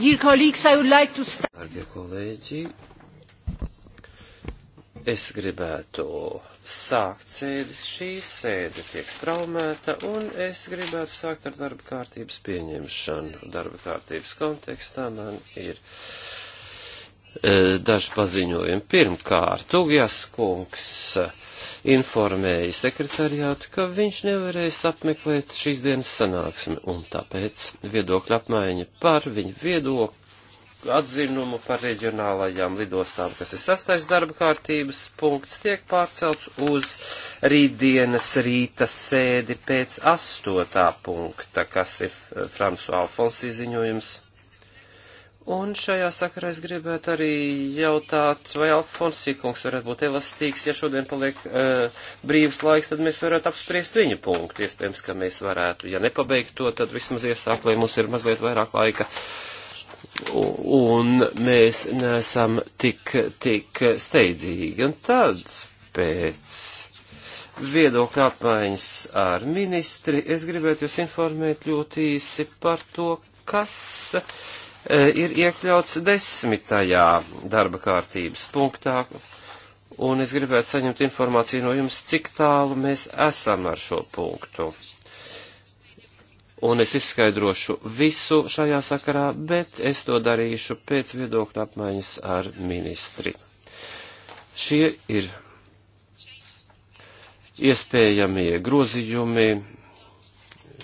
Like to... Dargie kolēģi, es gribētu sākt sēdes. Šī sēde tiek straumēta, un es gribētu sākt ar darba kārtības pieņemšanu. Darba kārtības kontekstā man ir e, daži paziņojumi. Pirmkārt, Ugjas kungs. E, informēja sekretariātu, ka viņš nevarēs apmeklēt šīs dienas sanāksmi, un tāpēc viedokļa apmaiņa par viņa viedokli atzinumu par reģionālajām lidostām, kas ir sastais darba kārtības punkts, tiek pārcelts uz rītdienas rīta sēdi pēc astotā punkta, kas ir Fransu Alfonsi ziņojums Un šajā sakarā es gribētu arī jautāt, vai Alfonsī kungs varētu būt elastīgs, ja šodien paliek uh, brīvs laiks, tad mēs varētu apspriest viņa punktu. Iespējams, ka mēs varētu, ja nepabeigt to, tad vismaz iesākt, lai mums ir mazliet vairāk laika. Un mēs nesam tik, tik steidzīgi. Un tad pēc viedokļa apmaiņas ar ministri es gribētu jūs informēt ļoti īsi par to, kas E, ir iekļauts desmitajā darba kārtības punktā, un es gribētu saņemt informāciju no jums, cik tālu mēs esam ar šo punktu. Un es izskaidrošu visu šajā sakarā, bet es to darīšu pēc viedokļa apmaiņas ar ministri. Šie ir iespējamie grozījumi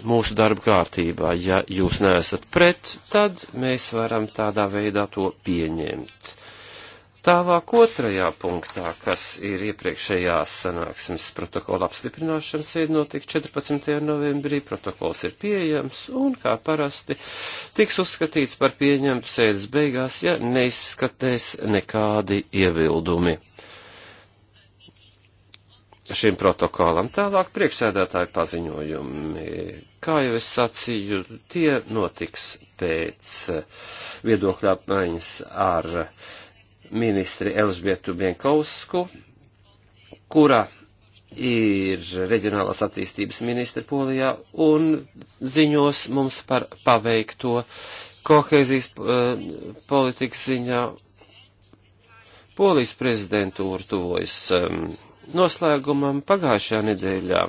mūsu darba kārtībā. Ja jūs neesat pret, tad mēs varam tādā veidā to pieņemt. Tālāk otrajā punktā, kas ir iepriekšējās sanāksmes protokola apstiprināšanas sēd notika 14. novembrī, protokols ir pieejams un, kā parasti, tiks uzskatīts par pieņemtu sēdes beigās, ja neizskatēs nekādi iebildumi šim protokolam. Tālāk priekšsēdētāju paziņojumi. Kā jau es sacīju, tie notiks pēc viedokļa apmaiņas ar ministri Elžbietu Bienkausku, kura ir reģionālās attīstības ministra Polijā un ziņos mums par paveikto kohēzijas eh, politikas ziņā. Polijas prezidentūra tuvojas um, noslēgumam pagājušajā nedēļā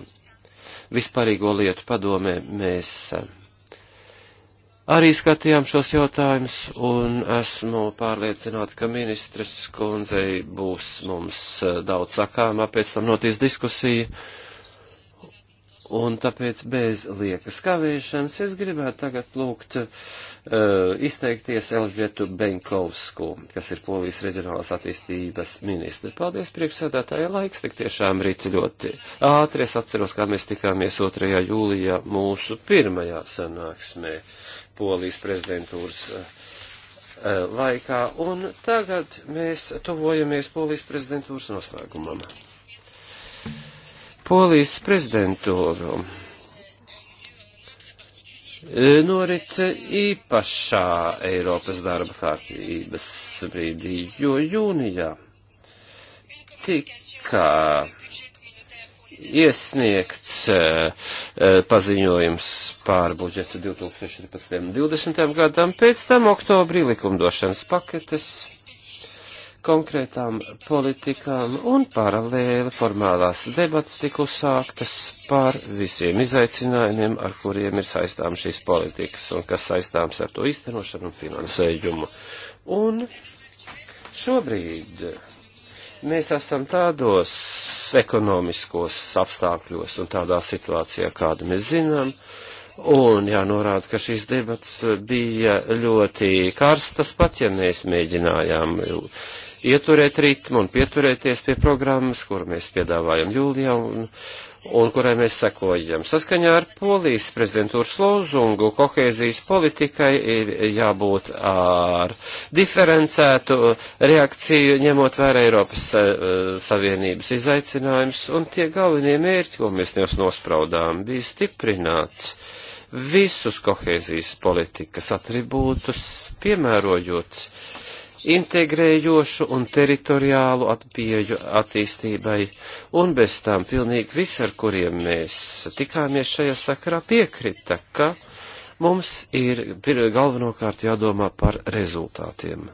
vispārīgo lietu padomē mēs eh, arī skatījām šos jautājumus, un esmu pārliecināta, ka ministres kundzei būs mums eh, daudz sakāmā, pēc tam notiks diskusija Un tāpēc bez liekas kavēšanas es gribētu tagad lūgt uh, izteikties Elžietu Benkovsku, kas ir Polijas reģionālās attīstības ministri. Paldies, priekšsēdētāja laiks, tik tiešām rīt ļoti ātri. Es atceros, kā mēs tikāmies 2. jūlijā mūsu pirmajā sanāksmē Polijas prezidentūras uh, laikā. Un tagad mēs tuvojamies Polijas prezidentūras noslēgumam. Polijas prezidentūru e, norit īpašā Eiropas darba kārtības brīdī, jo jūnijā tika iesniegts e, e, paziņojums pār budžetu 2014. un 2020. gadam, pēc tam oktobrī likumdošanas paketes konkrētām politikām un paralēli formālās debats tika uzsāktas par visiem izaicinājumiem, ar kuriem ir saistām šīs politikas un kas saistāms ar to īstenošanu un finansējumu. Un šobrīd mēs esam tādos ekonomiskos apstākļos un tādā situācijā, kādu mēs zinām, Un jānorāda, ka šīs debats bija ļoti karstas, pat ja mēs mēģinājām ieturēt ritmu un pieturēties pie programmas, kuru mēs piedāvājam jūlijā un, un kurai mēs sekojam. Saskaņā ar polijas prezidentūras lozungu kohēzijas politikai ir jābūt ar diferencētu reakciju, ņemot vērā Eiropas eh, Savienības izaicinājums, un tie galvenie mērķi, ko mēs jums nospraudām, bija stiprināts visus kohēzijas politikas atribūtus, piemērojot uh, integrējošu un teritoriālu atpieju attīstībai, un bez tām pilnīgi visi, ar kuriem mēs tikāmies šajā sakarā, piekrita, ka mums ir galvenokārt jādomā par rezultātiem.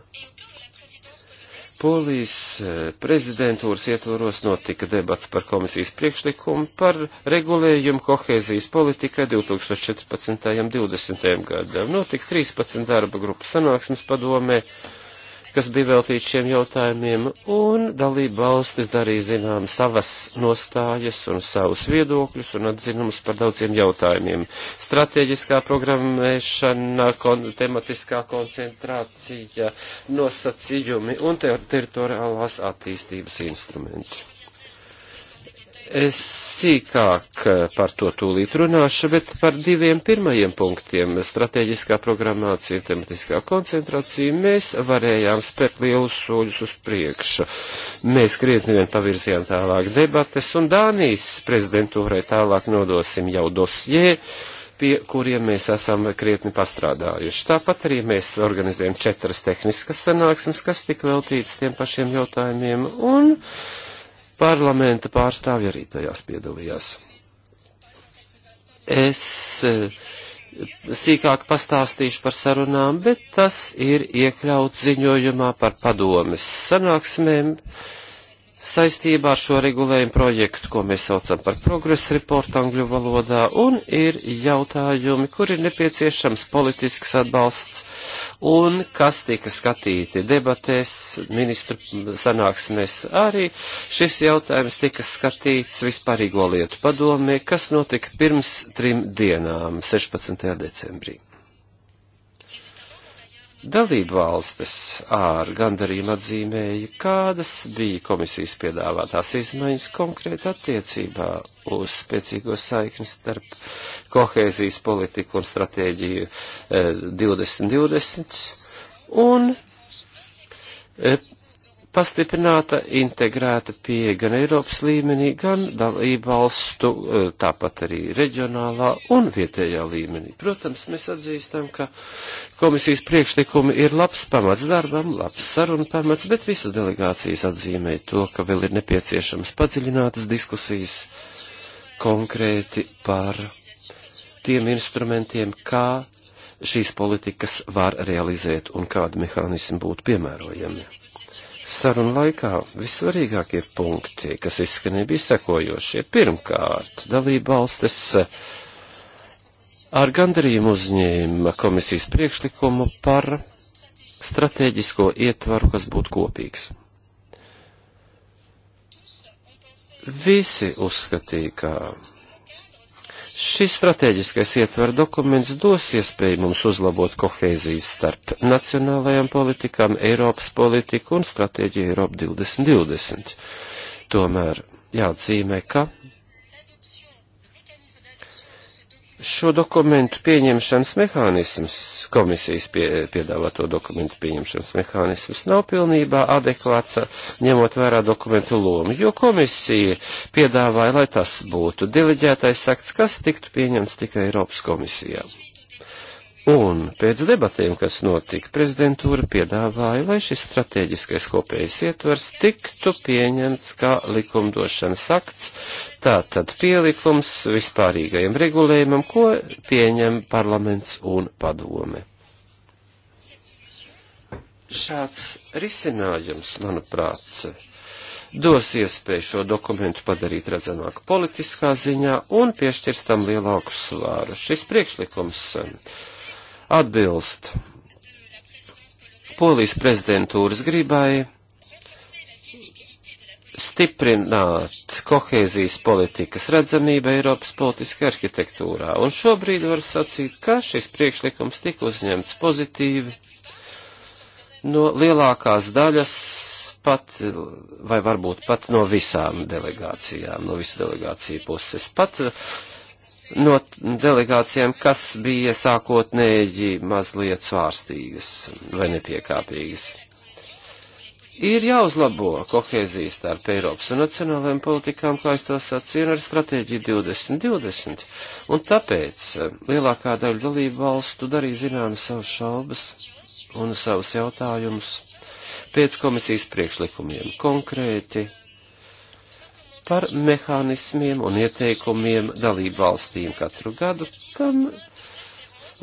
Polijas eh, prezidentūras ietvaros notika debats par komisijas priekšlikumu par regulējumu kohēzijas politikai 2014. un 2020. gadam. Notika 13 darba grupu sanāksmes padomē kas bija veltīts šiem jautājumiem, un dalība valstis darīja zinām savas nostājas un savus viedokļus un atzinumus par daudziem jautājumiem. Stratēģiskā programmēšana, kon tematiskā koncentrācija, nosacījumi un ter teritoriālās attīstības instruments. Es sīkāk eh, par to tūlīt runāšu, bet par diviem pirmajiem punktiem - strateģiskā programmācija un tematiskā koncentrācija - mēs varējām spērt lielus soļus uz priekšu. Mēs krietni vien pavirzījām tālāk debates, un Dānijas prezidentūrai tālāk nodosim jau dosjē pie kuriem mēs esam krietni pastrādājuši. Tāpat arī mēs organizējam četras tehniskas sanāksmes, kas tika veltītas tiem pašiem jautājumiem, un uh, parlamenta pārstāvji arī tajās piedalījās. Es eh, sīkāk pastāstīšu par sarunām, bet tas ir iekļauts ziņojumā par padomes sanāksmēm saistībā ar šo regulējumu projektu, ko mēs saucam par progress reportu angļu valodā, un ir jautājumi, kur ir nepieciešams politisks atbalsts un kas tika skatīti debatēs, ministru sanāksmēs arī. Šis jautājums tika skatīts vispārīgo lietu padomē, kas notika pirms trim dienām, 16. decembrī. Dalību valstis ar gandarījumu atzīmēja, kādas bija komisijas piedāvātās izmaiņas konkrēti attiecībā uz spēcīgo saikni starp kohēzijas politiku un stratēģiju 2020 eh, un eh, pastiprināta integrēta pieeja gan Eiropas līmenī, gan dalību valstu, e, tāpat arī reģionālā un vietējā līmenī. Protams, mēs atzīstam, ka komisijas priekšlikumi ir labs pamats darbam, labs saruna pamats, bet visas delegācijas atzīmē to, ka vēl ir nepieciešams padziļinātas diskusijas konkrēti par tiem instrumentiem, kā šīs politikas var realizēt un kādi mehānismi būtu piemērojami sarunu laikā vissvarīgākie punkti, kas izskanēja, bija sekojošie. Pirmkārt, dalība valstis eh, ar gandarījumu uzņēma komisijas priekšlikumu par stratēģisko ietvaru, kas būtu kopīgs. Visi uzskatīja, ka Šis strateģiskais ietver dokuments dos iespēju mums uzlabot kohēziju starp nacionālajām politikām, Eiropas politiku un stratēģiju Eiropa 2020. Tomēr jāatzīmē, ka šo dokumentu pieņemšanas mehānisms, komisijas pie, piedāvāto dokumentu pieņemšanas mehānisms nav pilnībā adekvāts, ņemot vērā dokumentu lomu, jo komisija piedāvāja, lai tas būtu diliģētais akts, kas tiktu pieņemts tikai Eiropas komisijā. Un pēc debatēm, kas notika, prezidentūra piedāvāja, lai šis strateģiskais kopējais ietvers tiktu pieņemts kā likumdošanas akts, tātad pielikums vispārīgajam regulējumam, ko pieņem parlaments un padome. Šāds risinājums, manuprāt, dos iespēju šo dokumentu padarīt redzamāku politiskā ziņā un piešķirstam lielāku svāru. Šis priekšlikums atbilst Polijas prezidentūras gribai stiprināt kohēzijas politikas redzamību Eiropas politiskajā arhitektūrā. Un šobrīd var sacīt, ka šis priekšlikums tika uzņemts pozitīvi no lielākās daļas pat, vai varbūt pat no visām delegācijām, no visu delegāciju puses. Pat no delegācijām, kas bija sākotnēji mazliet svārstīgas vai nepiekāpīgas. Ir jāuzlabo kohēzijas starp Eiropas un nacionālajām politikām, kā es to sacīju, ar stratēģiju 2020, un tāpēc eh, lielākā daļa dalību valstu darīja zinām savus šaubas un savus jautājumus pēc komisijas priekšlikumiem konkrēti par mehānismiem un ieteikumiem dalību valstīm katru gadu, tam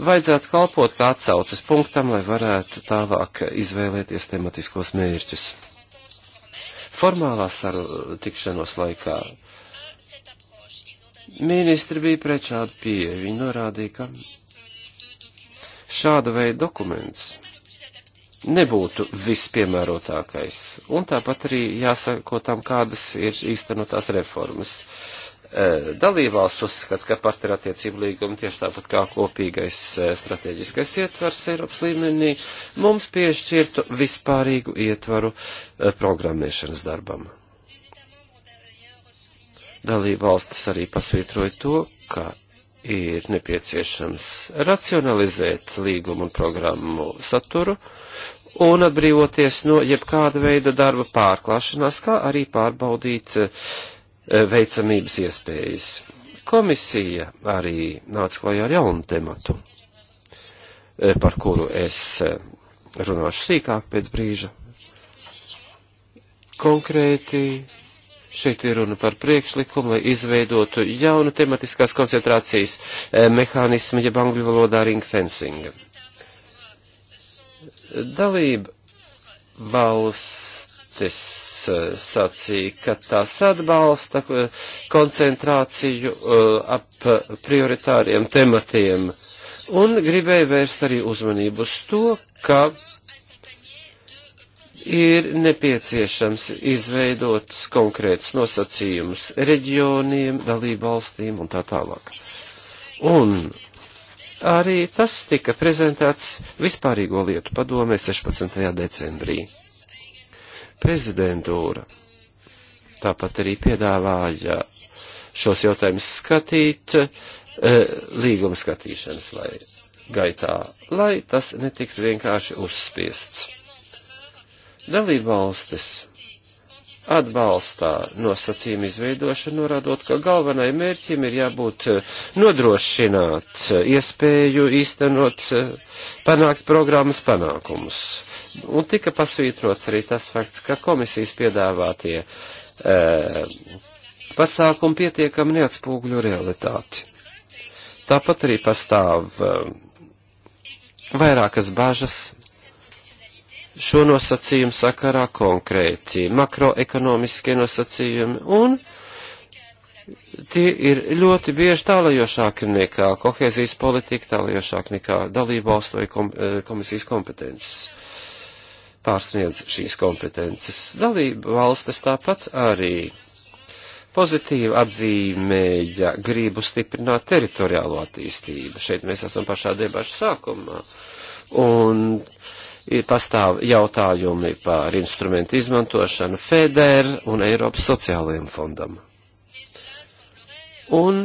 vajadzētu kalpot kā atsaucas punktam, lai varētu tālāk izvēlēties tematiskos mērķus. Formālā saru tikšanos laikā ministri bija pret šādu pieeju. Viņi norādīja, ka šāda veida dokuments nebūtu vispiemērotākais. Un tāpat arī jāsako tam, kādas ir īstenotās reformas. E, Dalībvalsts uzskata, ka partnerattiecību līguma tieši tāpat kā kopīgais e, strateģiskais ietvars Eiropas līmenī mums piešķirtu vispārīgu ietvaru e, programmēšanas darbam. Dalībvalstis arī pasvītroja to, ka ir nepieciešams racionalizēt līgumu un programmu saturu un atbrīvoties no jebkāda veida darba pārklāšanās, kā arī pārbaudīt eh, veicamības iespējas. Komisija arī nāca klajā ar jaunu tematu, eh, par kuru es eh, runāšu sīkāk pēc brīža. Konkrēti Šeit ir runa par priekšlikumu, lai izveidotu jaunu tematiskās koncentrācijas eh, mehānismu, jeb angļu valodā ring fencing. Dalība valstis eh, sacīja, ka tās atbalsta eh, koncentrāciju ap prioritāriem tematiem un gribēja vērst arī uzmanību uz to, ka ir nepieciešams izveidot konkrētus nosacījumus reģioniem, dalībvalstīm un tā tālāk. Un arī tas tika prezentēts vispārīgo lietu padomē 16. decembrī. Prezidentūra tāpat arī piedāvāja šos jautājumus skatīt e, līguma skatīšanas lai, gaitā, lai tas netiktu vienkārši uzspiests. Dalībvalstis atbalstā nosacījumu izveidošanu, norādot, ka galvenai mērķim ir jābūt eh, nodrošināt eh, iespēju īstenot, eh, panākt programmas panākumus. Un tika pasvītrots arī tas fakts, ka komisijas piedāvātie e, pasākumi pietiekami neatspūgļo realitāti. Tāpat arī pastāv e, vairākas bažas šo nosacījumu sakarā konkrēti makroekonomiskie nosacījumi un tie ir ļoti bieži tālajošāki nekā kohēzijas politika, tālajošāki nekā dalībvalstu vai kom, eh, komisijas kompetences pārsniedz šīs kompetences. Dalība valstis tāpat arī pozitīvi atzīmēja gribu stiprināt teritoriālo attīstību. Šeit mēs esam pašā debašu sākumā. Un uh, ir pastāv jautājumi par instrumentu izmantošanu FEDER un Eiropas sociālajiem fondam. Un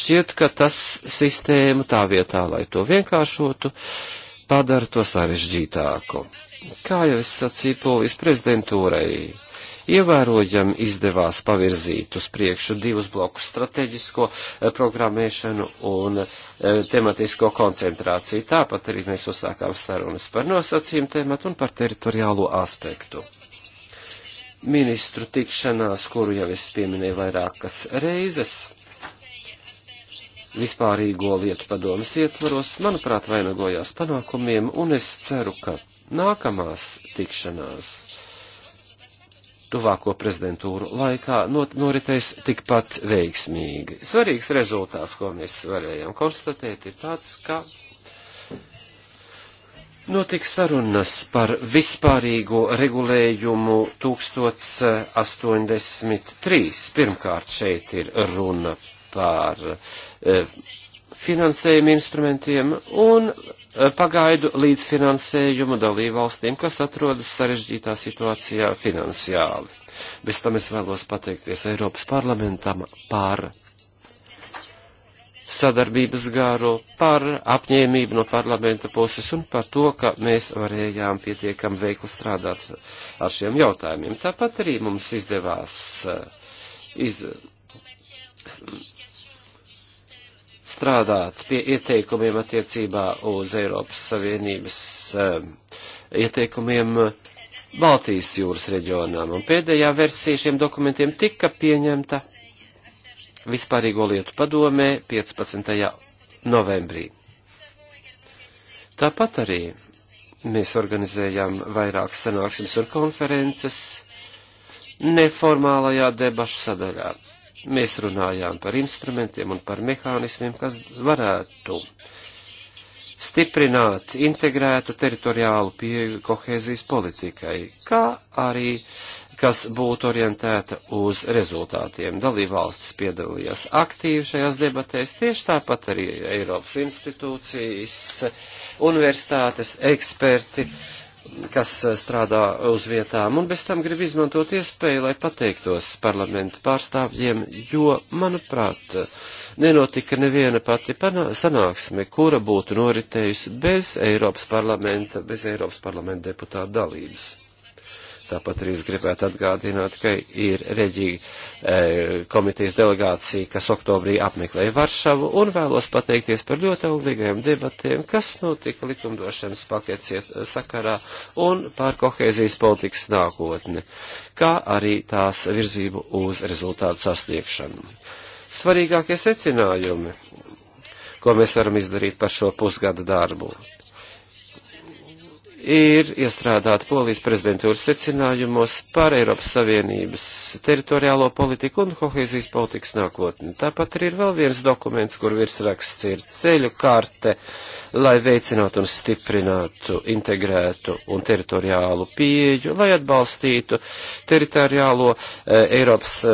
šķiet, ka tas sistēmu tā vietā, lai to vienkāršotu, padara to sarežģītāku. Kā jau es sacīju polijas prezidentūrai, ievērojami izdevās pavirzīt uz priekšu divus blokus strateģisko eh, programmēšanu un eh, tematisko koncentrāciju. Tāpat arī mēs uzsākām sarunas par nosacījumu tēmatu un par teritoriālo aspektu ministru tikšanās, kuru jau es pieminēju vairākas reizes, vispārīgo lietu padomas ietvaros, manuprāt, vainagojās panākumiem, un es ceru, ka nākamās tikšanās tuvāko prezidentūru laikā not, noritēs tikpat veiksmīgi. Svarīgs rezultāts, ko mēs varējām konstatēt, ir tāds, ka notiks sarunas par vispārīgo regulējumu 1083. Pirmkārt šeit ir runa par e, finansējuma instrumentiem un pagaidu līdzfinansējumu dalībvalstīm, kas atrodas sarežģītā situācijā finansiāli. Bez tam es vēlos pateikties Eiropas parlamentam par sadarbības gāru, par apņēmību no parlamenta puses un par to, ka mēs varējām pietiekam veikli strādāt ar šiem jautājumiem. Tāpat arī mums izdevās eh, iz, strādāt pie ieteikumiem attiecībā uz Eiropas Savienības um, ieteikumiem Baltijas jūras reģionām, un pēdējā versija šiem dokumentiem tika pieņemta vispārīgo lietu padomē 15. novembrī. Tāpat arī mēs organizējām vairākas sanāksmes un konferences neformālajā debašu sadaļā Mēs runājām par instrumentiem un par mehānismiem, kas varētu stiprināt integrētu teritoriālu pieeju kohēzijas politikai, kā arī kas būtu orientēta uz rezultātiem. Dalībvalstis piedalījās aktīvi šajās debatēs, tieši tāpat arī Eiropas institūcijas, universitātes, eksperti. Uh, kas eh, strādā uz vietām, un bez tam grib izmantot iespēju, lai pateiktos parlamentu pārstāvjiem, jo, manuprāt, nenotika neviena pati sanāksme, kura būtu noritējusi bez Eiropas parlamenta, bez Eiropas parlamenta deputāta dalības. Tāpat arī es gribētu atgādināt, ka ir reģija e, komitejas delegācija, kas oktobrī apmeklēja Varšavu un vēlos pateikties par ļoti auglīgajiem debatiem, kas notika likumdošanas pakets e, sakarā un par kohēzijas politikas nākotni, kā arī tās virzību uz rezultātu sasniegšanu. Svarīgākie secinājumi, ko mēs varam izdarīt par šo pusgada darbu ir iestrādāti Polijas prezidentūras secinājumos par Eiropas Savienības teritoriālo politiku un kohēzijas politikas nākotni. Tāpat arī ir vēl viens dokuments, kur virsraksts ir ceļu karte, lai veicinātu un stiprinātu integrētu un teritoriālu pieeju, lai atbalstītu teritoriālo e, Eiropas e,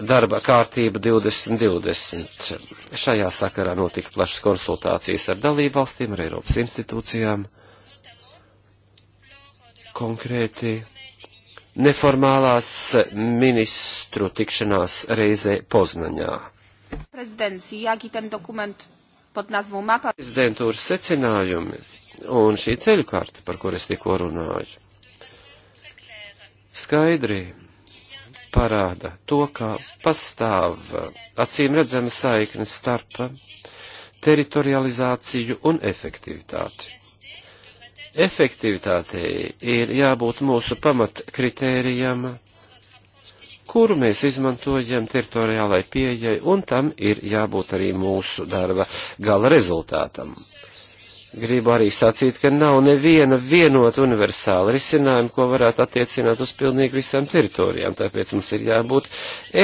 darba kārtība 2020. Šajā sakarā notika plašas konsultācijas ar dalībvalstīm, ar Eiropas institūcijām konkrēti neformālās ministru tikšanās reizē Poznaņā. Prezidentūras secinājumi un šī ceļu karta, par kur es tikko runāju, skaidri parāda to, ka pastāv acīm redzama saikne starp teritorializāciju un efektivitāti efektivitātei ir jābūt mūsu pamatkritērijam, kuru mēs izmantojam teritoriālai pieejai, un tam ir jābūt arī mūsu darba gala rezultātam. Gribu arī sacīt, ka nav neviena vienota universāla risinājuma, ko varētu attiecināt uz pilnīgi visām teritorijām, tāpēc mums ir jābūt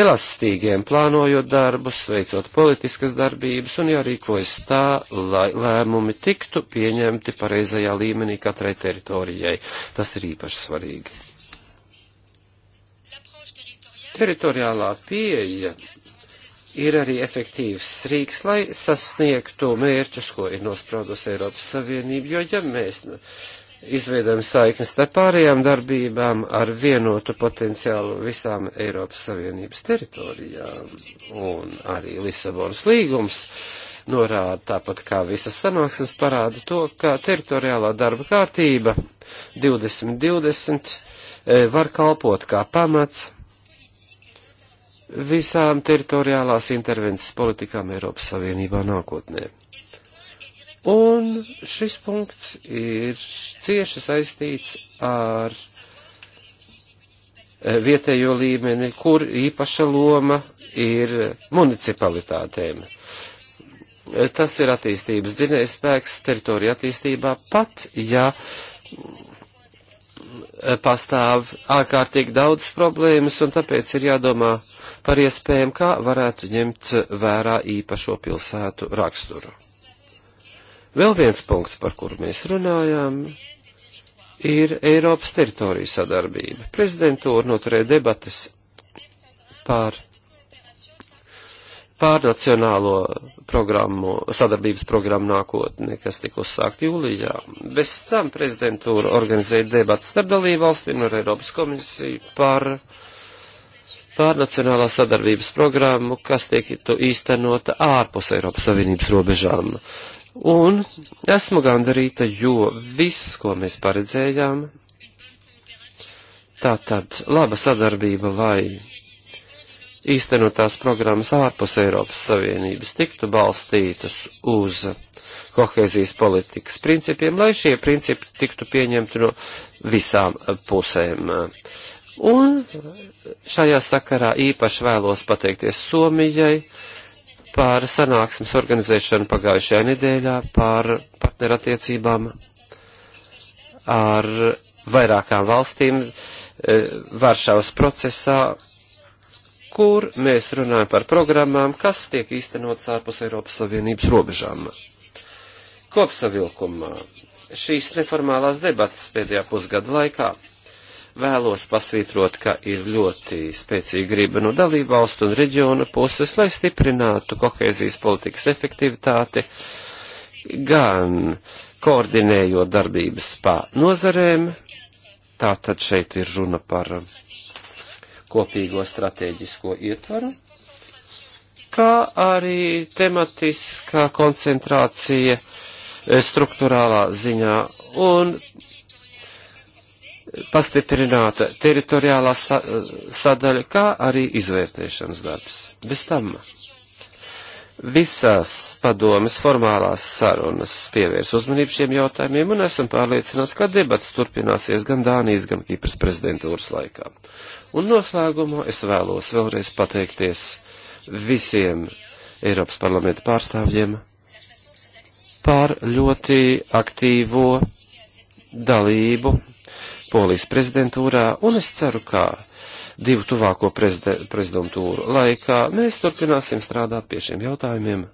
elastīgiem, plānojot darbus, veicot politiskas darbības un jārīkojas tā, lai lēmumi tiktu pieņemti pareizajā līmenī katrai teritorijai. Tas ir īpaši svarīgi. Teritoriālā pieeja ir arī efektīvs rīks, lai sasniegtu mērķus, ko ir nospraudusi Eiropas Savienība, jo ja mēs izveidojam saiknes starp pārējām darbībām ar vienotu potenciālu visām Eiropas Savienības teritorijām, un arī Lisabonas līgums norāda, tāpat kā visas sanāksmes parāda to, ka teritoriālā darba kārtība 2020 eh, var kalpot kā pamats visām teritoriālās intervences politikām Eiropas Savienībā nākotnē. Un šis punkts ir cieši saistīts ar e, vietējo līmeni, kur īpaša loma ir municipalitātēm. E, tas ir attīstības dzinējspēks teritorija attīstībā, pat ja pastāv ārkārtīgi daudz problēmas, un tāpēc ir jādomā par iespējām, kā varētu ņemt vērā īpašo pilsētu raksturu. Vēl viens punkts, par kuru mēs runājām, ir Eiropas teritorija sadarbība. Prezidentūra noturē debates par par nacionālo programmu, sadarbības programmu nākotni, kas tika uzsākt jūlijā. Bez tam prezidentūra organizēja debats starp dalību valstīm ar Eiropas komisiju par pārnacionālā sadarbības programmu, kas tiek īstenota ārpus Eiropas Savienības robežām. Un esmu gandarīta, jo viss, ko mēs paredzējām, tātad laba sadarbība vai īstenotās programmas ārpus Eiropas Savienības tiktu balstītas uz kohēzijas politikas principiem, lai šie principi tiktu pieņemti no visām pusēm. Un šajā sakarā īpaši vēlos pateikties Somijai par sanāksmes organizēšanu pagājušajā nedēļā, par partnerattiecībām ar vairākām valstīm eh, Varšavas procesā kur mēs runājam par programmām, kas tiek īstenotas ārpus Eiropas Savienības robežām. Kopsavilkumā šīs neformālās debatas pēdējā pusgada laikā vēlos pasvītrot, ka ir ļoti spēcīga griba no dalībvalstu un reģiona puses, lai stiprinātu kohēzijas politikas efektivitāti, gan koordinējot darbības pa nozarēm, tātad šeit ir runa par kopīgo stratēģisko ietvaru, kā arī tematiskā koncentrācija e, struktūrālā ziņā un pastiprināta teritoriālā sa e, sadaļa, kā arī izvērtēšanas darbs. Bez tam visās padomes formālās sarunas pievērs uzmanību šiem jautājumiem un esam pārliecināti, ka debats turpināsies gan Dānijas, gan Kipras prezidentūras laikā. Un noslēgumā es vēlos vēlreiz pateikties visiem Eiropas parlamenta pārstāvjiem par ļoti aktīvo dalību Polijas prezidentūrā, un es ceru, ka divu tuvāko prezidentūru laikā. Mēs turpināsim strādāt pie šiem jautājumiem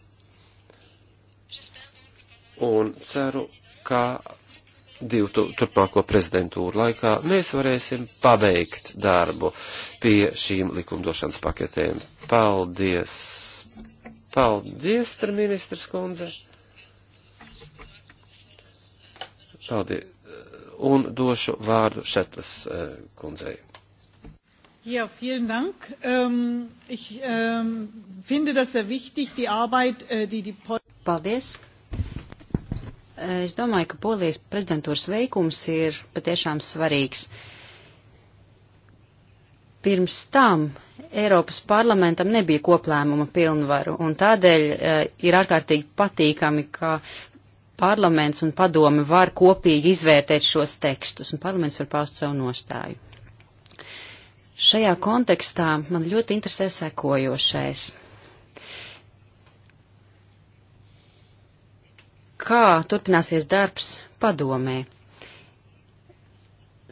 un ceru, ka divu tu, turpmāko prezidentūru laikā mēs varēsim pabeigt darbu pie šīm likumdošanas paketēm. Paldies! Paldies, ministrs kundze! Paldies! Un došu vārdu Šetlas eh, kundzei. Ja, vielen Dank. Ähm, ich ähm, finde das sehr wichtig, die Arbeit, äh, die die Pol Paldies. Äh, es domāju, ka polijas prezidentūras veikums ir patiešām svarīgs. Pirms tam Eiropas parlamentam nebija koplēmuma pilnvaru, un tādēļ e, ir ārkārtīgi patīkami, ka parlaments un padomi var kopīgi izvērtēt šos tekstus, un parlaments var paust savu nostāju. Šajā kontekstā man ļoti interesē sekojošais. Kā turpināsies darbs padomē?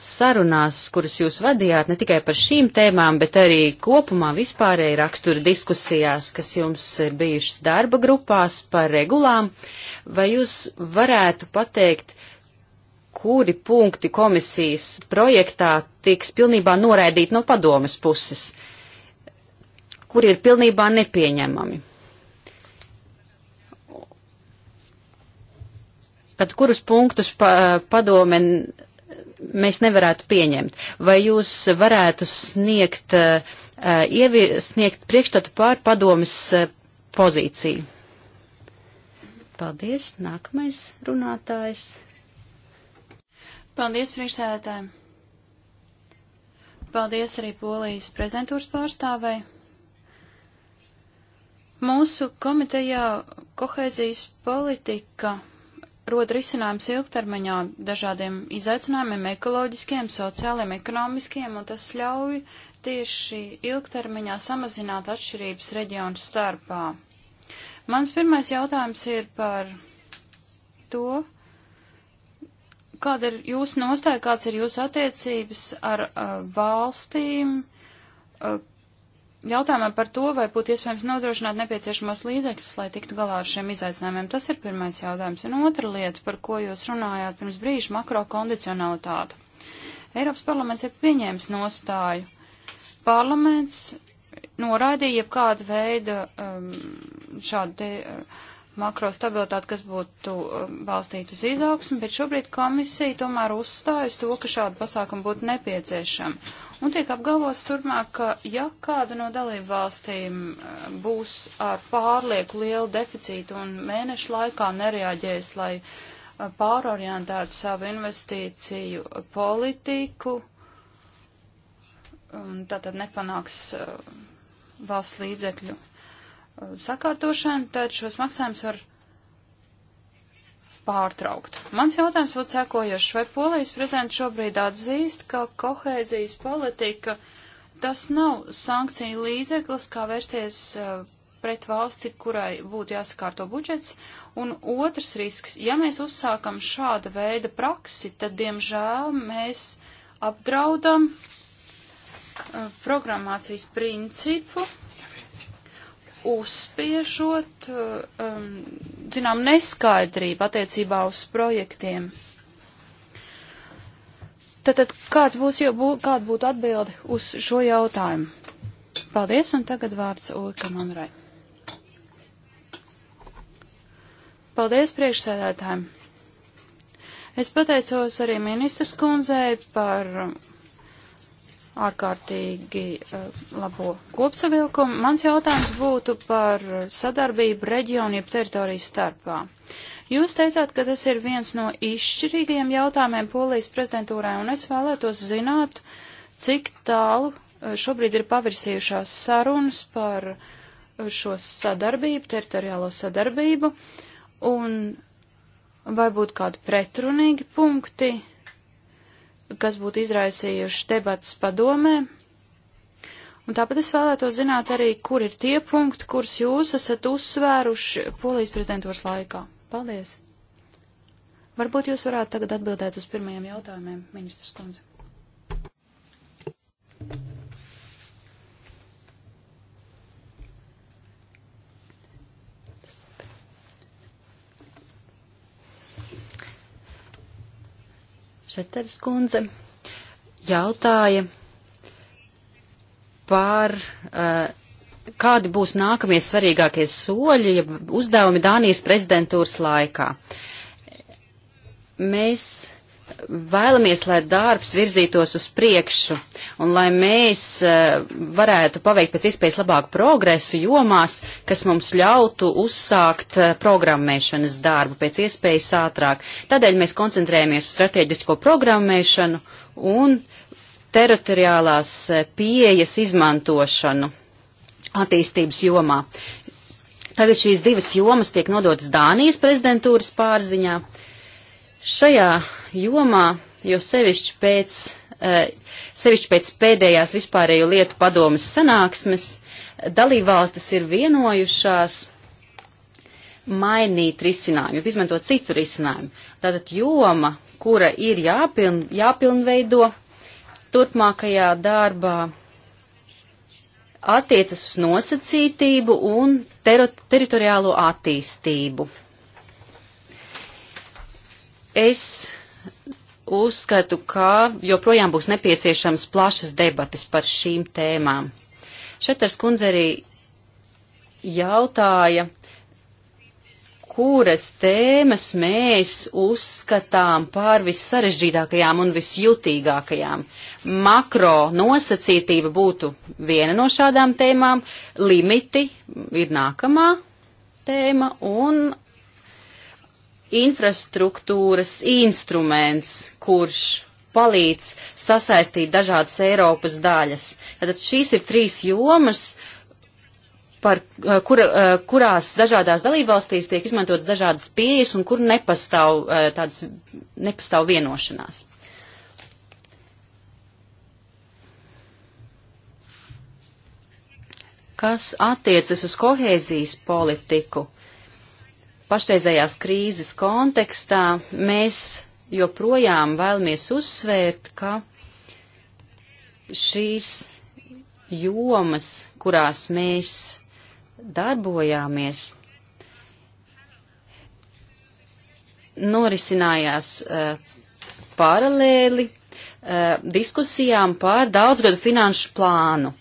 Sarunās, kuras jūs vadījāt ne tikai par šīm tēmām, bet arī kopumā vispārēji rakstura diskusijās, kas jums ir bijušas darba grupās par regulām, vai jūs varētu pateikt, uh, kuri punkti komisijas projektā tiks pilnībā noraidīti no padomas puses, kuri ir pilnībā nepieņemami. Pat kurus punktus pa, padome mēs nevarētu pieņemt? Vai jūs varētu sniegt, ievi, sniegt priekšstatu pār padomas pozīciju? Paldies. Nākamais runātājs. Paldies priekšsēdētājiem. Paldies arī Polijas prezidentūras pārstāvei. Mūsu komitejā kohēzijas politika rod risinājums ilgtermiņā dažādiem izaicinājumiem ekoloģiskiem, sociāliem, ekonomiskiem, un tas ļauj tieši ilgtermiņā samazināt atšķirības reģionu starpā. Mans pirmais jautājums ir par to, kāda ir jūsu nostāja, kāds ir jūsu attiecības ar uh, valstīm? Uh, Jautājumā par to, vai būtu iespējams nodrošināt nepieciešamos līdzekļus, lai tiktu galā ar šiem izaicinājumiem, tas ir pirmais jautājums. Un otra lieta, par ko jūs runājāt pirms brīža, makrokondicionalitāte. Eiropas parlaments ir pieņēmis nostāju. Parlaments noraidīja jebkādu veidu um, šādu te, uh, makro stabilitāti, kas būtu um, balstīta uz izaugsmu, bet šobrīd komisija tomēr uzstājas to, ka šāda pasākuma būtu nepieciešama. Un tiek apgalvots turpmāk, ka ja kāda no dalību valstīm um, būs ar pārlieku lielu deficītu un mēnešu laikā nereaģēs, lai uh, pārorientētu savu investīciju politiku, un um, tātad nepanāks uh, valsts līdzekļu sakārtošanu, tad šos maksājumus var pārtraukt. Mans jautājums būtu sekojošs. Vai Polijas prezidents šobrīd atzīst, ka kohēzijas politika tas nav sankciju līdzeklis, kā vērsties eh, pret valsti, kurai būtu jāsakārto budžets? Un otrs risks, ja mēs uzsākam šāda veida praksi, tad, diemžēl, mēs apdraudam eh, programmācijas principu, uzspiežot, eh, um, zinām, neskaidrību attiecībā uz projektiem. Tātad, kāds būs, jo, bū, kāda būtu atbildi uz šo jautājumu? Paldies, un tagad vārds Ulrika Manrai. Paldies priekšsēdētājiem. Es pateicos arī ministras kundzei par ārkārtīgi eh, labo kopsavilkumu. Mans jautājums būtu par sadarbību reģionu jeb teritoriju starpā. Jūs teicāt, ka tas ir viens no izšķirīgajiem jautājumiem Polijas prezidentūrai, un es vēlētos zināt, cik tālu eh, šobrīd ir pavirsījušās sarunas par eh, šo sadarbību, teritoriālo sadarbību, un vai būtu kādi pretrunīgi punkti kas būtu izraisījuši debatas padomē. Un tāpat es vēlētos zināt arī, kur ir tie punkti, kurus jūs esat uzsvēruši polijas prezidentūras laikā. Paldies! Varbūt jūs varētu tagad atbildēt uz pirmajiem jautājumiem, ministrs Kundze. Šeteres kundze jautāja par uh, kādi būs nākamie svarīgākie soļi, ja uzdevumi Dānijas prezidentūras laikā. Mēs vēlamies, lai darbs virzītos uz priekšu un lai mēs uh, varētu paveikt pēc iespējas labāku progresu jomās, kas mums ļautu uzsākt uh, programmēšanas darbu pēc iespējas ātrāk. Tādēļ mēs koncentrējamies uz strateģisko programmēšanu un teritoriālās uh, pieejas izmantošanu attīstības jomā. Tagad šīs divas jomas tiek nodotas Dānijas prezidentūras pārziņā. Uh, Šajā jomā, jo sevišķi pēc, eh, sevišķi pēc pēdējās vispārējo lietu padomas sanāksmes, dalībvalstis ir vienojušās mainīt risinājumu, izmantot citu risinājumu. Tātad joma, kura ir jāpiln, jāpilnveido turpmākajā darbā, attiecas uz nosacītību un ter teritoriālo attīstību. Es uzskatu, ka joprojām būs nepieciešams plašas debatas par šīm tēmām. Šetars kundze arī jautāja, kuras tēmas mēs uzskatām par vissarežģītākajām un visjutīgākajām. Makro nosacītība būtu viena no šādām tēmām, limiti ir nākamā tēma un infrastruktūras instruments, kurš palīdz sasaistīt dažādas Eiropas daļas. Tātad šīs ir trīs jomas, par, eh, kur, eh, kurās dažādās dalībvalstīs tiek izmantotas dažādas pieejas un kur nepastāv, eh, tādas, nepastāv vienošanās. Kas attiecas uz kohēzijas politiku? pašreizējās krīzes kontekstā mēs joprojām vēlamies uzsvērt, ka šīs jomas, kurās mēs darbojāmies, norisinājās uh, paralēli uh, diskusijām par daudzgadu finanšu plānu.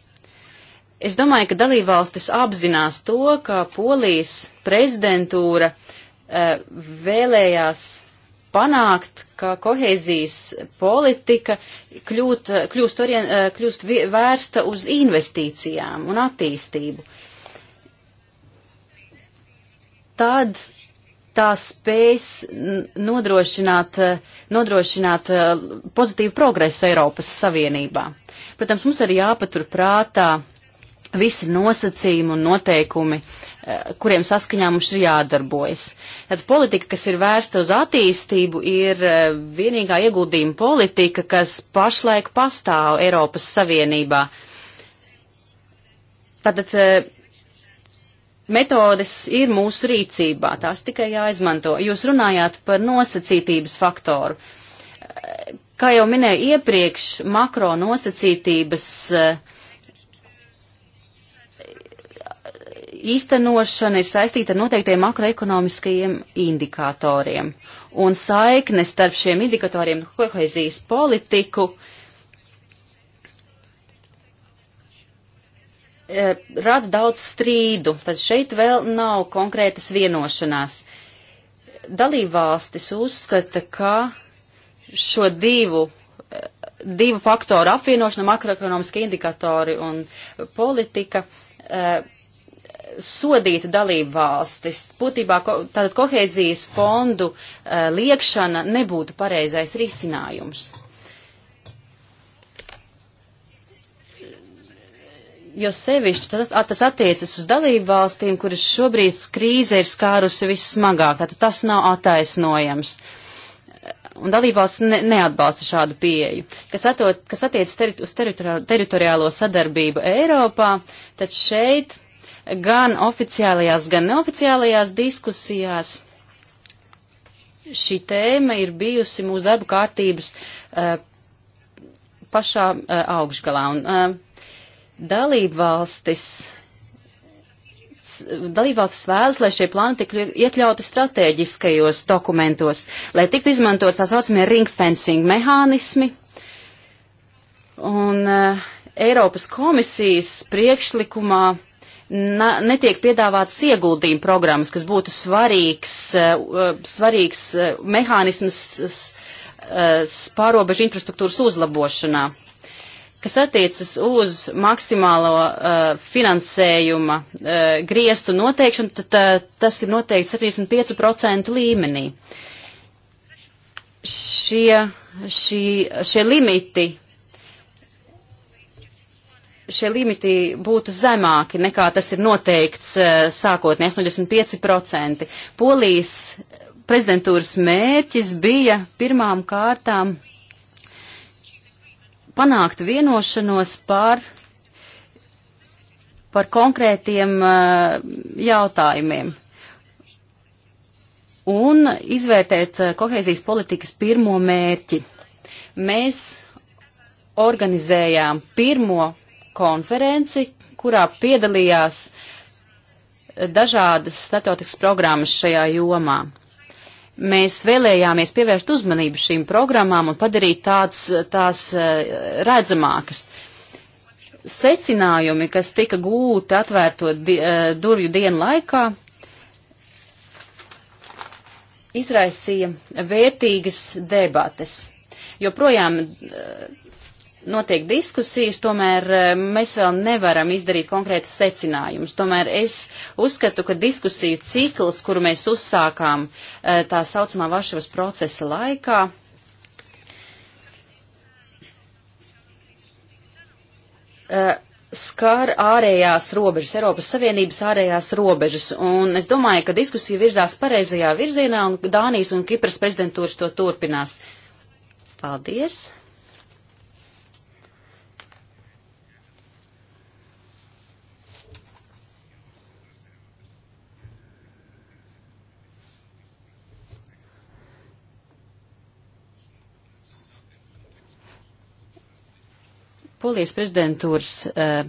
Es domāju, ka dalībvalstis apzinās to, ka Polijas prezidentūra e, vēlējās panākt, ka kohēzijas politika kļūt, kļūst, orien, eh, kļūst vērsta uz investīcijām un attīstību. Tad tā spēs nodrošināt, eh, nodrošināt pozitīvu progresu Eiropas Savienībā. Protams, mums arī jāpatur prātā visi nosacījumi un noteikumi, eh, kuriem saskaņā mums ir jādarbojas. Tad politika, kas ir vērsta uz attīstību, ir eh, vienīgā ieguldījuma politika, kas pašlaik pastāv Eiropas Savienībā. Tātad eh, metodes ir mūsu rīcībā, tās tikai jāizmanto. Jūs runājāt par nosacītības faktoru. Kā jau minēju iepriekš, makro nosacītības uh, īstenošana ir saistīta ar noteiktiem makroekonomiskajiem indikatoriem. Un saikne starp šiem indikatoriem kohezijas politiku e, rada daudz strīdu, tad šeit vēl nav konkrētas vienošanās. Dalībvalstis uzskata, ka šo divu, e, divu faktoru apvienošana, makroekonomiski indikatori un politika, e, sodītu dalību valstis. Būtībā tātad kohēzijas fondu uh, liekšana nebūtu pareizais risinājums. Jo sevišķi tad, tas attiecas uz dalību valstīm, kuras šobrīd krīze ir skārusi vissmagāk, tad tas nav attaisnojams. Un dalībvalsts ne, neatbalsta šādu pieeju. Kas, atot, kas attiec teri, uz teritoriālo sadarbību Eiropā, tad šeit gan oficiālajās, gan neoficiālajās diskusijās šī tēma ir bijusi mūsu darba kārtības uh, pašā uh, augšgalā. Un, uh, eh, dalību valstis. Dalībvalstis vēlas, lai šie plāni tiktu iekļauti strateģiskajos dokumentos, lai tiktu izmantot tā saucamie ring fencing mehānismi. Un uh, Eiropas komisijas priekšlikumā na, netiek piedāvātas ieguldījuma programmas, kas būtu svarīgs, eh, eh, svarīgs eh, mehānisms pārobežu infrastruktūras uzlabošanā, kas attiecas uz maksimālo uh, finansējuma uh, griestu noteikšanu, tad uh, tas ir noteikti 75% līmenī. Šie, šie, šie limiti šie limiti būtu zemāki nekā tas ir noteikts eh, sākotnēji 85%. Polijas prezidentūras mērķis bija pirmām kārtām panākt vienošanos par, par konkrētiem eh, jautājumiem un izvērtēt eh, kohēzijas politikas pirmo mērķi. Mēs organizējām pirmo konferenci, kurā piedalījās dažādas statotikas programmas šajā jomā. Mēs vēlējāmies pievērst uzmanību šīm programmām un padarīt tāds, tās eh, redzamākas. Secinājumi, kas tika gūti atvērto di eh, durvju dienu laikā, izraisīja vērtīgas debates. Joprojām eh, notiek diskusijas, tomēr e, mēs vēl nevaram izdarīt konkrētus secinājumus. Tomēr es uzskatu, ka diskusiju cikls, kuru mēs uzsākām e, tā saucamā Varšavas procesa laikā, e, skar ārējās robežas, Eiropas Savienības ārējās robežas, un es domāju, ka diskusija virzās pareizajā virzienā, un Dānijas un Kipras prezidentūras to turpinās. Paldies! Polijas prezidentūras eh,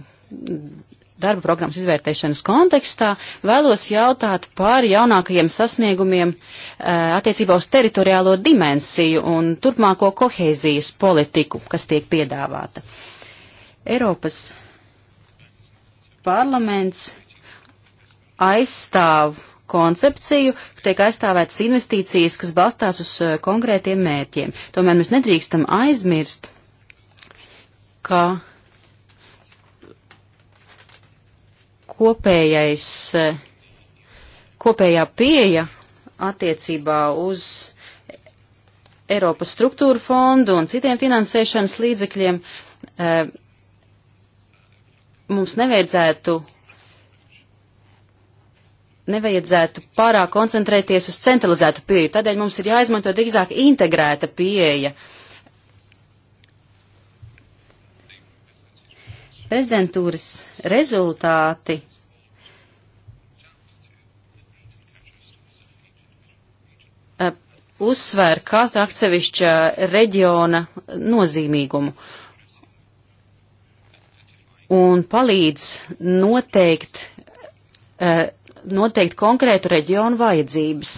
darba programmas izvērtēšanas kontekstā vēlos jautāt par jaunākajiem sasniegumiem eh, attiecībā uz teritoriālo dimensiju un turpmāko kohēzijas politiku, kas tiek piedāvāta. Eiropas parlaments aizstāv koncepciju, ka tiek aizstāvētas investīcijas, kas balstās uz eh, konkrētiem mērķiem. Tomēr mēs nedrīkstam aizmirst, ka kopējais, kopējā pieeja attiecībā uz Eiropas struktūra fondu un citiem finansēšanas līdzekļiem e, mums nevajadzētu, nevajadzētu pārāk koncentrēties uz centralizētu pieeju. Tādēļ mums ir jāizmanto drīzāk integrēta pieeja. Uh, Prezidentūras rezultāti uzsver katra atsevišķa reģiona nozīmīgumu un palīdz noteikt, noteikt konkrētu reģionu vajadzības.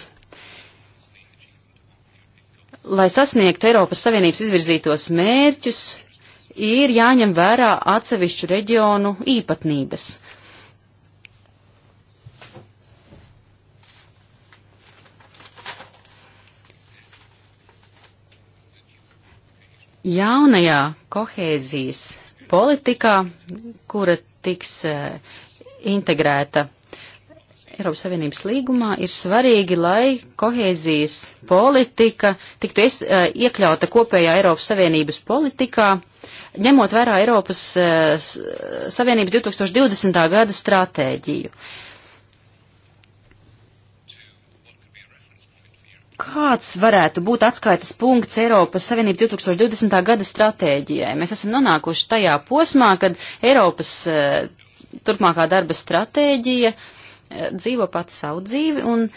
Lai sasniegtu Eiropas Savienības izvirzītos mērķus, ir jāņem vērā atsevišķu reģionu īpatnības. Jaunajā kohēzijas politikā, kura tiks eh, integrēta Eiropas Savienības līgumā ir svarīgi, lai kohēzijas politika tiktu es, eh, iekļauta kopējā Eiropas Savienības politikā, ņemot vērā Eiropas eh, Savienības 2020. gada stratēģiju. Kāds varētu būt atskaites punkts Eiropas Savienības 2020. gada stratēģijai? Mēs esam nonākuši tajā posmā, kad Eiropas eh, turpmākā darba stratēģija eh, dzīvo pats savu dzīvi, un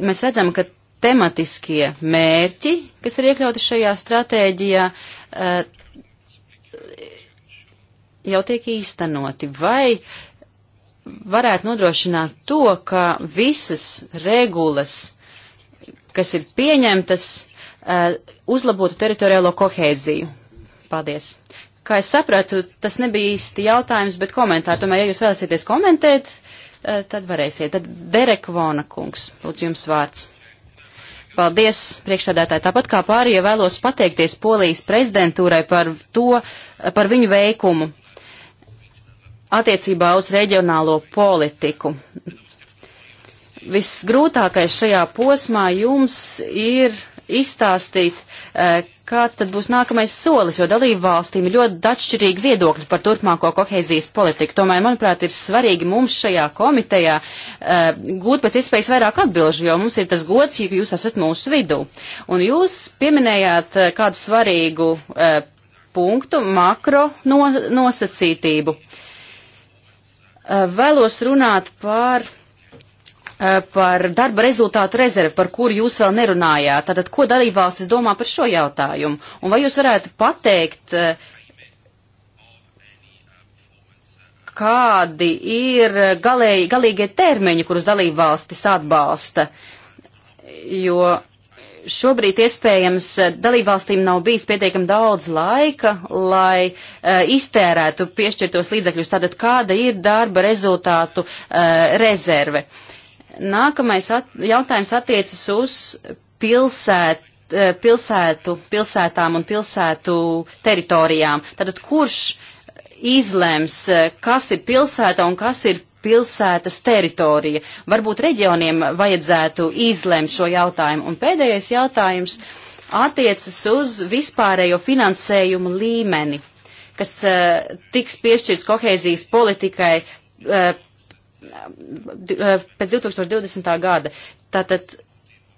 mēs redzam, ka tematiskie mērķi, kas ir iekļauti šajā stratēģijā, Eh, jau tiek īstenoti, vai varētu nodrošināt to, ka visas regulas, kas ir pieņemtas, eh, uzlabotu teritoriālo kohēziju. Paldies! Kā es sapratu, tas nebija īsti jautājums, bet komentāri. Tomēr, ja jūs vēlēsieties komentēt, eh, tad varēsiet. Tad Derek Vona kungs, lūdzu jums vārds. Paldies, priekšsēdētāji. Tāpat kā pārējie vēlos pateikties Polijas prezidentūrai par to, par viņu veikumu attiecībā uz reģionālo politiku. Visgrūtākais šajā posmā jums ir izstāstīt Eh, kāds tad būs nākamais solis, jo dalību valstīm ir ļoti atšķirīgi viedokļi par turpmāko kohēzijas politiku. Tomēr, manuprāt, ir svarīgi mums šajā komitejā eh, gūt pēc iespējas vairāk atbilžu, jo mums ir tas gods, ja jūs esat mūsu vidū. Un jūs pieminējāt eh, kādu svarīgu punktu makro no, nosacītību. Vēlos runāt par Eh, par darba rezultātu rezervi, par kuru jūs vēl nerunājāt. Tātad, ko dalībvalstis domā par šo jautājumu? Un vai jūs varētu pateikt, eh, kādi ir galēji, galīgie termiņi, kurus dalībvalstis atbalsta? Jo šobrīd iespējams dalībvalstīm nav bijis pietiekami daudz laika, lai uh, iztērētu piešķirtos līdzekļus. Tātad, kāda ir darba rezultātu uh, rezerve? Uh, Nākamais at jautājums attiecas uz pilsēt, e, pilsētu, pilsētām un pilsētu teritorijām. Tātad kurš izlems, e, kas ir pilsēta un kas ir pilsētas teritorija? Varbūt reģioniem vajadzētu izlemt šo jautājumu. Un pēdējais jautājums attiecas uz vispārējo finansējumu līmeni, kas uh, tiks piešķirts kohēzijas politikai uh, pēc 2020. gada. Tātad,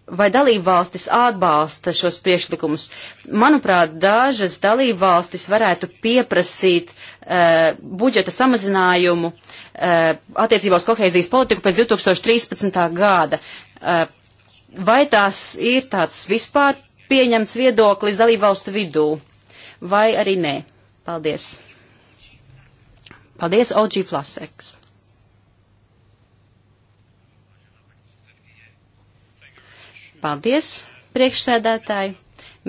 vai dalībvalstis atbalsta šos priešlikumus? Manuprāt, dažas dalībvalstis varētu pieprasīt uh, budžeta samazinājumu uh, attiecībā uz kohēzijas politiku pēc 2013. gada. Uh, vai tās ir tāds vispār pieņems viedoklis dalībvalstu vidū, vai arī nē? Paldies! Paldies, Oģī Flaseks! Paldies, priekšsēdētāji,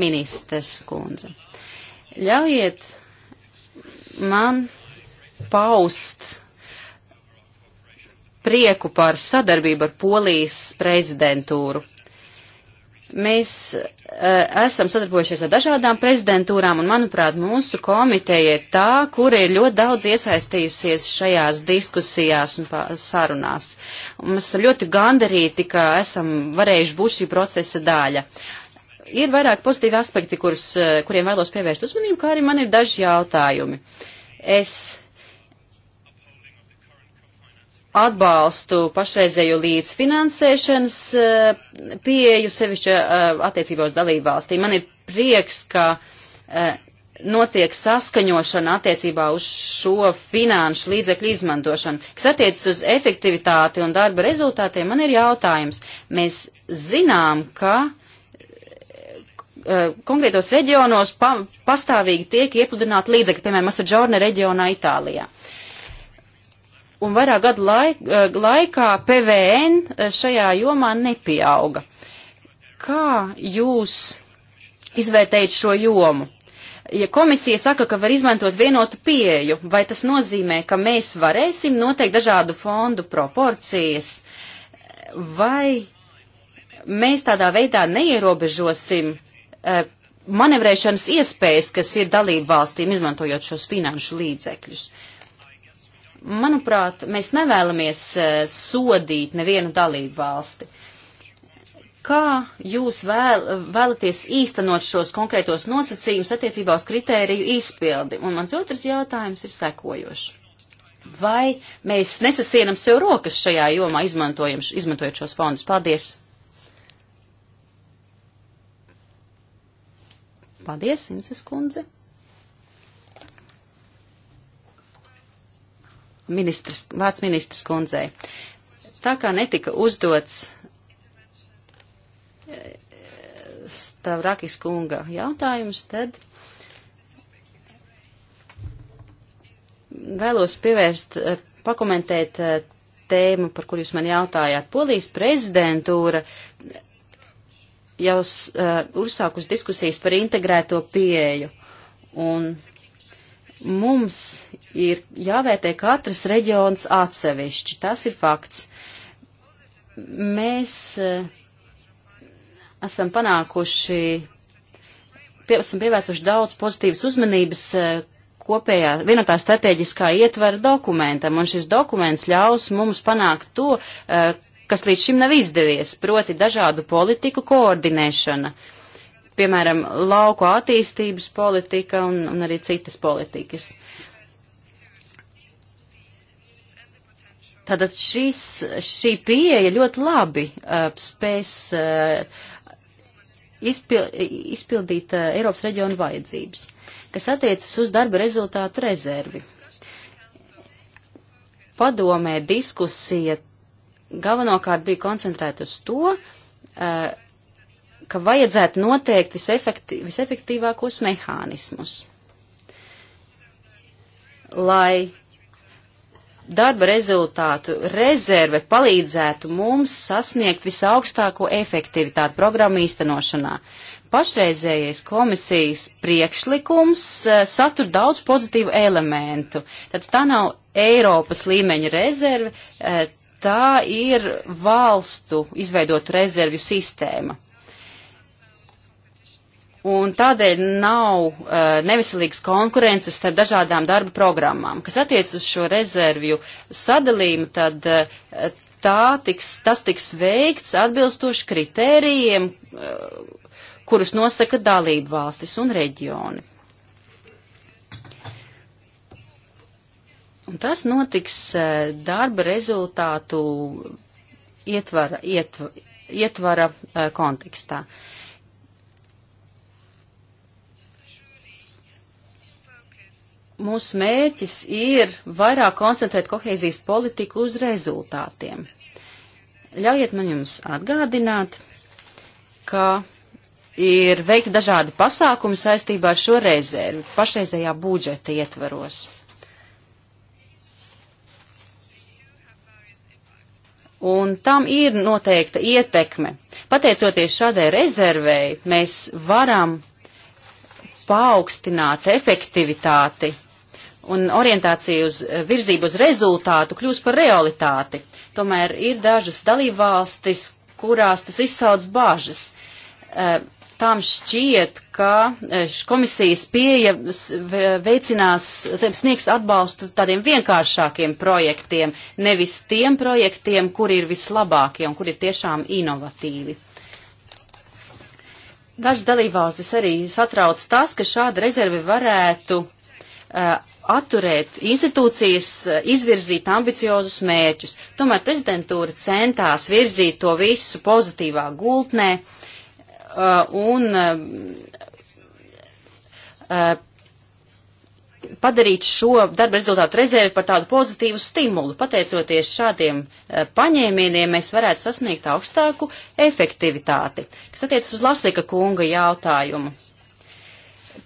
ministrs kundze. Ļaujiet man paust prieku par sadarbību ar Polijas prezidentūru Mēs uh, esam sadarbojušies ar dažādām prezidentūrām, un, manuprāt, mūsu komiteja ir tā, kura ir ļoti daudz iesaistījusies šajās diskusijās un sarunās. Un mēs esam ļoti gandarīti, ka esam varējuši būt šī procesa daļa. Ir vairāk pozitīvi aspekti, kurus, eh, kuriem vēlos pievērst uzmanību, kā arī man ir daži jautājumi. Es atbalstu pašreizējo līdzfinansēšanas uh, eh, pieju, sevišķi uh, attiecībā uz dalību valstīm. Man ir prieks, ka uh, notiek saskaņošana attiecībā uz šo finanšu līdzekļu izmantošanu. Kas attiecas uz efektivitāti un darba rezultātiem, man ir jautājums. Mēs zinām, ka konkrētos reģionos pa, pastāvīgi tiek iepludināti līdzekļi, piemēram, Masadžorne reģionā Itālijā un vairāk gadu laik, eh, laikā PVN eh, šajā jomā nepieauga. Kā jūs izvērtējat šo jomu? Ja komisija saka, ka var izmantot vienotu pieeju, vai tas nozīmē, ka mēs varēsim noteikt dažādu fondu proporcijas, vai mēs tādā veidā neierobežosim eh, manevrēšanas iespējas, kas ir dalību valstīm izmantojot šos finanšu līdzekļus? Uh, Manuprāt, mēs nevēlamies e, sodīt nevienu dalību valsti. Kā jūs vēl, vēlaties īstenot šos konkrētos nosacījumus attiecībā uz kritēriju izpildi? Un mans otrs jautājums ir sekojošs. Vai mēs nesasienam sev rokas šajā jomā, izmantojot šos fondus? Paldies! Paldies, Inces kundze! ministrs, vārds ministrs kundzei. Tā kā netika uzdots eh, Stavrakis kunga jautājums, tad vēlos pievērst, eh, pakomentēt eh, tēmu, par kur jūs man jautājāt. Polijas prezidentūra jau uh, uzsākus diskusijas par integrēto pieeju. Un Mums ir jāvērtē katrs reģions atsevišķi. Tas ir fakts. Mēs eh, esam panākuši, pie, esam pievērsuši daudz pozitīvas uzmanības eh, kopējā vienotā strateģiskā ietvera dokumentam, un šis dokuments ļaus mums panākt to, eh, kas līdz šim nav izdevies, proti dažādu politiku koordinēšana. Uh, piemēram, lauku attīstības politika un, un arī citas politikas. Tātad šis, šī pieeja ļoti labi uh, spēs uh, izpil, izpildīt uh, Eiropas reģionu vajadzības, kas attiecas uz darba rezultātu rezervi. Padomē diskusija galvenokārt bija koncentrēta uz to, uh, ka vajadzētu noteikt visefekti, visefektīvākos mehānismus, lai darba rezultātu rezerve palīdzētu mums sasniegt visaugstāko efektivitāti programmu īstenošanā. Pašreizējais komisijas priekšlikums e, satur daudz pozitīvu elementu. Tad tā nav Eiropas līmeņa rezerve, e, tā ir valstu izveidotu rezervju sistēma. Un tādēļ nav uh, neveselīgas konkurences starp dažādām darba programmām. Kas attiec uz šo rezervju sadalījumu, tad uh, tā tiks, tas tiks veikts atbilstoši kritērijiem, uh, kurus nosaka dalību valstis un reģioni. Un tas notiks uh, darba rezultātu ietvara, ietv, ietvara uh, kontekstā. Uh, mūsu mērķis ir vairāk koncentrēt kohēzijas politiku uz rezultātiem. Ļaujiet man jums atgādināt, ka ir veikti dažādi pasākumi saistībā ar šo rezervi pašreizējā budžeta ietvaros. Un tam ir noteikta ietekme. Pateicoties šādai rezervei, mēs varam paaugstināt efektivitāti un orientācija uz eh, virzību uz rezultātu kļūst par realitāti. Tomēr ir dažas dalībvalstis, kurās tas izsauc bāžas. Eh, Tām šķiet, ka eh, komisijas pieeja veicinās, sniegs atbalstu tādiem vienkāršākiem projektiem, nevis tiem projektiem, kuri ir vislabākie un kuri ir tiešām inovatīvi. Dažas dalībvalstis arī satrauc tas, ka šāda rezerve varētu uh, atturēt institūcijas eh, izvirzīt ambiciozus mērķus. Tomēr prezidentūra centās virzīt to visu pozitīvā gultnē eh, un eh, padarīt šo darba rezultātu rezervi par tādu pozitīvu stimulu. Pateicoties šādiem paņēmieniem, mēs varētu sasniegt augstāku efektivitāti, kas attiecas uz Lasika kunga jautājumu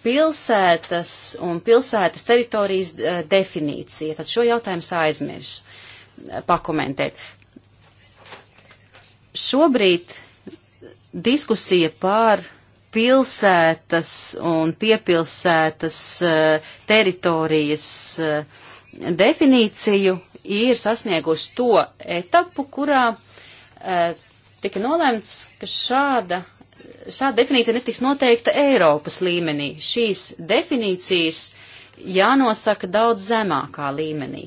pilsētas un pilsētas teritorijas eh, definīcija. Tad šo jautājumu aizmirs eh, pakomentēt. Šobrīd diskusija par pilsētas un piepilsētas eh, teritorijas definīciju ir sasniegusi to etapu, kurā tika nolēmts, ka šāda šāda definīcija netiks noteikta Eiropas līmenī. Šīs definīcijas jānosaka daudz zemākā līmenī.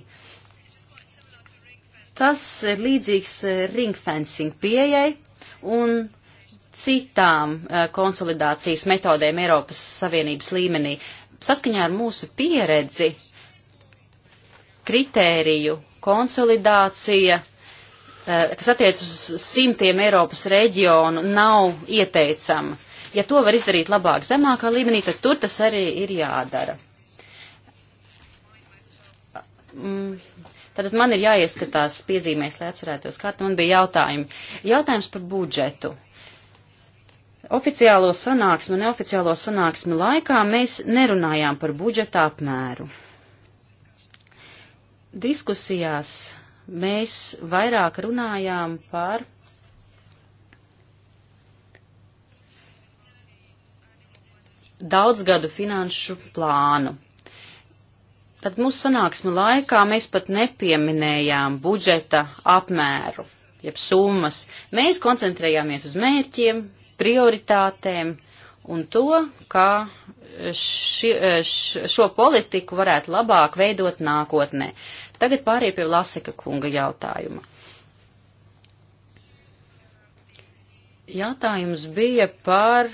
Tas ir līdzīgs e, ringfencing pieejai un citām e, konsolidācijas metodēm Eiropas Savienības līmenī. Saskaņā ar mūsu pieredzi kritēriju konsolidācija Eh, kas attiec uz simtiem Eiropas reģionu, nav ieteicama. Ja to var izdarīt labāk zemākā līmenī, tad tur tas arī ir jādara. Tātad mm, man ir jāieskatās piezīmēs, lai atcerētos, kā man bija jautājumi. Jautājums par budžetu. Oficiālo sanāksmi, neoficiālo sanāksmi laikā mēs nerunājām par budžeta apmēru. Diskusijās mēs vairāk runājām par daudzgadu finanšu plānu. Tad mūsu sanāksmi laikā mēs pat nepieminējām budžeta apmēru, jeb summas. Mēs koncentrējāmies uz mērķiem, prioritātēm un to, kā ši, e, šo politiku varētu labāk veidot nākotnē. Tagad pārie pie Laseka kunga jautājuma. Jautājums bija par,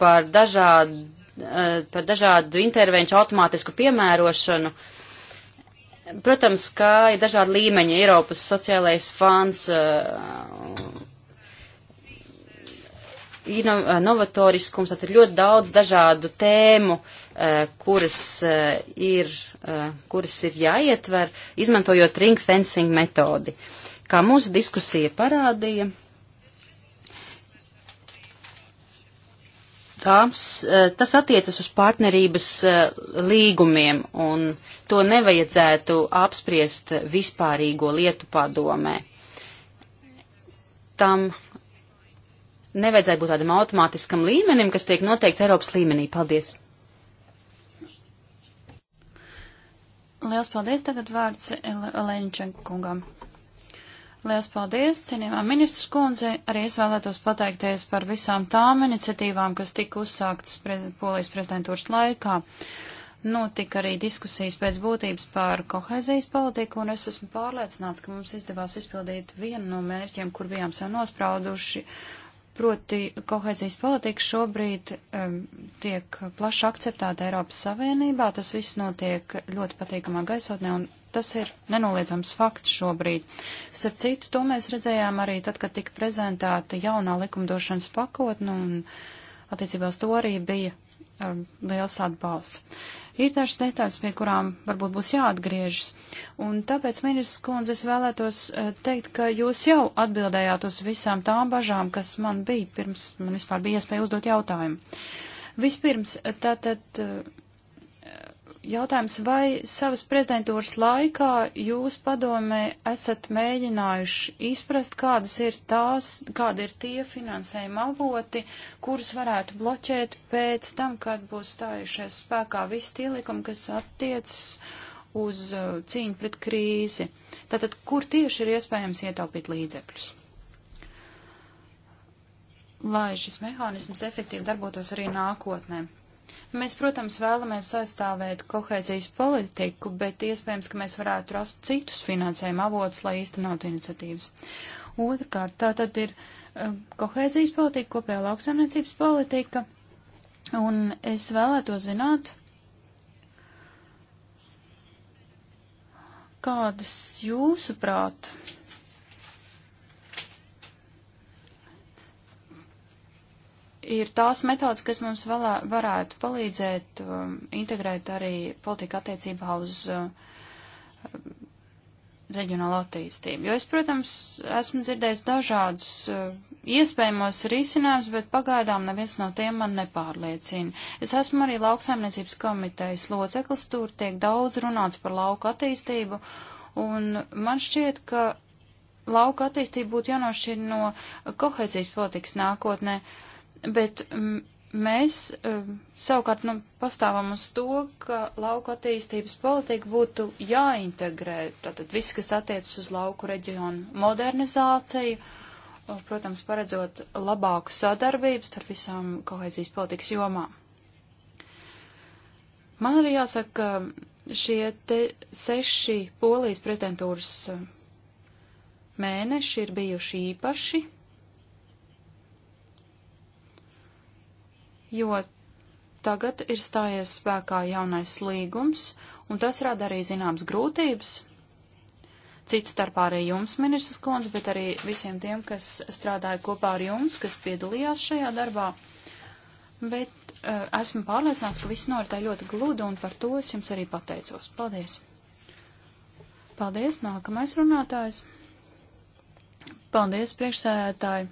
par, dažādu, e, par dažādu intervenciju automātisku piemērošanu. Protams, kā ir dažādi līmeņi Eiropas sociālais fonds e, ino, eh, novatoriskums, tad ir ļoti daudz dažādu tēmu, eh, kuras eh, ir, kuras ir jāietver, izmantojot ring fencing metodi. Kā mūsu diskusija parādīja, tās, tas attiecas uz partnerības līgumiem, un to nevajadzētu apspriest vispārīgo lietu padomē. Tam nevajadzētu būt tādam automātiskam līmenim, kas tiek noteikts Eiropas līmenī. Paldies! Liels paldies tagad vārds Leņčenkungam. Liels paldies, cienījumā ministrs kundze. Arī es vēlētos pateikties par visām tām iniciatīvām, kas tika uzsāktas pre Polijas prezidentūras laikā. Notika arī diskusijas pēc būtības par kohēzijas politiku, un es esmu pārliecināts, ka mums izdevās izpildīt vienu no mērķiem, kur bijām sev nosprauduši, Proti kohēzijas politika šobrīd um, tiek plaši akceptēta Eiropas Savienībā, tas viss notiek ļoti patīkamā gaisotnē un tas ir nenoliedzams fakts šobrīd. Starp citu, to mēs redzējām arī tad, kad tika prezentēta jaunā likumdošanas pakotne un attiecībā uz to arī bija um, liels atbalsts. Ir dažas detaļas, pie kurām varbūt būs jāatgriežas. Un tāpēc, ministrs kundze, es vēlētos eh, teikt, ka jūs jau atbildējāt uz visām tām bažām, kas man bija pirms man vispār bija iespēja uzdot jautājumu. Vispirms, tātad. Tā, eh, jautājums, vai savas prezidentūras laikā jūs padomē esat mēģinājuši izprast, kādas ir tās, kāda ir tie finansējuma avoti, kurus varētu bloķēt pēc tam, kad būs stājušies spēkā visi tie likumi, kas attiecas uz uh, cīņu pret krīzi. Tātad, kur tieši ir iespējams ietaupīt līdzekļus? Lai šis mehānisms efektīvi darbotos arī nākotnē. Mēs, protams, vēlamies aizstāvēt kohēzijas politiku, bet iespējams, ka mēs varētu rast citus finansējuma avotus, lai īstenot iniciatīvas. Otrakārt, tā tad ir uh, kohēzijas politika, kopējā lauksaimniecības politika, un es vēlētos zināt, kādas jūsuprāt ir tās metodas, kas mums valā, varētu palīdzēt um, integrēt arī politiku attiecībā uz uh, reģionālo attīstību. Jo es, protams, esmu dzirdējis dažādus uh, iespējamos risinājumus, bet pagaidām neviens no tiem man nepārliecina. Es esmu arī lauksaimniecības komitejas loceklis, tur tiek daudz runāts par lauku attīstību, un man šķiet, ka lauka attīstība būtu jānošķir no kohēzijas politikas nākotnē. Uh, bet mēs e, savukārt nu, pastāvam uz to, ka lauku attīstības politika būtu jāintegrē. Tātad viss, kas attiecas uz lauku reģionu modernizāciju, protams, paredzot labāku sadarbību starp visām kohēzijas politikas jomām. Man arī jāsaka, ka šie te seši polijas pretendūras e, mēneši ir bijuši īpaši jo tagad ir stājies spēkā jaunais līgums, un tas rada arī zināmas grūtības. Cits starpā arī jums, ministrs Kons, bet arī visiem tiem, kas strādāja kopā ar jums, kas piedalījās šajā darbā. Bet uh, esmu pārliecināts, ka viss noritēja ļoti gludi, un par to es jums arī pateicos. Paldies! Paldies, nākamais runātājs! Paldies, priekšsēdētāji!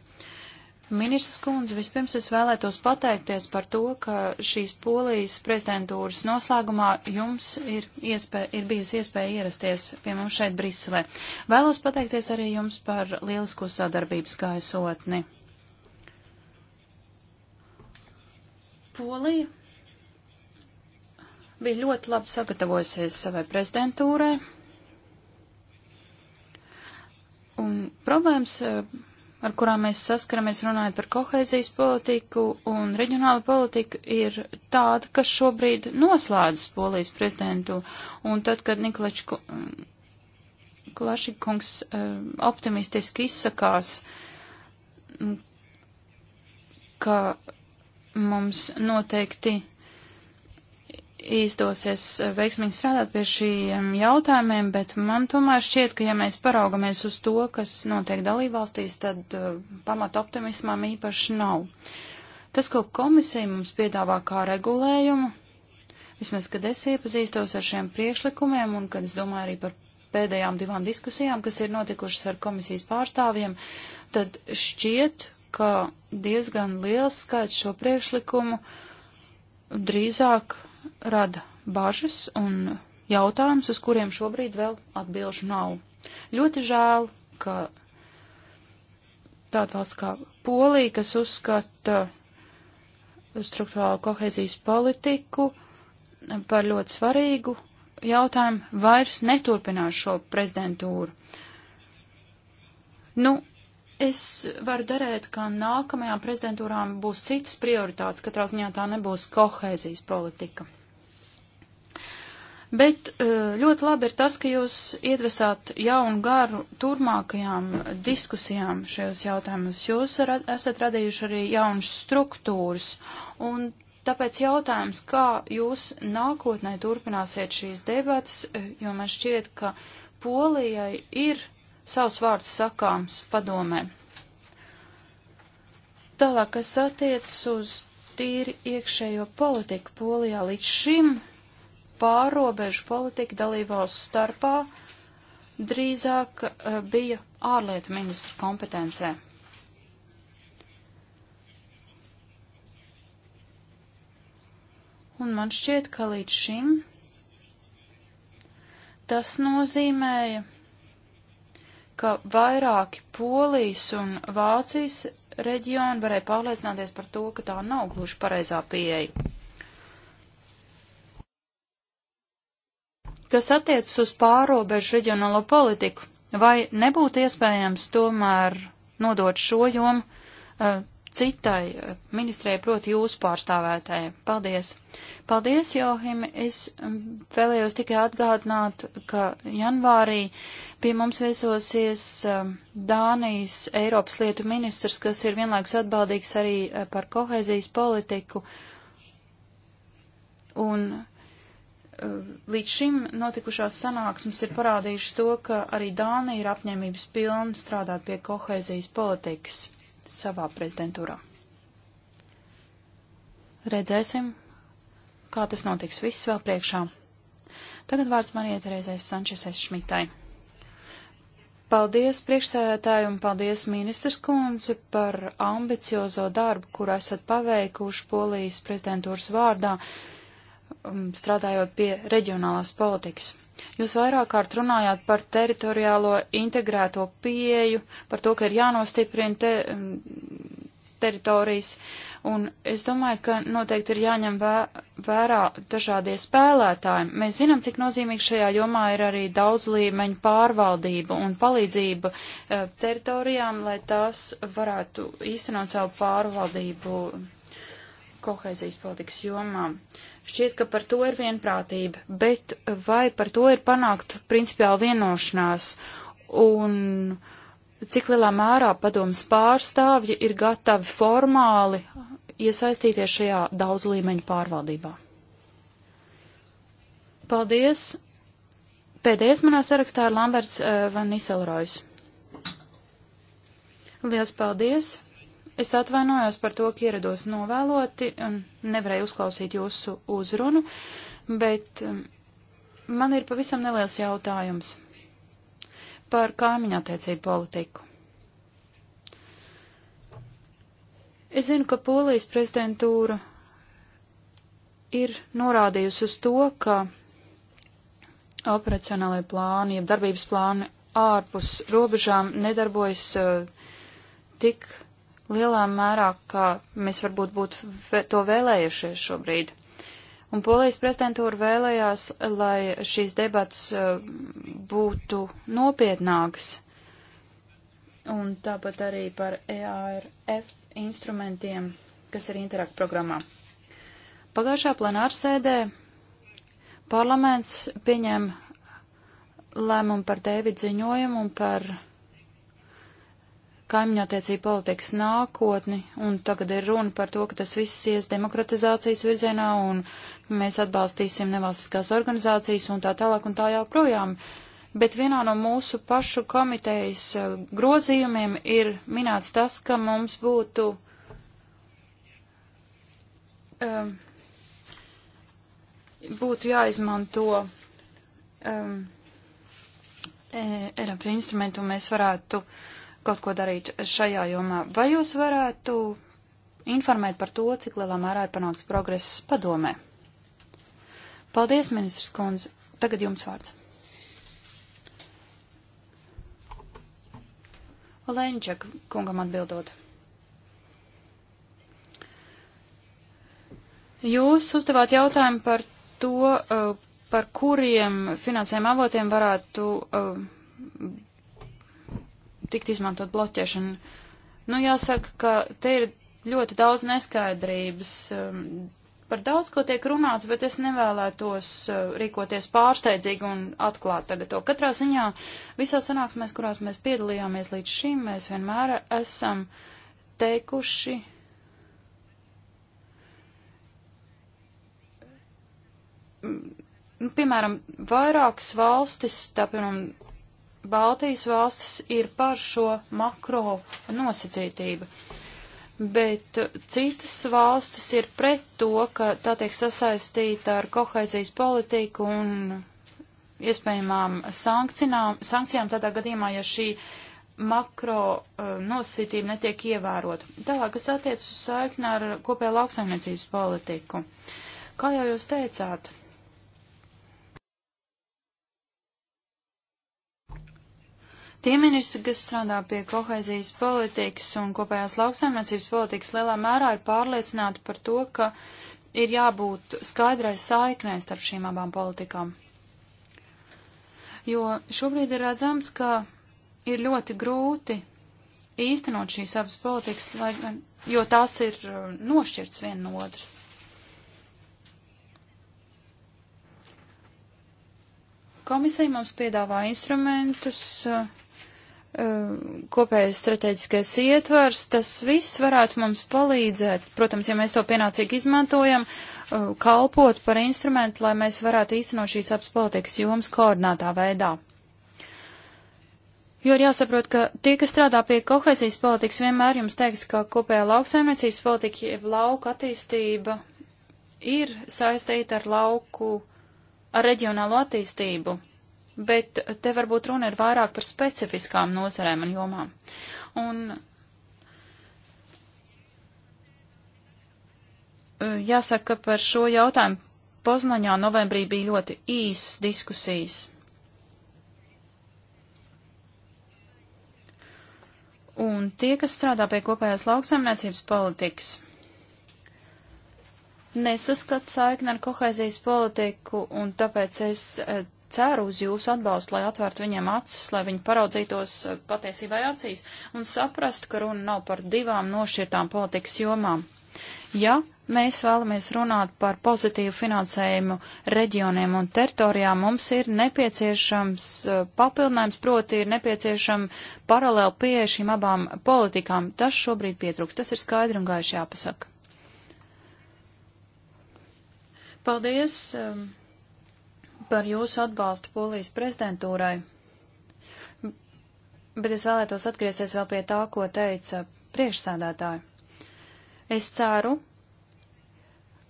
Ministrs kundze, vispirms es vēlētos pateikties par to, ka šīs polijas prezidentūras noslēgumā jums ir, iespēja, ir bijusi iespēja ierasties pie mums šeit Briselē. Vēlos pateikties arī jums par lielisko sadarbības gaisotni. Polija bija ļoti labi sagatavojusies savai prezidentūrai. Un problēmas eh, ar kurām mēs saskaramies runājot par kohēzijas politiku un reģionālu politiku, ir tāda, kas šobrīd noslēdzas Polijas prezidentu. Un tad, kad Niklačku, Klašikungs eh, optimistiski izsakās, mm, ka mums noteikti izdosies eh, veiksmīgi strādāt pie šiem jautājumiem, bet man tomēr šķiet, ka ja mēs paraugamies uz to, kas notiek dalībvalstīs, tad uh, eh, pamata optimismam īpaši nav. Tas, ko komisija mums piedāvā kā regulējumu, vismaz, kad es iepazīstos ar šiem priekšlikumiem un kad es domāju arī par pēdējām divām diskusijām, kas ir notikušas ar komisijas pārstāvjiem, tad šķiet, ka diezgan liels skaits šo priekšlikumu drīzāk rada bažas un jautājums, uz kuriem šobrīd vēl atbilžu nav. Ļoti žēl, ka tāda valsts kā Polija, kas uzskata struktūrālu kohezijas politiku par ļoti svarīgu jautājumu, vairs neturpinās šo prezidentūru. Nu, Es varu darēt, ka nākamajām prezidentūrām būs citas prioritātes, katrā ziņā tā nebūs kohēzijas politika. Bet eh, ļoti labi ir tas, ka jūs iedvesāt jaunu garu turmākajām diskusijām šajos jautājumos. Jūs ra esat radījuši arī jaunas struktūras, un tāpēc jautājums, kā jūs nākotnē turpināsiet šīs debatas, eh, jo man šķiet, ka Polijai ir savs vārds sakāms padomē. Tālāk, kas attiecas uz tīri iekšējo politiku Polijā līdz šim pārobežu politika dalībvalstu starpā drīzāk eh, bija ārlietu ministru kompetencē. Un man šķiet, ka līdz šim tas nozīmēja ka vairāki Polijas un Vācijas reģioni varēja pārliecināties par to, ka tā nav gluži pareizā pieeja. Kas attiecas uz pārobežu reģionālo politiku, vai nebūtu iespējams tomēr nodot šo jomu uh, citai uh, eh, ministrē, proti jūsu pārstāvētājai? Paldies! Paldies, Johim! Es mm, vēlējos tikai atgādināt, ka janvārī uh, Pie mums viesosies um, Dānijas Eiropas lietu ministrs, kas ir vienlaikus atbildīgs arī uh, par kohēzijas politiku. Un uh, līdz šim notikušās sanāksmes ir parādījušas to, ka arī Dānija ir apņēmības pilna strādāt pie kohēzijas politikas savā prezidentūrā. Redzēsim, kā tas notiks. Viss vēl priekšā. Tagad vārds Marijai Terezēs Sančesai Šmitai. Paldies priekšsēdētāju un paldies ministrs kundze par ambiciozo darbu, kur esat paveikuši Polijas prezidentūras vārdā, um, strādājot pie reģionālās politikas. Jūs vairāk kārt runājāt par teritoriālo integrēto pieeju, par to, ka ir jānostiprina te, um, teritorijas. Uh, Un es domāju, ka noteikti ir jāņem vērā dažādie spēlētāji. Mēs zinām, cik nozīmīgi šajā jomā ir arī daudz līmeņu pārvaldība un palīdzība eh, teritorijām, lai tās varētu īstenot savu pārvaldību kohēzijas politikas jomā. Šķiet, ka par to ir vienprātība, bet vai par to ir panākt principiāli vienošanās? Un, uh, cik lielā mērā padomas pārstāvji ir gatavi formāli iesaistīties šajā daudz līmeņu pārvaldībā. Paldies! Pēdējais manā sarakstā ir Lamberts uh, Van Niselrojs. Liels paldies! Es atvainojos par to, ka ierados novēloti un nevarēju uzklausīt jūsu uzrunu, bet um, man ir pavisam neliels jautājums par kāmiņa attiecību politiku. Es zinu, ka Polijas prezidentūra ir norādījusi uz to, ka operacionālajie plāni, jeb darbības plāni ārpus robežām nedarbojas uh, tik lielā mērā, kā mēs varbūt būtu vē to vēlējušies šobrīd. Un Polijas prezidentūra vēlējās, lai šīs debats uh, būtu nopietnākas. Un tāpat arī par EARF instrumentiem, kas ir Interakt programmā. Pagājušā plenārsēdē parlaments pieņem lēmumu par Dēvidu ziņojumu un par kaimiņotiecību politikas nākotni, un tagad ir runa par to, ka tas viss ies demokratizācijas virzienā, un mēs atbalstīsim nevalstiskās organizācijas un tā tālāk un tā joprojām. Uh, bet vienā no mūsu pašu komitejas eh, grozījumiem ir minēts tas, ka mums būtu um, būtu jāizmanto um, Eiropas instrumentu, un mēs varētu kaut ko darīt šajā jomā. Vai jūs varētu informēt par to, cik lielā mērā ir panāks progress padomē? Paldies, ministrs kundze. Tagad jums vārds. Leņķak kungam atbildot. Jūs uzdevāt jautājumu par to, eh, par kuriem finansējuma avotiem varētu eh, tikt izmantot bloķēšanu. Nu, jāsaka, ka te ir ļoti daudz neskaidrības eh, Par daudz ko tiek runāts, bet es nevēlētos uh, rīkoties pārsteidzīgi un atklāt tagad to. Katrā ziņā visās sanāksmēs, kurās mēs piedalījāmies līdz šim, mēs vienmēr esam teikuši, nu, piemēram, vairākas valstis, tā piemēram, Baltijas valstis ir par šo makro nosacītību bet citas valstis ir pret to, ka tā tiek sasaistīta ar kohēzijas politiku un iespējamām sankcijām tādā gadījumā, ja šī makro uh, nosacītība netiek ievērota. Tālāk, kas attiec uz saikni ar kopēju lauksaimniecības politiku. Kā jau jūs teicāt, Tie ministri, kas strādā pie kohēzijas politikas un kopējās lauksaimniecības politikas, lielā mērā ir pārliecināti par to, ka ir jābūt skaidrai saiknē starp šīm abām politikām. Jo šobrīd ir redzams, ka ir ļoti grūti īstenot šīs abas politikas, lai, jo tās ir um, nošķirts viena no otras. Komisija mums piedāvā instrumentus, uh, Ehm, kopējais strateģiskais ietvars, tas viss varētu mums palīdzēt, protams, ja mēs to pienācīgi izmantojam, eh, kalpot par instrumentu, lai mēs varētu īstenot šīs abas politikas jomas koordinātā veidā. Jo ir jāsaprot, ka tie, kas strādā pie kohēzijas politikas, vienmēr jums teiks, ka kopējā lauksaimniecības politika, jeb lauka attīstība ir saistīta ar lauku, ar reģionālo attīstību bet te varbūt runa ir vairāk par specifiskām nozarēm un jomām. Un e, jāsaka, ka par šo jautājumu Poznaņā novembrī bija ļoti īsas diskusijas. Un tie, kas strādā pie kopējās lauksaimniecības politikas, nesaskat saikni ar kohēzijas politiku, un tāpēc es e, ceru uz jūsu atbalstu, lai atvērtu viņiem acis, lai viņi paraudzītos uh, patiesībai acīs un saprastu, ka runa nav par divām nošķirtām politikas jomām. Ja mēs vēlamies runāt par pozitīvu finansējumu reģioniem un teritorijām, mums ir nepieciešams uh, papildinājums, proti ir nepieciešama paralēla pieeja šīm abām politikām. Tas šobrīd pietrūks, tas ir skaidri un gaiši jāpasaka. Paldies! Um, par jūsu atbalstu Polijas prezidentūrai, bet es vēlētos atgriezties vēl pie tā, ko teica priekšsēdētāji. Es ceru,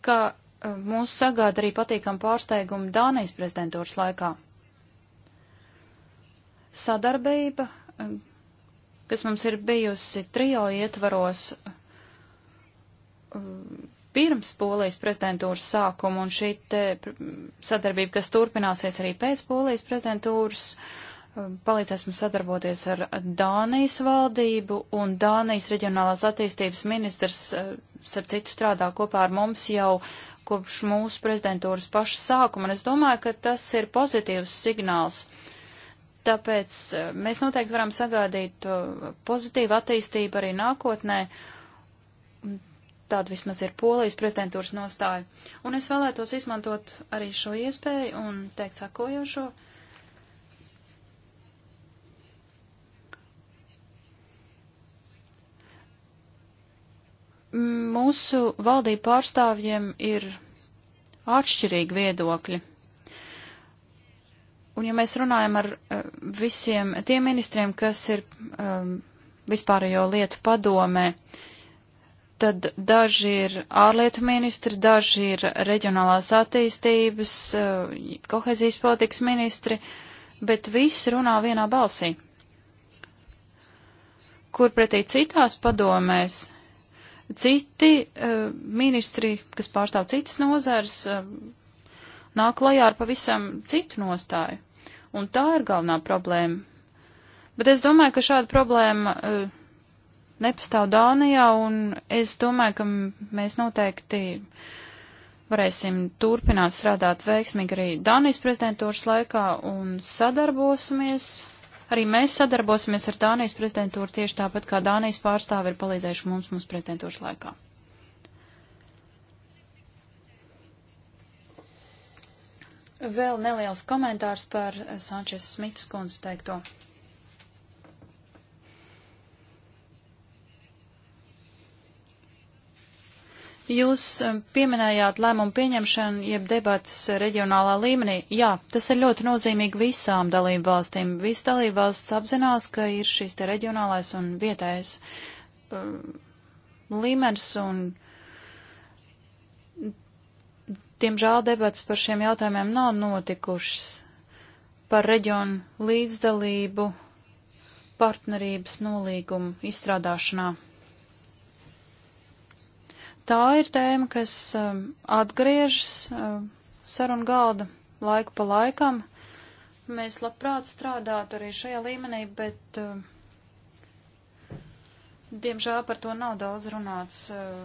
ka e, mūs sagāda arī patīkam pārsteigumu Dānijas prezidentūras laikā. Sadarbība, e, kas mums ir bijusi trijo ietvaros, e, pirms Polijas prezidentūras sākuma, un šī sadarbība, kas turpināsies arī pēc Polijas prezidentūras, um, palīdzēs mums sadarboties ar Dānijas valdību, un Dānijas reģionālās attīstības ministrs, uh, starp citu, strādā kopā ar mums jau kopš mūsu prezidentūras paša sākuma, un es domāju, ka tas ir pozitīvs signāls. Tāpēc uh, mēs noteikti varam sagādīt uh, pozitīvu attīstību arī nākotnē. Tāda vismaz ir polijas prezidentūras nostāja. Un es vēlētos izmantot arī šo iespēju un teikt sakojošo. Mūsu valdību pārstāvjiem ir atšķirīgi viedokļi. Un ja mēs runājam ar eh, visiem tiem ministriem, kas ir um, vispārējo lietu padomē, uh, tad daži ir ārlietu ministri, daži ir reģionālās attīstības, eh, kohezijas politikas ministri, bet visi runā vienā balsī. Kur pretī citās padomēs, citi uh, ministri, kas pārstāv citas nozars, uh, eh, nāk klajā ar pavisam citu nostāju. Un tā ir galvenā problēma. Bet es domāju, ka šāda problēma uh, nepastāv Dānijā, un es domāju, ka mēs noteikti varēsim turpināt strādāt veiksmīgi arī Dānijas prezidentūras laikā un sadarbosimies. Arī mēs sadarbosimies ar Dānijas prezidentūru tieši tāpat, kā Dānijas pārstāvi ir palīdzējuši mums mūsu prezidentūras laikā. Vēl neliels komentārs par Sančes Smitas kundzes teikto. Jūs um, pieminējāt lēmumu pieņemšanu jeb debatas reģionālā līmenī. Jā, tas ir ļoti nozīmīgi visām dalību valstīm. Viss dalību valsts apzinās, ka ir šis te reģionālais un vietējais uh, līmenis un. Diemžēl debats par šiem jautājumiem nav notikušas. Par reģionu līdzdalību partnerības nolīgumu izstrādāšanā. Tā ir tēma, kas um, atgriežas um, sarunu galda laiku pa laikam. Mēs labprāt strādātu arī šajā līmenī, bet, um, diemžēl, par to nav daudz runāts. Uh,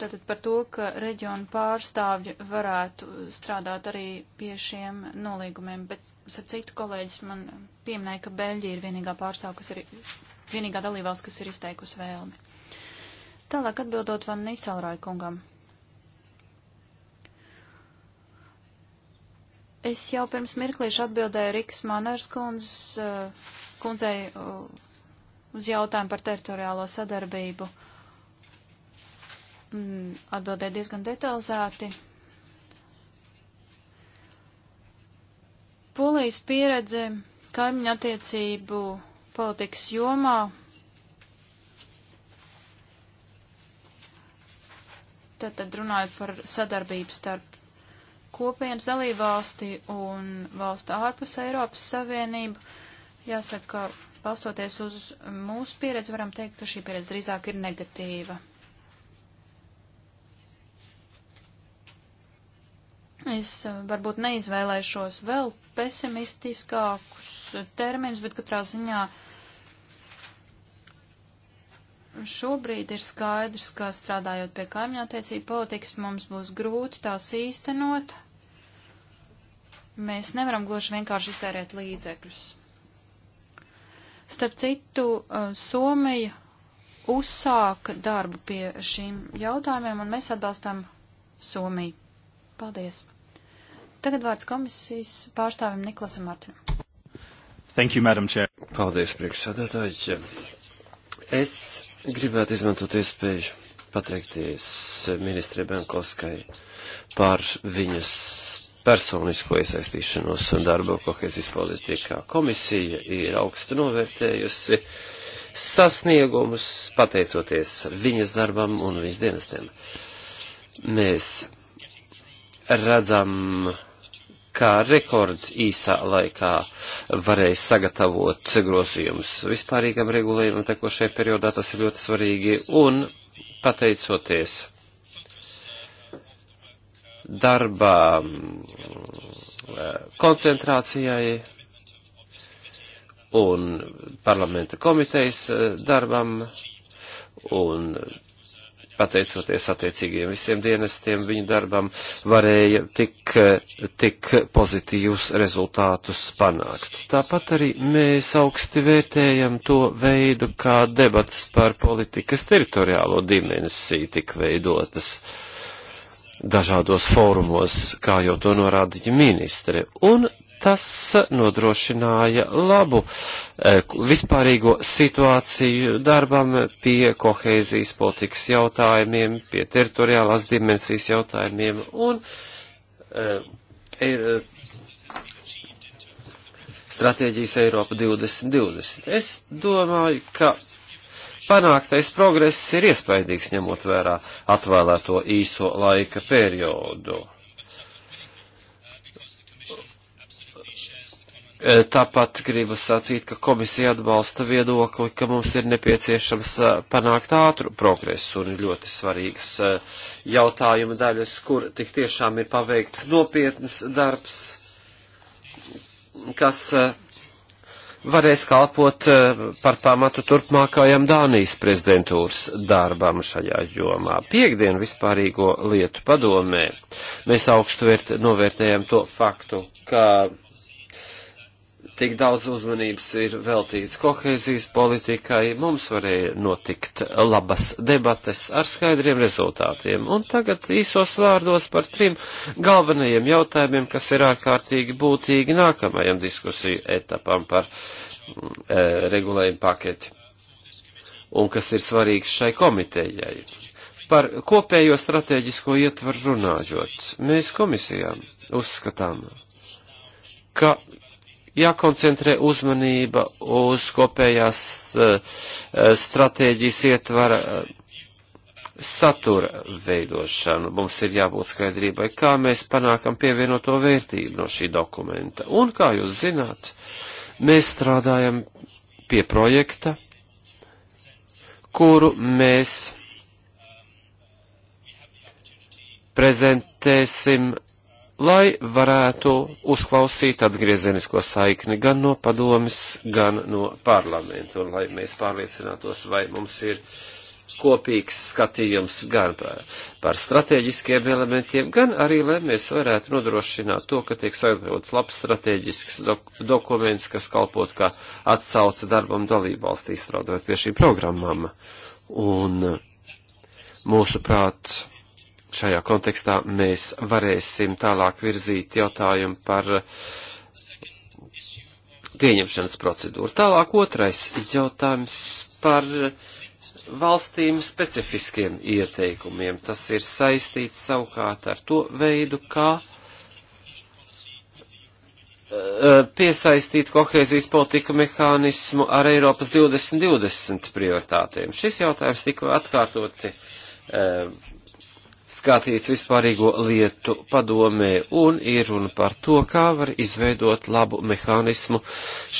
tātad par to, ka reģionu pārstāvji varētu strādāt arī pie šiem nolīgumiem, bet, sap citu, kolēģis man pieminēja, ka Beļģija ir vienīgā pārstāv, kas ir, vienīgā dalībvalsts, kas ir izteikusi vēlmi. Tālāk atbildot Van Nīsalrāja kungam. Es jau pirms mirklīšu atbildēju Rikas Maners kundz, eh, kundzei eh, uz jautājumu par teritoriālo sadarbību. Mm, atbildēju diezgan detalizēti. Polijas pieredze kaimiņu attiecību politikas jomā Tad, tad runājot par sadarbību starp kopienas dalībvalsti un valstu ārpus Eiropas Savienību, jāsaka, ka balstoties uz mūsu pieredzi, varam teikt, ka šī pieredze drīzāk ir negatīva. Es eh, varbūt neizvēlēšos vēl pesimistiskākus terminus, bet katrā ziņā uh, šobrīd ir skaidrs, ka strādājot pie kaimiņattiecību politikas, mums būs grūti tās īstenot. Mēs nevaram gluži vienkārši iztērēt līdzekļus. Starp citu, uh, Somija uzsāka darbu pie šīm jautājumiem, un mēs atbalstām Somiju. Paldies! Tagad vārds komisijas pārstāvim Niklasam Martinam. Thank you, Madam Chair. Paldies, priekšsēdētāji. Es gribētu izmantot iespēju pateikties ministrē Benkovskai par viņas personisko iesaistīšanos un darbu kohēzijas politikā. Komisija ir augstu novērtējusi sasniegumus, pateicoties viņas darbam un viņas dienestiem. Mēs redzam kā rekord īsā laikā varēja sagatavot grozījumus vispārīgam regulējumam tekošajā periodā, tas ir ļoti svarīgi, un pateicoties darbā eh, koncentrācijai un parlamenta komitejas eh, darbam un pateicoties attiecīgiem visiem dienestiem viņu darbam, varēja tik, tik pozitīvus rezultātus panākt. Tāpat arī mēs augsti vērtējam to veidu, kā debats par politikas teritoriālo dimensiju tik veidotas dažādos fórumos, kā jau to norādīja ministre, un tas nodrošināja labu e, vispārīgo situāciju darbam pie kohēzijas politikas jautājumiem, pie teritoriālās dimensijas jautājumiem un e, e stratēģijas Eiropa 2020. Es domāju, ka panāktais progress ir iespaidīgs ņemot vērā atvēlēto īso laika periodu. E, tāpat gribu sacīt, ka komisija atbalsta viedokli, ka mums ir nepieciešams e, panākt ātru progresu un ļoti svarīgas e, jautājuma daļas, kur tik tiešām ir paveikts nopietnas darbs, kas varēs kalpot par pamatu turpmākajam Dānijas prezidentūras darbam šajā jomā. Piekdien vispārīgo lietu padomē mēs augstu vērt, novērtējam to faktu, ka tik daudz uzmanības ir veltīts kohēzijas politikai, mums varēja notikt labas debates ar skaidriem rezultātiem. Un tagad īsos vārdos par trim galvenajiem jautājumiem, kas ir ārkārtīgi būtīgi nākamajam diskusiju etapam par mm, e, regulējumu paketi un kas ir svarīgs šai komitejai. Par kopējo strateģisko ietvaru runājot, mēs komisijām uzskatām, ka jākoncentrē uzmanība uz kopējās eh, eh, stratēģijas ietvara eh, satura veidošanu. Mums ir jābūt skaidrībai, kā mēs panākam pievienoto vērtību no šī dokumenta. Un, kā jūs zināt, mēs strādājam pie projekta, kuru mēs prezentēsim lai varētu uzklausīt atgriezenisko saikni gan no padomis, gan no parlamentu, un lai mēs pārliecinātos, vai mums ir kopīgs skatījums gan par, par strateģiskiem elementiem, gan arī, lai mēs varētu nodrošināt to, ka tiek sagatavots labs strateģisks dok dokuments, kas kalpot kā atsauce darbam dalību valstī strādājot pie šīm programmām. Un mūsuprāt, šajā kontekstā mēs varēsim tālāk virzīt jautājumu par pieņemšanas procedūru. Tālāk otrais jautājums par valstīm specifiskiem ieteikumiem. Tas ir saistīts savukārt ar to veidu, kā eh, piesaistīt kohēzijas politiku mehānismu ar Eiropas 2020 prioritātiem. Šis jautājums tika atkārtoti eh, skatīts vispārīgo lietu padomē un ir runa par to, kā var izveidot labu mehānismu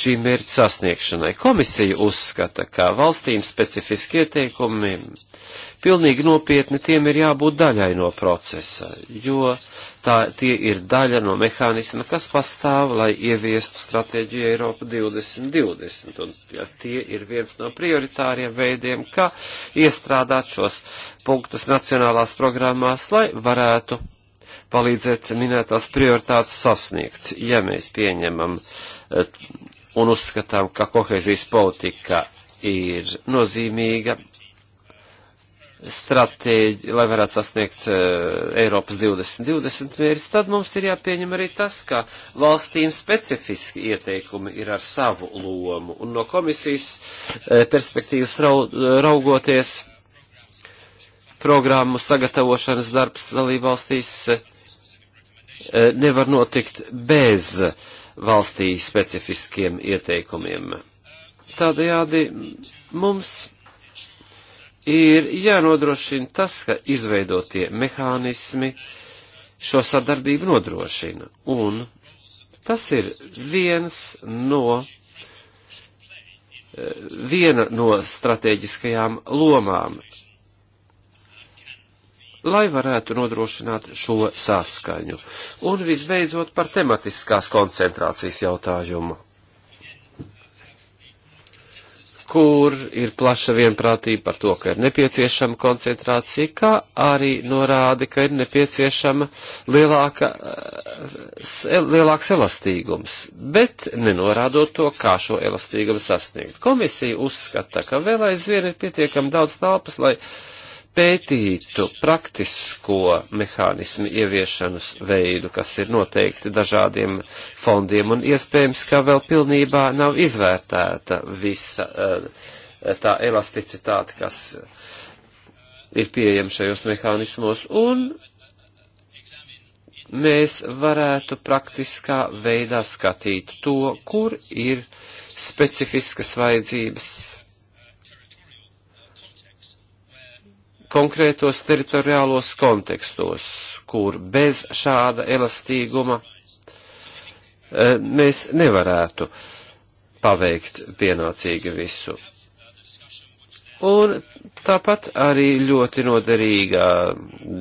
šī mērķa sasniegšanai. Komisija uzskata, ka valstīm specifiski ieteikumi pilnīgi nopietni tiem ir jābūt daļai no procesa, jo tā, tie ir daļa no mehānisma, kas pastāv, lai ieviestu stratēģiju Eiropa 2020. Un ja, tie ir viens no prioritāriem veidiem, kā iestrādāt šos punktus nacionālās programmās, lai varētu palīdzēt minētās prioritātes sasniegt, ja mēs pieņemam eh, un uzskatām, ka kohēzijas politika ir nozīmīga stratēģi, lai varētu sasniegt uh, Eiropas 2020 mērķus, tad mums ir jāpieņem arī tas, ka valstīm specifiski ieteikumi ir ar savu lomu. Un no komisijas uh, perspektīvas rau, raugoties, programmu sagatavošanas darbs dalībvalstīs uh, nevar notikt bez valstī specifiskiem ieteikumiem. Tādējādi mums ir jānodrošina tas, ka izveidotie mehānismi šo sadarbību nodrošina. Un tas ir viens no, eh, viena no strateģiskajām lomām, lai varētu nodrošināt šo saskaņu. Un visbeidzot par tematiskās koncentrācijas jautājumu kur ir plaša vienprātība par to, ka ir nepieciešama koncentrācija, kā arī norādi, ka ir nepieciešama lielāka, eh, lielāks elastīgums, bet nenorādot to, kā šo elastīgumu sasniegt. Komisija uzskata, ka vēl aizvien ir pietiekami daudz telpas, lai uh, pētītu praktisko mehānismu ieviešanas veidu, kas ir noteikti dažādiem fondiem, un iespējams, ka vēl pilnībā nav izvērtēta visa eh, tā elasticitāte, kas ir pieejama šajos mehānismos, un mēs varētu praktiskā veidā skatīt to, kur ir specifiskas vajadzības konkrētos teritoriālos kontekstos, kur bez šāda elastīguma e, mēs nevarētu paveikt pienācīgi visu. Un tāpat arī ļoti noderīga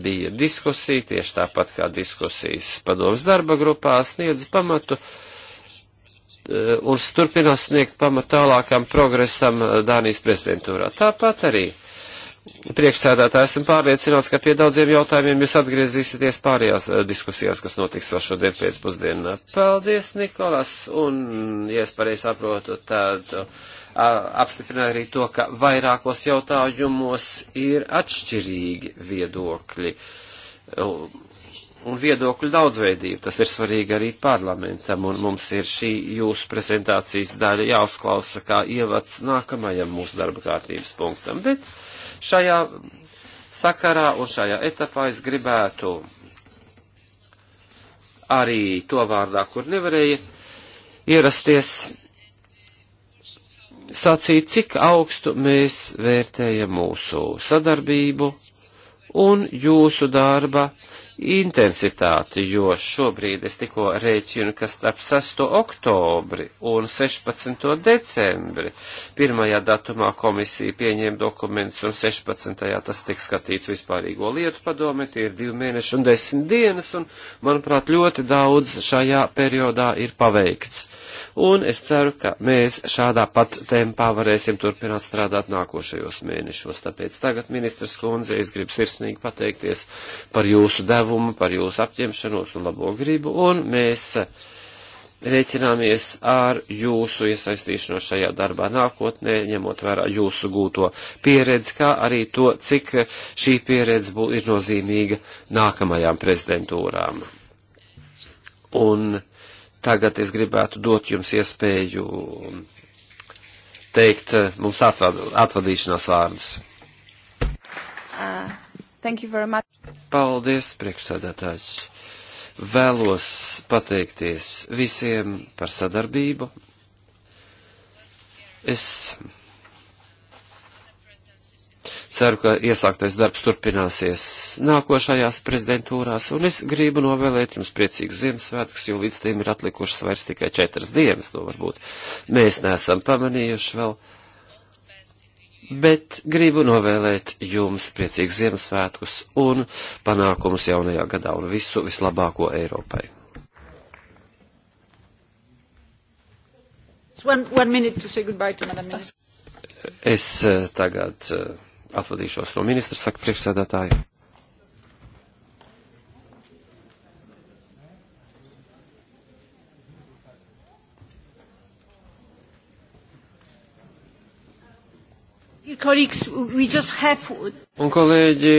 bija diskusija, tieši tāpat kā diskusijas padomas darba grupā sniedz pamatu e, un turpinās sniegt pamatu tālākam progresam Dānijas prezidentūrā. Tāpat arī priekšsēdētāji, esmu pārliecināts, ka pie daudziem jautājumiem jūs atgriezīsieties pārējās eh, diskusijās, kas notiks vēl šodien pēcpusdienā. Paldies, Nikolas, un, ja es pareizi saprotu, tad apstiprināja arī to, ka vairākos jautājumos ir atšķirīgi viedokļi un viedokļu daudzveidību. Tas ir svarīgi arī parlamentam, un mums ir šī jūsu prezentācijas daļa jāuzklausa kā ievads nākamajam mūsu darba kārtības punktam. Bet Šajā sakarā un šajā etapā es gribētu arī to vārdā, kur nevarēja ierasties, sacīt, cik augstu mēs vērtējam mūsu sadarbību un jūsu darba intensitāti, jo šobrīd es tikko rēķinu, ka starp 6. oktobri un 16. decembri pirmajā datumā komisija pieņēma dokumentus un 16. tas tiks skatīts vispārīgo lietu padome, tie ir divi mēneši un desmit dienas, un manuprāt ļoti daudz šajā periodā ir paveikts. Un es ceru, ka mēs šādā pat tempā varēsim turpināt strādāt nākošajos mēnešos. Tāpēc tagad, ministrs Kunze, es gribu sirsnīgi pateikties par jūsu devu uzdevumu, par jūsu apņemšanos un labo gribu, un mēs rēķināmies ar jūsu iesaistīšanos šajā darbā nākotnē, ņemot vērā jūsu gūto pieredzi, kā arī to, cik šī pieredze būs ir nozīmīga nākamajām prezidentūrām. Un tagad es gribētu dot jums iespēju teikt mums atvad, atvadīšanās vārdus. Uh. Thank you very much. Paldies, priekšsēdētājs. Vēlos pateikties visiem par sadarbību. Es ceru, ka iesāktais darbs turpināsies nākošajās prezidentūrās, un es gribu novēlēt jums priecīgus Ziemassvētkus, jo līdz tiem ir atlikušas vairs tikai četras dienas, to varbūt mēs neesam pamanījuši vēl. Uh, bet gribu novēlēt jums priecīgus Ziemassvētkus un panākumus jaunajā gadā un visu vislabāko Eiropai. One, one to, es eh, tagad eh, atvadīšos no ministra, saka priekšsēdētāji. Un kolēģi,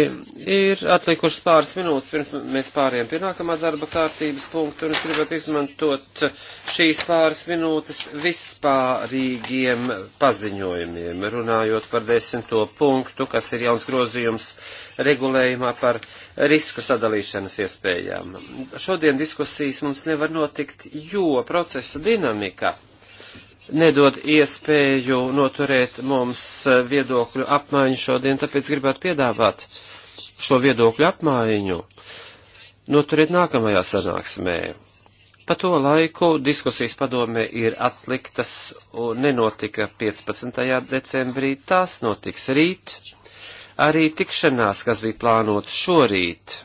ir atlikušas pāris minūtes, pirms mēs pāriem pie nākamā darba kārtības punkta, un es gribētu izmantot šīs pāris minūtes vispārīgiem paziņojumiem, runājot par desmito punktu, kas ir jauns grozījums regulējumā par risku sadalīšanas iespējām. Šodien diskusijas mums nevar notikt, jo procesa dinamika nedod iespēju noturēt mums eh, viedokļu apmaiņu šodien, tāpēc gribētu piedāvāt šo viedokļu apmaiņu noturēt nākamajā sanāksmē. Pa to laiku diskusijas padomē ir atliktas un nenotika 15. decembrī, tās notiks rīt. Arī tikšanās, kas bija plānotas šorīt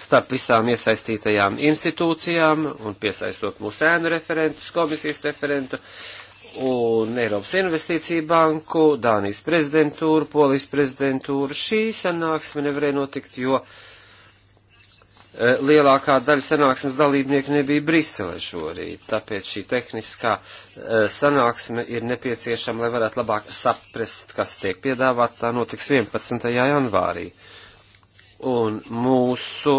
starp visām iesaistītajām institūcijām un piesaistot mūsu ēnu referentus, komisijas referentu un Eiropas investīciju banku, Dānijas prezidentūru, Polijas prezidentūru. Šī sanāksme nevarēja notikt, jo e, lielākā daļa sanāksmes dalībnieku nebija Brisele šorīt, tāpēc šī tehniskā e, sanāksme ir nepieciešama, lai varētu labāk saprast, kas tiek piedāvāts. Tā notiks 11. janvārī un mūsu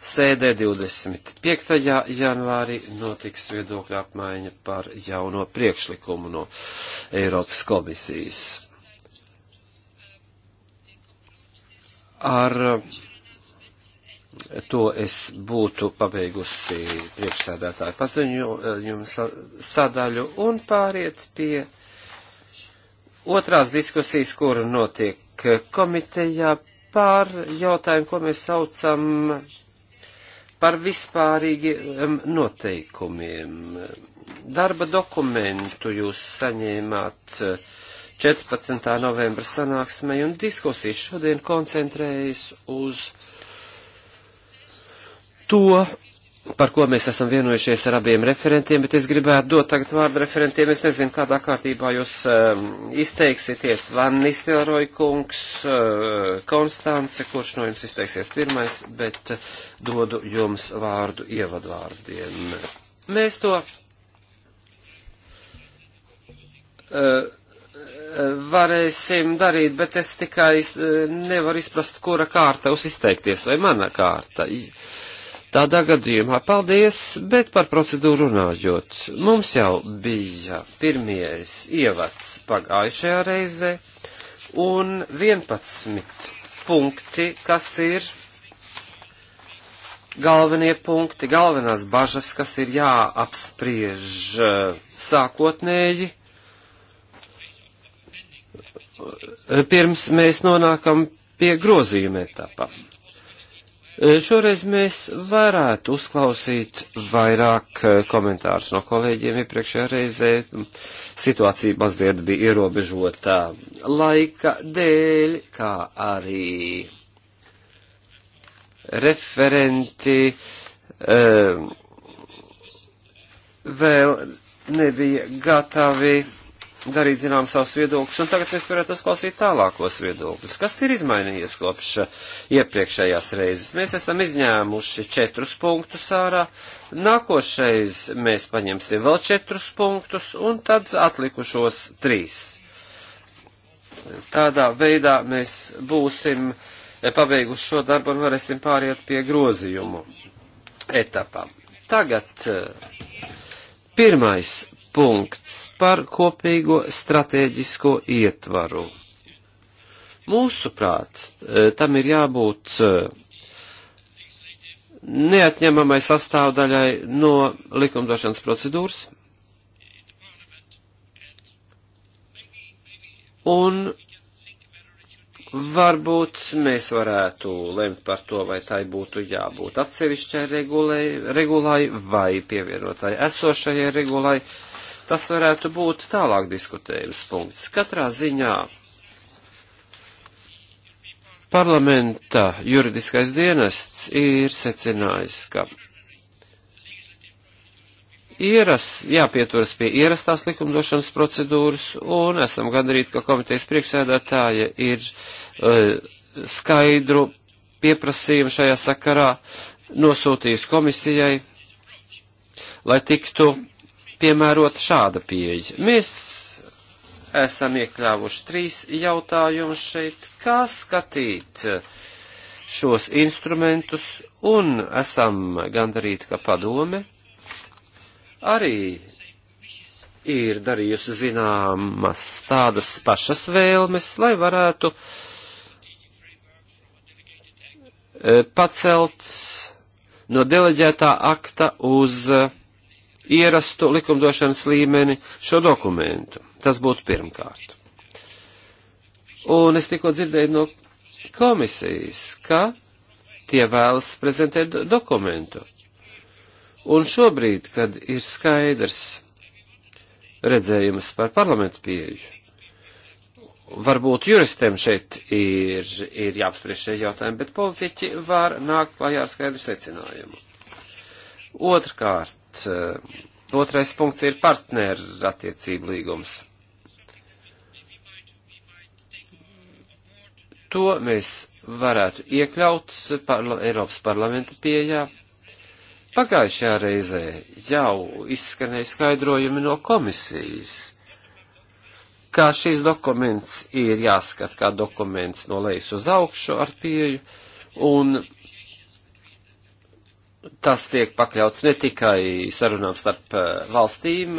sēdē 25. janvārī notiks viedokļa apmaiņa par jauno priekšlikumu no Eiropas komisijas. Ar to es būtu pabeigusi priekšsēdētāju paziņojumu sadaļu un pāriet pie otrās diskusijas, kura notiek komitejā par jautājumu, ko mēs saucam par vispārīgiem noteikumiem. Darba dokumentu jūs saņēmāt 14. Eh, novembra sanāksmē, un diskusijas šodien koncentrējas uz to, par ko mēs esam vienojušies ar abiem referentiem, bet es gribētu dot tagad vārdu referentiem. Es nezinu, kādā kārtībā jūs um, izteiksieties. Van Nistelroja kungs, uh, Konstance, kurš no jums izteiksies pirmais, bet uh, dodu jums vārdu ievadvārdiem. Mēs to. Uh, varēsim darīt, bet es tikai uh, nevaru izprast, kura kārta jūs izteikties, vai mana kārta. Uh, Tādā gadījumā paldies, bet par procedūru runājot. Mums jau bija pirmies ievads pagājušajā reizē un 11 punkti, kas ir galvenie punkti, galvenās bažas, kas ir jāapspriež eh, sākotnēji, pirms mēs nonākam pie grozījuma etapa. Eh, šoreiz mēs varētu uzklausīt vairāk eh, komentārus no kolēģiem iepriekšējā reizē. Mm, situācija mazliet bija ierobežota laika dēļ, kā arī referenti um, vēl nebija gatavi darīt zinām savus viedokļus, un tagad mēs varētu uzklausīt tālākos viedokļus. Kas ir izmainījies kopš eh, iepriekšējās reizes? Mēs esam izņēmuši četrus punktus ārā, nākošais mēs paņemsim vēl četrus punktus, un tad atlikušos trīs. Tādā veidā mēs būsim eh, pabeiguši šo darbu un varēsim pāriet pie grozījumu etapām. Tagad eh, pirmais punkts par kopīgo stratēģisko ietvaru. Mūsuprāt, eh, tam ir jābūt eh, neatņemamai sastāvdaļai no likumdošanas procedūras. Un varbūt mēs varētu lemt par to, vai tai būtu jābūt atsevišķai regulai, regulai vai pievienotai esošajai regulai. Uh, Tas varētu būt tālāk diskutējums punkts. Katrā ziņā parlamenta juridiskais dienests ir secinājis, ka ieras, jāpieturas pie ierastās likumdošanas procedūras, un esam gandarīti, ka komitejas priekšsēdētāja ir uh, skaidru pieprasījumu šajā sakarā nosūtījusi komisijai, lai tiktu piemērota šāda pieeja. Mēs esam iekļāvuši trīs jautājumus šeit, kā skatīt šos instrumentus, un esam gandarīti, ka padome arī ir darījusi zināmas tādas pašas vēlmes, lai varētu eh, pacelt no deleģētā akta uz uh, ierastu likumdošanas līmeni šo dokumentu. Tas būtu pirmkārt. Un es tikko dzirdēju no komisijas, ka tie vēlas prezentēt dokumentu. Un šobrīd, kad ir skaidrs redzējums par parlamentu pieeju, varbūt juristiem šeit ir, ir jāapspriež šie jautājumi, bet politiķi var nākt klajā ar skaidru secinājumu. Otrkārt, Eh, otrais punkts ir partneru attiecību līgums. To mēs varētu iekļaut parla Eiropas parlamenta pieejā. Pagājušajā reizē jau izskanēja skaidrojumi no komisijas, kā šis dokuments ir jāskat kā dokuments no lejas uz augšu ar pieju, un tas tiek pakļauts ne tikai sarunām starp eh, valstīm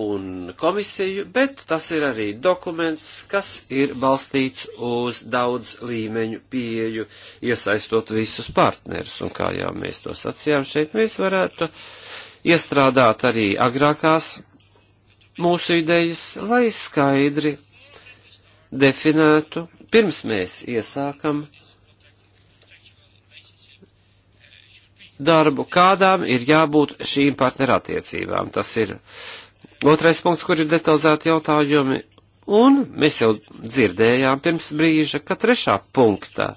un komisiju, bet tas ir arī dokuments, kas ir balstīts uz daudz līmeņu pieju, iesaistot visus partnerus. Un kā jau mēs to sacījām, šeit mēs varētu iestrādāt arī agrākās mūsu idejas, lai skaidri definētu, pirms mēs iesākam uh, darbu, kādām ir jābūt šīm partnerattiecībām. Tas ir otrais punkts, kur ir detalizēti jautājumi. Un mēs jau dzirdējām pirms brīža, ka trešā punkta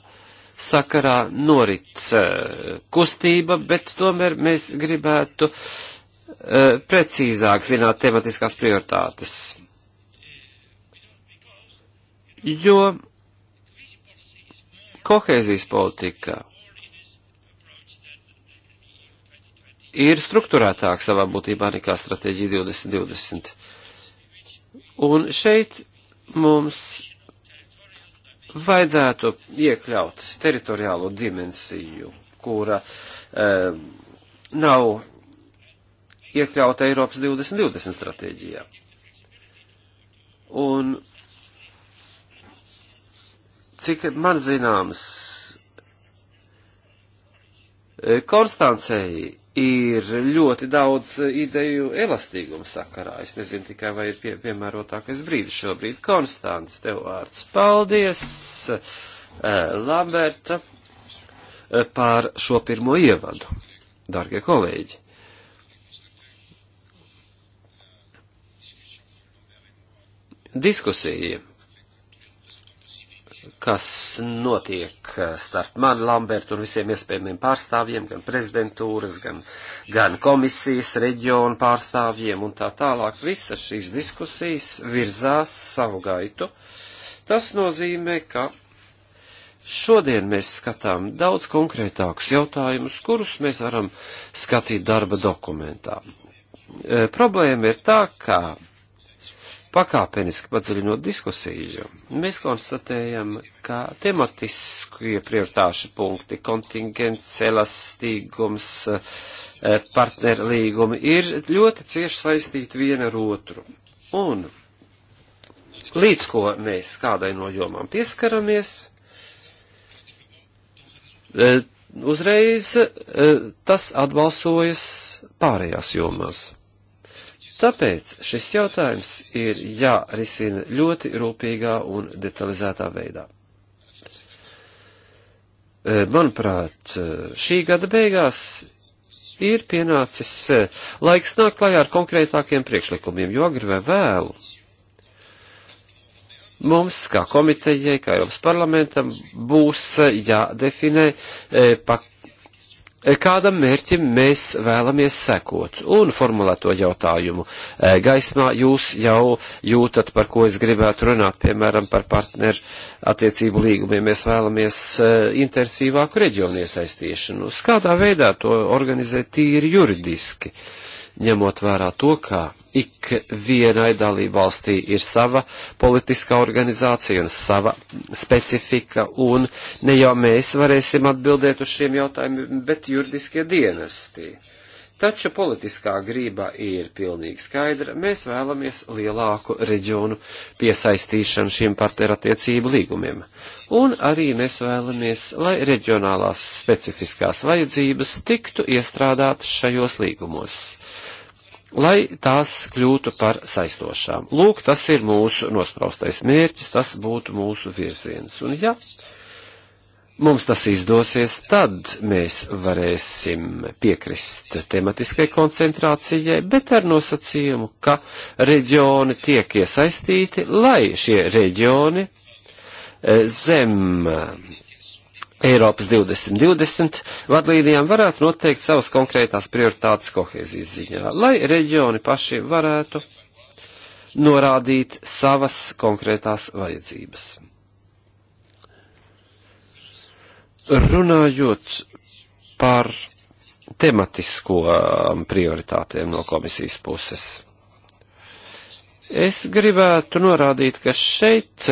sakarā norit eh, kustība, bet tomēr mēs gribētu eh, precīzāk zināt tematiskās prioritātes. Jo kohēzijas politika ir struktūrētāk savā būtībā nekā stratēģija 2020. Un šeit mums vajadzētu iekļaut teritoriālo dimensiju, kura um, nav iekļauta Eiropas 2020 stratēģijā. Un cik man zināms, e, Konstancei ir ļoti daudz e, ideju elastīguma sakarā. Es nezinu tikai, vai ir pie, piemērotākais brīdis šobrīd. Konstants, tev vārds. Paldies, e, Lamberta, e, par šo pirmo ievadu, dārgie kolēģi. Diskusija kas notiek eh, starp mani, Lambertu un visiem iespējamiem pārstāvjiem, gan prezidentūras, gan, gan komisijas, reģionu pārstāvjiem un tā tālāk. Visas šīs diskusijas virzās savu gaitu. Tas nozīmē, ka šodien mēs skatām daudz konkrētākus jautājumus, kurus mēs varam skatīt darba dokumentā. Eh, problēma ir tā, ka pakāpeniski padziļinot diskusiju, mēs konstatējam, ka tematiskie prioritāšu punkti, kontingents, elastīgums, eh, partnerlīgumi ir ļoti cieši saistīti viena ar otru. Un līdz ko mēs kādai no jomām pieskaramies, eh, uzreiz eh, tas atbalsojas pārējās jomās. Tāpēc šis jautājums ir jārisina ļoti rūpīgā un detalizētā veidā. E, manuprāt, e, šī gada beigās ir pienācis e, laiks nākt klajā ar konkrētākiem priekšlikumiem, jo agri vai vēlu. Mums, kā komitejai, kā Eiropas parlamentam, būs jādefinē pak kādam mērķim mēs vēlamies sekot un formulēt to jautājumu. E, gaismā jūs jau jūtat, par ko es gribētu runāt, piemēram, par partneru attiecību līgumiem. Mēs vēlamies e, intensīvāku reģionu iesaistīšanu. Uz kādā veidā to organizēt tīri juridiski, ņemot vērā to, kā ik vienai dalībvalstī ir sava politiskā organizācija un sava specifika, un ne jau mēs varēsim atbildēt uz šiem jautājumiem, bet juridiskie dienesti. Taču politiskā grība ir pilnīgi skaidra. Mēs vēlamies lielāku reģionu piesaistīšanu šiem partnerattiecību līgumiem. Un arī mēs vēlamies, lai reģionālās specifiskās vajadzības tiktu iestrādātas šajos līgumos lai tās kļūtu par saistošām. Lūk, tas ir mūsu nospraustais mērķis, tas būtu mūsu virziens. Un ja mums tas izdosies, tad mēs varēsim piekrist tematiskai koncentrācijai, bet ar nosacījumu, ka reģioni tiek iesaistīti, lai šie reģioni eh, zem Eiropas 2020 vadlīnijām varētu noteikt savas konkrētās prioritātes kohēzijas ziņā, lai reģioni paši varētu norādīt savas konkrētās vajadzības. Runājot par tematiskām prioritātēm no komisijas puses, es gribētu norādīt, ka šeit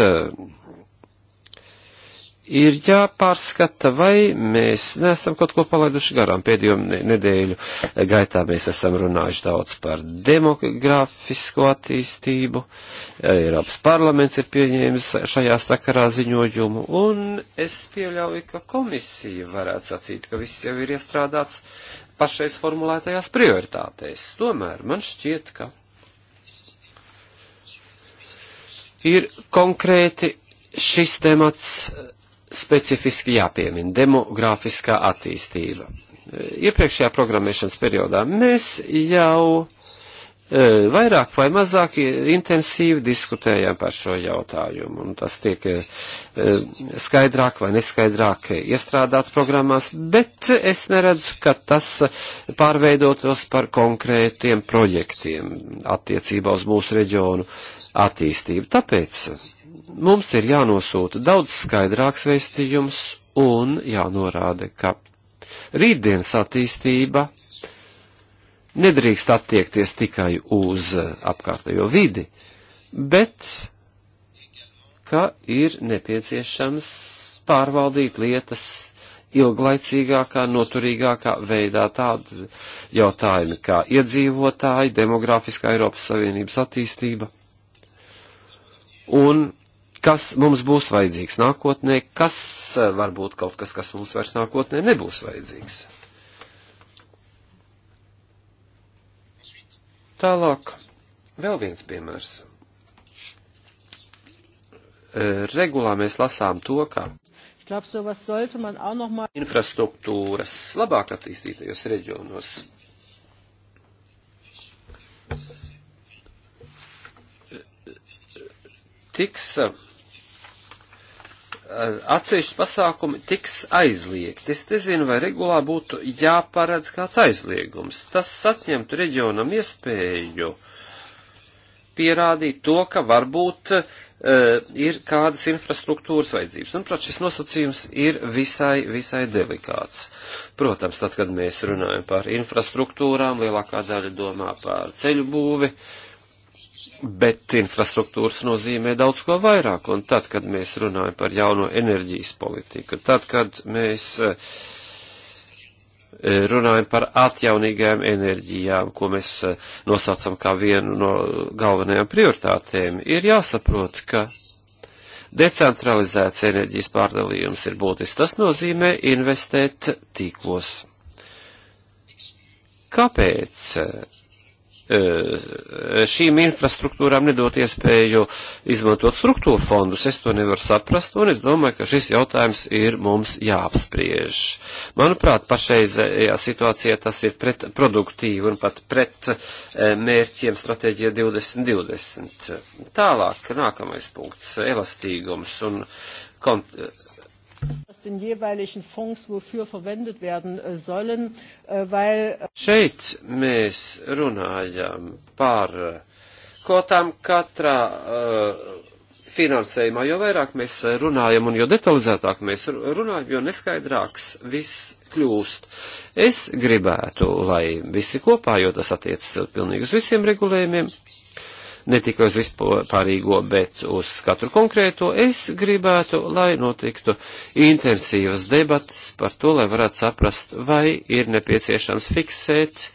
ir jāpārskata, vai mēs neesam kaut ko palaiduši garām. Pēdējo nedēļu gaitā mēs esam runājuši daudz par demografisko attīstību, Eiropas parlaments ir pieņēmis šajā sakarā ziņojumu, un es pieļauju, ka komisija varētu sacīt, ka viss jau ir iestrādāts pašais formulētajās prioritātēs. Tomēr man šķiet, ka. Ir konkrēti šis temats specifiski jāpiemina demogrāfiskā attīstība. Iepriekšējā programmēšanas periodā mēs jau e, vairāk vai mazāk intensīvi diskutējām par šo jautājumu, un tas tiek e, e, skaidrāk vai neskaidrāk iestrādāts programmās, bet es neredzu, ka tas pārveidotos par konkrētiem projektiem attiecībā uz mūsu reģionu attīstību. Tāpēc Mums ir jānosūta daudz skaidrāks veistījums un jānorāda, ka rītdienas attīstība nedrīkst attiekties tikai uz eh, apkārtējo vidi, bet ka ir nepieciešams pārvaldīt lietas ilglaicīgākā, noturīgākā veidā tādi jautājumi kā iedzīvotāji, demografiskā Eiropas Savienības attīstība un kas mums būs vajadzīgs nākotnē, kas eh, varbūt kaut kas, kas mums vairs nākotnē nebūs vajadzīgs. Tālāk, vēl viens piemērs. Eh, regulā mēs lasām to, ka infrastruktūras labāk attīstītajos reģionos eh, tiks Eh, atsevišķi pasākumi tiks aizliegti. Es nezinu, vai regulā būtu jāparedz kāds aizliegums. Tas atņemtu reģionam iespēju pierādīt to, ka varbūt uh, ir kādas infrastruktūras vajadzības. Manuprāt, šis nosacījums ir visai, visai delikāts. Protams, tad, kad mēs runājam par infrastruktūrām, lielākā daļa domā par ceļu būvi, uh, bet infrastruktūras nozīmē daudz ko vairāk. Un tad, kad mēs runājam par jauno enerģijas politiku, tad, kad mēs eh, runājam par atjaunīgajām enerģijām, ko mēs eh, nosaucam kā vienu no galvenajām prioritātēm, ir jāsaprot, ka decentralizēts enerģijas pārdalījums ir būtisks. Tas nozīmē investēt tīklos. Kāpēc? Eh, šīm infrastruktūrām nedot iespēju izmantot struktūra fondus. Es to nevaru saprast, un es domāju, ka šis jautājums ir mums jāapspriež. Manuprāt, pašreizējā situācijā tas ir pret produktīvi un pat pret eh, mērķiem stratēģija 2020. Tālāk, nākamais punkts - elastīgums un kont den jeweiligen Fonds, wofür verwendet werden äh, sollen, äh, weil. Äh, Šeit mēs runājam par kotām katrā uh, finansējumā, jo vairāk mēs runājam un jo detalizētāk mēs runājam, jo neskaidrāks viss kļūst. Es gribētu, lai visi kopā, jo tas attiecas pilnīgi uz visiem regulējumiem, uh, ne tikai uz vispārīgo, bet uz katru konkrēto, es gribētu, lai notiktu intensīvas debatas par to, lai varētu saprast, vai ir nepieciešams fiksēt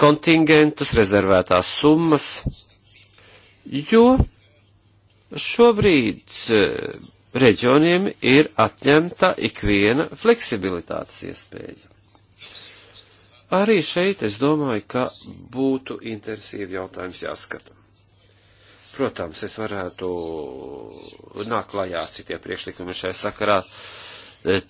kontingentus, rezervētās summas, jo šobrīd eh, reģioniem ir atņemta ikviena fleksibilitātes iespēja. Arī šeit es domāju, ka būtu intensīvi jautājums jāskata. Protams, es varētu nākt klajā ar citiem priekšlikumiem šai sakarā.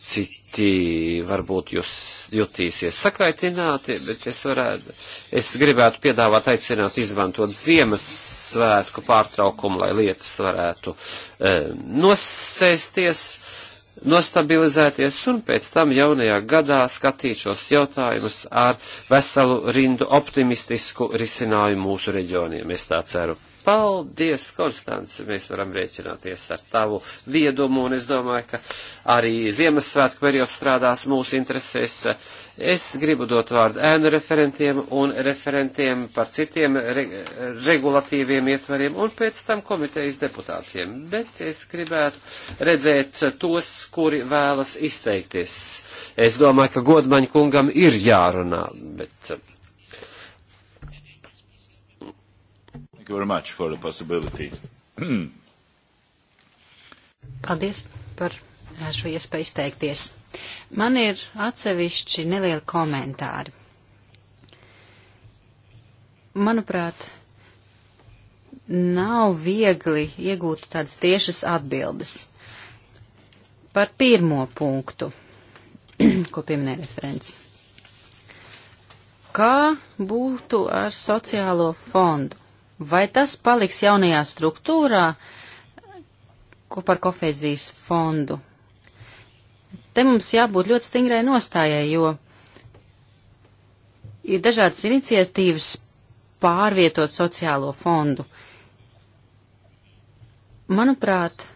Citi varbūt jūs jutīsies sakaitināti, bet es, varētu, es gribētu piedāvāt aicināt izmantot Ziemassvētku pārtraukumu, lai lietas varētu eh, nosēsties. Eh, nostabilizēties un pēc tam jaunajā gadā skatīt šos jautājumus ar veselu rindu optimistisku risinājumu mūsu reģioniem, es tā ceru. Paldies, Konstance, mēs varam rēķināties ar tavu viedumu, un es domāju, ka arī Ziemassvētku periods strādās mūsu interesēs. Es gribu dot vārdu ēnu referentiem un referentiem par citiem re regulatīviem ietvariem, un pēc tam komitejas deputātiem. Bet es gribētu redzēt tos, kuri vēlas izteikties. Es domāju, ka Godmaņa kungam ir jārunā, bet Thank you very much for the possibility. Paldies par šo iespēju izteikties. Man ir atsevišķi nelieli komentāri. Manuprāt, nav viegli iegūt tādas tiešas atbildes par pirmo punktu, ko pieminēja referents. Kā būtu ar sociālo fondu? Vai tas paliks jaunajā struktūrā par kofēzijas fondu? Te mums jābūt ļoti stingrai nostājai, jo ir dažādas iniciatīvas pārvietot sociālo fondu. Manuprāt,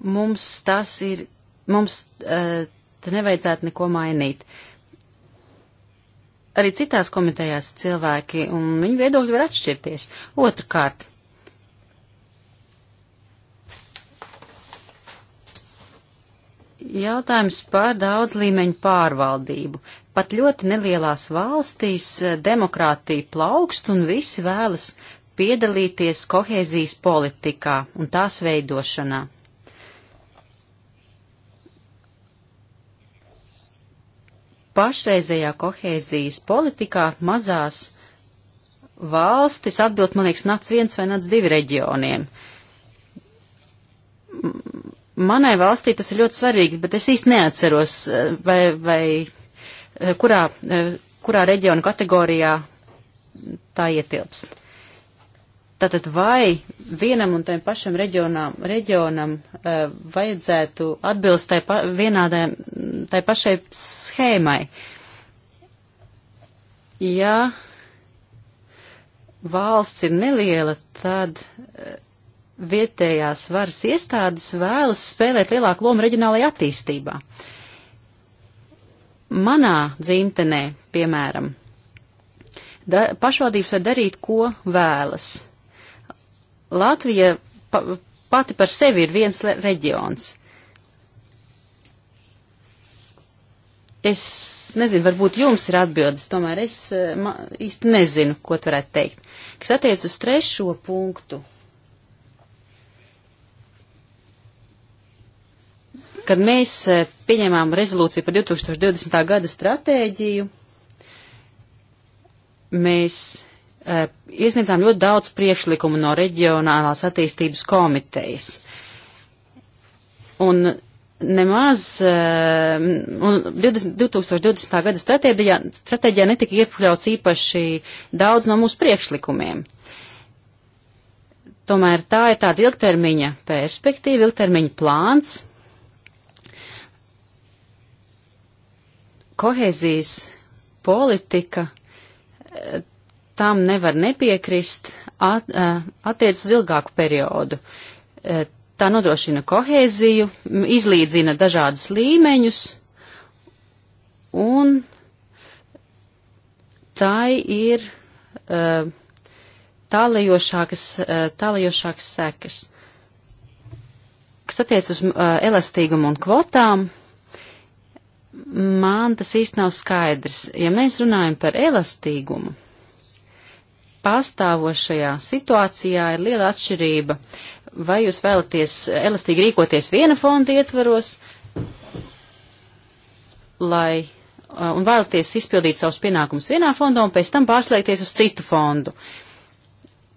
mums tas ir, mums eh, te nevajadzētu neko mainīt arī citās komitejās ir cilvēki, un viņu viedokļi var atšķirties. Otrakārt, jautājums par daudz līmeņu pārvaldību. Pat ļoti nelielās valstīs eh, demokrātija plaukst un visi vēlas piedalīties kohēzijas politikā un tās veidošanā. pašreizējā kohēzijas politikā mazās valstis atbilst, man liekas, nats viens vai nats divi reģioniem. Manai valstī tas ir ļoti svarīgi, bet es īsti neatceros, vai, vai kurā, kurā reģionu kategorijā tā ietilpst. Tātad vai vienam un tajam pašam reģionam, reģionam uh, vajadzētu atbilst tai pa, vienādai, mm, tai pašai schēmai? Ja valsts ir neliela, tad uh, vietējās varas iestādes vēlas spēlēt lielāku lomu reģionālajā attīstībā. Manā dzimtenē, piemēram, da, pašvaldības var darīt, ko vēlas Latvija pa, pati par sevi ir viens reģions. Es nezinu, varbūt jums ir atbildes, tomēr es eh, ma, īsti nezinu, ko tu varētu teikt. Kas attiec uz trešo punktu, kad mēs eh, pieņēmām rezolūciju par 2020. gada stratēģiju, mēs Eh, iesniedzām ļoti daudz priekšlikumu no reģionālās attīstības komitejas. Un nemaz eh, un 20, 2020. gada stratēģijā, stratēģijā netika iekļauts īpaši daudz no mūsu priekšlikumiem. Tomēr tā ir tāda ilgtermiņa perspektīva, ilgtermiņa plāns. Kohēzijas politika eh, tam nevar nepiekrist, at, attiec uz ilgāku periodu. Tā nodrošina kohēziju, izlīdzina dažādus līmeņus un tai ir tālajošākas, tālajošākas sekas. Kas attiec uz elastīgumu un kvotām, man tas īsti nav skaidrs. Ja mēs runājam par elastīgumu, pastāvošajā situācijā ir liela atšķirība. Vai jūs vēlaties elastīgi rīkoties viena fonda ietvaros, lai uh, un vēlaties izpildīt savus pienākumus vienā fondā un pēc tam pārslēgties uz citu fondu.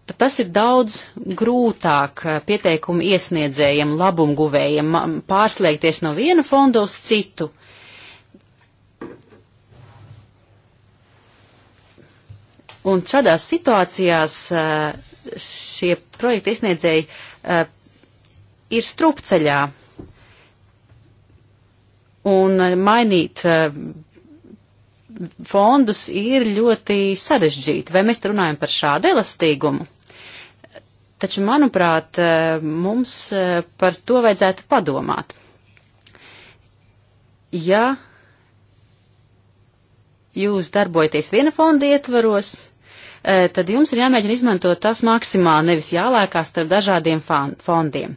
Tad tas ir daudz grūtāk uh, pieteikumu iesniedzējiem, labumguvējiem pārslēgties no viena fonda uz citu. Uh, Un šādās situācijās eh, šie projekta izniedzēji eh, ir strupceļā. Un eh, mainīt fondus ir ļoti sarežģīti. Vai mēs runājam par šādu elastīgumu? Taču, manuprāt, mums par to vajadzētu padomāt. Ja jūs darbojaties viena fonda ietvaros, e, tad jums ir jāmēģina izmantot tas maksimāli, nevis jālēkās starp dažādiem fondiem.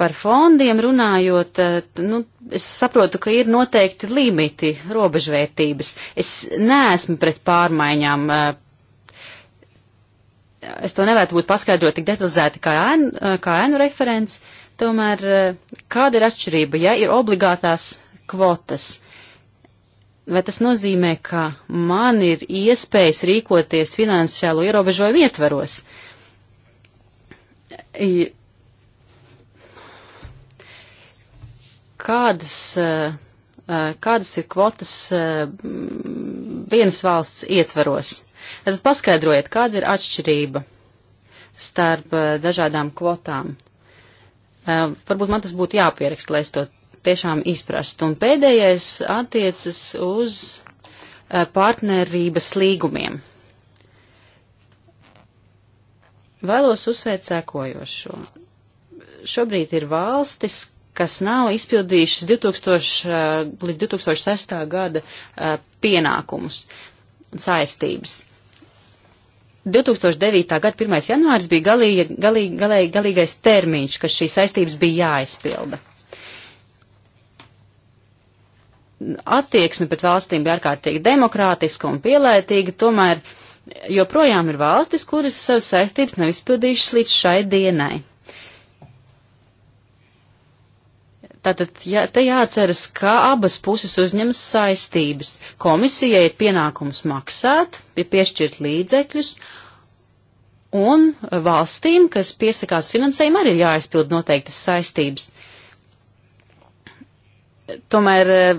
Par fondiem runājot, e, nu, es saprotu, ka ir noteikti limiti, robežvērtības. Es neesmu pret pārmaiņām. E, es to nevarētu būt paskaidrot tik detalizēti kā ēnu, kā ēnu referents. Tomēr kāda ir atšķirība, ja ir obligātās kvotas? Uh, vai tas nozīmē, ka man ir iespējas rīkoties finansiālo ierobežojumu ietvaros? Kādas, e, e, kādas ir kvotas e, vienas valsts ietvaros? Tad paskaidrojiet, kāda ir atšķirība starp dažādām kvotām. Varbūt man tas būtu jāpierakst, lai es to tiešām izprast. Un pēdējais attiecas uz eh, partnerības līgumiem. Vēlos uzsvērt sēkojošo. Šobrīd ir valstis, kas nav izpildījušas 2000 eh, līdz 2006. gada eh, pienākumus un saistības. 2009. gada 1. janvāris bija galīja, galī, galī, galīgais termiņš, kas šīs saistības bija jāizpilda. attieksme pret valstīm bija ārkārtīgi demokrātiska un pielētīga, tomēr joprojām ir valstis, kuras savas saistības nav izpildījušas līdz šai dienai. Tātad jā, te jāatceras, ka abas puses uzņemas saistības. Komisijai ir pienākums maksāt, ir piešķirt līdzekļus, un valstīm, kas piesakās finansējumu, arī ir jāaizpild noteiktas saistības. Tomēr eh,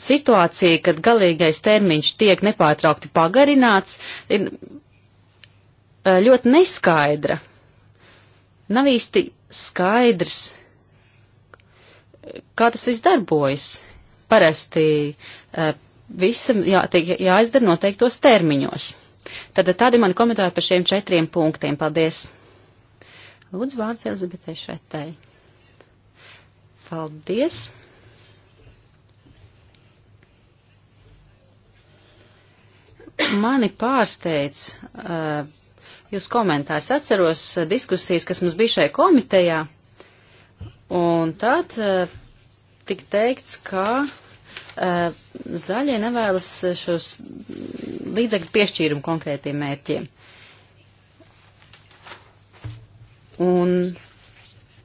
situācija, kad galīgais termiņš tiek nepārtraukti pagarināts, ir eh, ļoti neskaidra. Nav īsti skaidrs, kā tas viss darbojas. Parasti eh, visam jā, tiek jāizdara noteiktos termiņos. Tad tādi mani komentāri par šiem četriem punktiem. Paldies! Lūdzu, vārds Elizabetei Švetai. Paldies! mani pārsteidz uh, jūs komentārs. Atceros uh, diskusijas, kas mums bija šai komitejā, un tad uh, tik teikts, ka uh, zaļie nevēlas šos līdzekļu piešķīrumu konkrētiem mērķiem. Un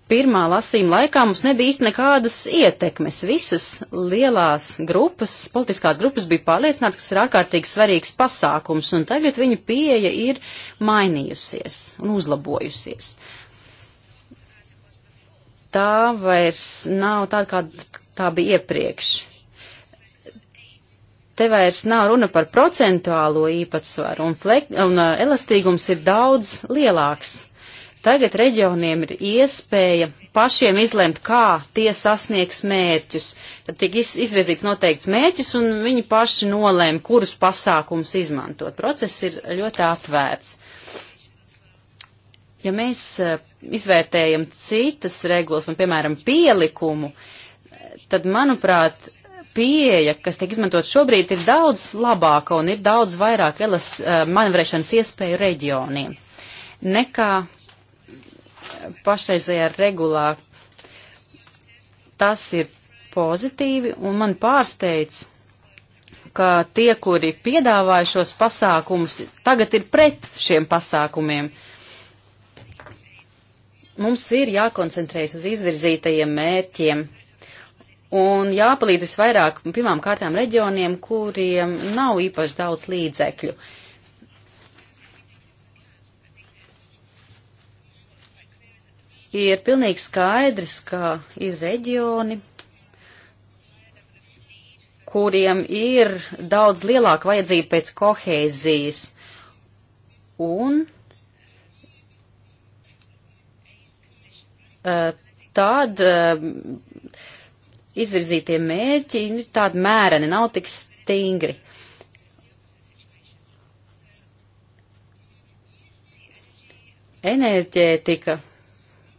pirmā lasījuma laikā mums nebija īsti nekādas ietekmes. Visas lielās grupas, politiskās grupas bija pārliecinātas, ka tas ir ārkārtīgi svarīgs pasākums, un tagad viņu pieeja ir mainījusies un uzlabojusies. Tā vairs nav tāda, kā tā bija iepriekš. Te vairs nav runa par procentuālo īpatsvaru, un, flek, un elastīgums ir daudz lielāks Tagad reģioniem ir iespēja pašiem izlemt, kā tie sasniegs mērķus. Tad tiek iz, izvirzīts noteikts mērķis, un viņi paši nolēma, kurus pasākumus izmantot. Process ir ļoti atvērts. Ja mēs eh, izvērtējam citas regulas, un nu, piemēram pielikumu, tad, manuprāt, pieeja, kas tiek izmantot šobrīd, ir daudz labāka un ir daudz vairāk elas, eh, manevrēšanas iespēju reģioniem nekā pašreizējā regulā. Tas ir pozitīvi un man pārsteidz, ka tie, kuri piedāvāja šos pasākumus, tagad ir pret šiem pasākumiem. Mums ir jākoncentrējas uz izvirzītajiem mērķiem un jāpalīdz visvairāk pirmām kārtām reģioniem, kuriem nav īpaši daudz līdzekļu. Uh, ir pilnīgi skaidrs, ka ir reģioni, kuriem ir daudz lielāka vajadzība pēc kohēzijas. Un eh, tad eh, izvirzītie mērķi ir tādi mēreni, nav tik stingri. Enerģētika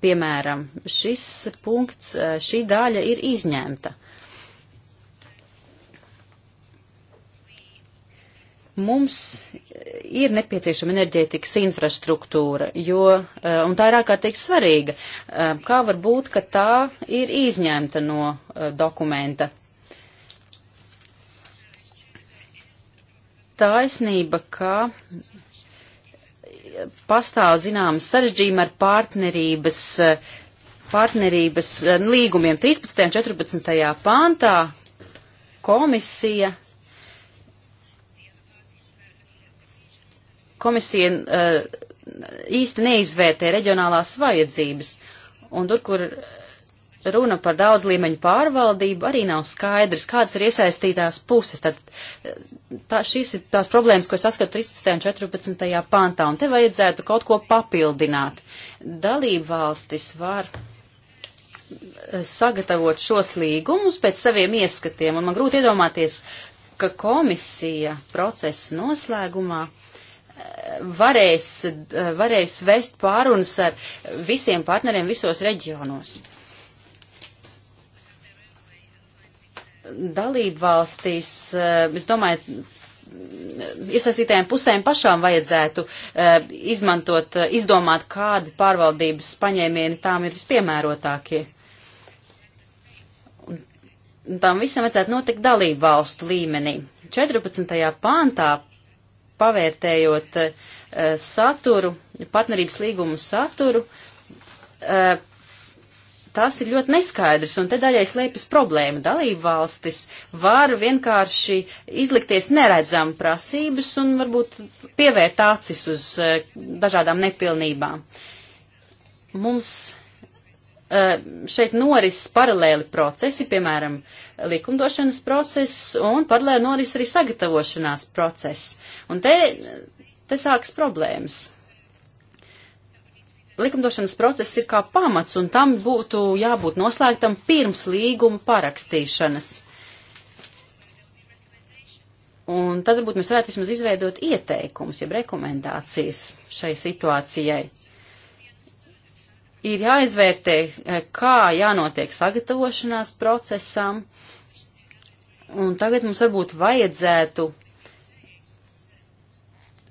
Piemēram, šis punkts, šī daļa ir izņemta. Mums ir nepieciešama enerģētikas infrastruktūra, jo, un tā ir ārkārtīgi svarīga. Kā var būt, ka tā ir izņemta no dokumenta? taisnība, ka pastāv zināmas sarežģījumi ar partnerības, partnerības eh, līgumiem. 13. un 14. pāntā komisija. Komisija uh, īsti neizvērtē reģionālās vajadzības, un tur, kur uh, runa par daudz līmeņu pārvaldību, arī nav skaidrs, kādas ir iesaistītās puses. Tad tā, šīs ir tās problēmas, ko es saskatu 13. un 14. pantā, un te vajadzētu kaut ko papildināt. Dalību valstis var eh, sagatavot šos līgumus pēc saviem ieskatiem, un man grūti iedomāties, ka komisija procesa noslēgumā eh, varēs, eh, varēs vest pārunas ar visiem partneriem visos reģionos. dalību valstīs, eh, es domāju, iesaistītajām pusēm pašām vajadzētu eh, izmantot, eh, izdomāt, kādi pārvaldības paņēmieni tām ir vispiemērotākie. Un tam visam vajadzētu notikt dalību valstu līmenī. 14. pāntā pavērtējot saturu, partnerības līgumu saturu, tās ir ļoti neskaidrs, un te daļai slēpjas problēma. Dalību valstis var vienkārši izlikties neredzam prasības un varbūt pievērt acis uz eh, dažādām nepilnībām. Mums eh, šeit noris paralēli procesi, piemēram, likumdošanas process un paralēli noris arī sagatavošanās process. Un te, te sākas problēmas likumdošanas process ir kā pamats, un tam būtu jābūt noslēgtam pirms līguma parakstīšanas. Un tad varbūt mēs varētu vismaz izveidot ieteikumus, jeb rekomendācijas šai situācijai. Ir jāizvērtē, eh, kā jānotiek sagatavošanās procesam, un tagad mums varbūt vajadzētu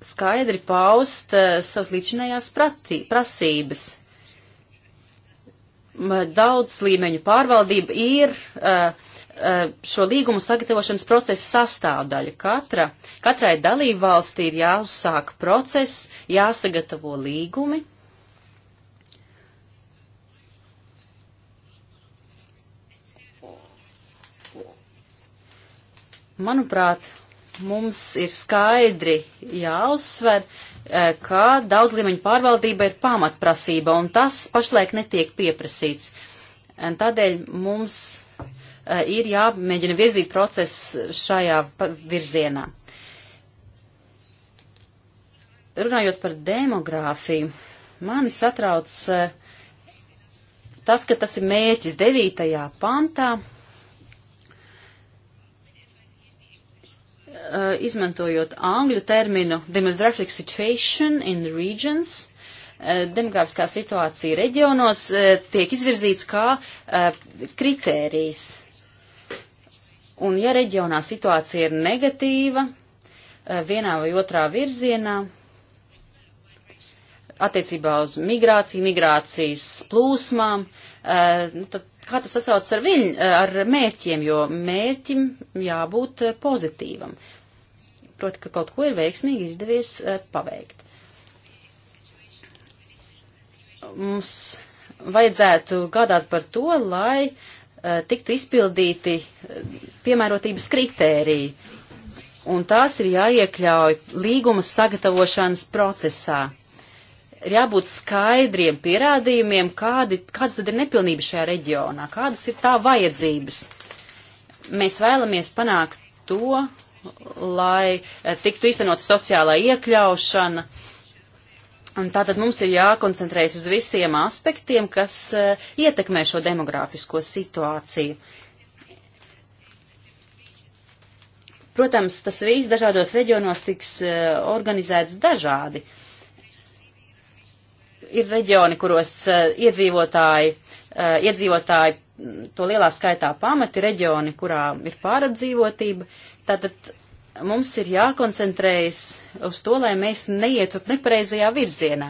skaidri paust uh, savas līdzinājās prasības. Daudz līmeņu pārvaldība ir uh, šo līgumu sagatavošanas procesa sastāvdaļa. Katra, katrai dalību valstī ir jāuzsāk process, jāsagatavo līgumi. Manuprāt, mums ir skaidri jāuzsver, eh, ka daudz līmeņu pārvaldība ir pamatprasība, un tas pašlaik netiek pieprasīts. Un tādēļ mums eh, ir jāmēģina virzīt procesu šajā virzienā. Runājot par demogrāfiju, mani satrauc eh, tas, ka tas ir mēķis devītajā pantā uh, izmantojot angļu terminu demographic situation in regions, uh, demografiskā situācija reģionos uh, tiek izvirzīts kā uh, kritērijs. Un ja reģionā situācija ir negatīva uh, vienā vai otrā virzienā, attiecībā uz migrāciju, migrācijas plūsmām, uh, nu, tad kā tas sasaucas ar viņu, ar mērķiem, jo mērķim jābūt pozitīvam proti, ka kaut ko ir veiksmīgi izdevies eh, paveikt. Mums vajadzētu gādāt par to, lai eh, tiktu izpildīti eh, piemērotības kritēriji, un tās ir jāiekļauj līguma sagatavošanas procesā. Ir jābūt skaidriem pierādījumiem, kādi, kāds tad ir nepilnība šajā reģionā, kādas ir tā vajadzības. Mēs vēlamies panākt to, lai eh, tiktu īstenot sociālā iekļaušana. Un tātad mums ir jākoncentrējas uz visiem aspektiem, kas uh, ietekmē šo demografisko situāciju. Protams, tas viss dažādos reģionos tiks uh, organizēts dažādi. Ir reģioni, kuros uh, iedzīvotāji, iedzīvotāji to lielā skaitā pamati, reģioni, kurā ir pāradzīvotība. Uh, Tātad mums ir jākoncentrējas uz to, lai mēs neietu nepareizajā virzienā.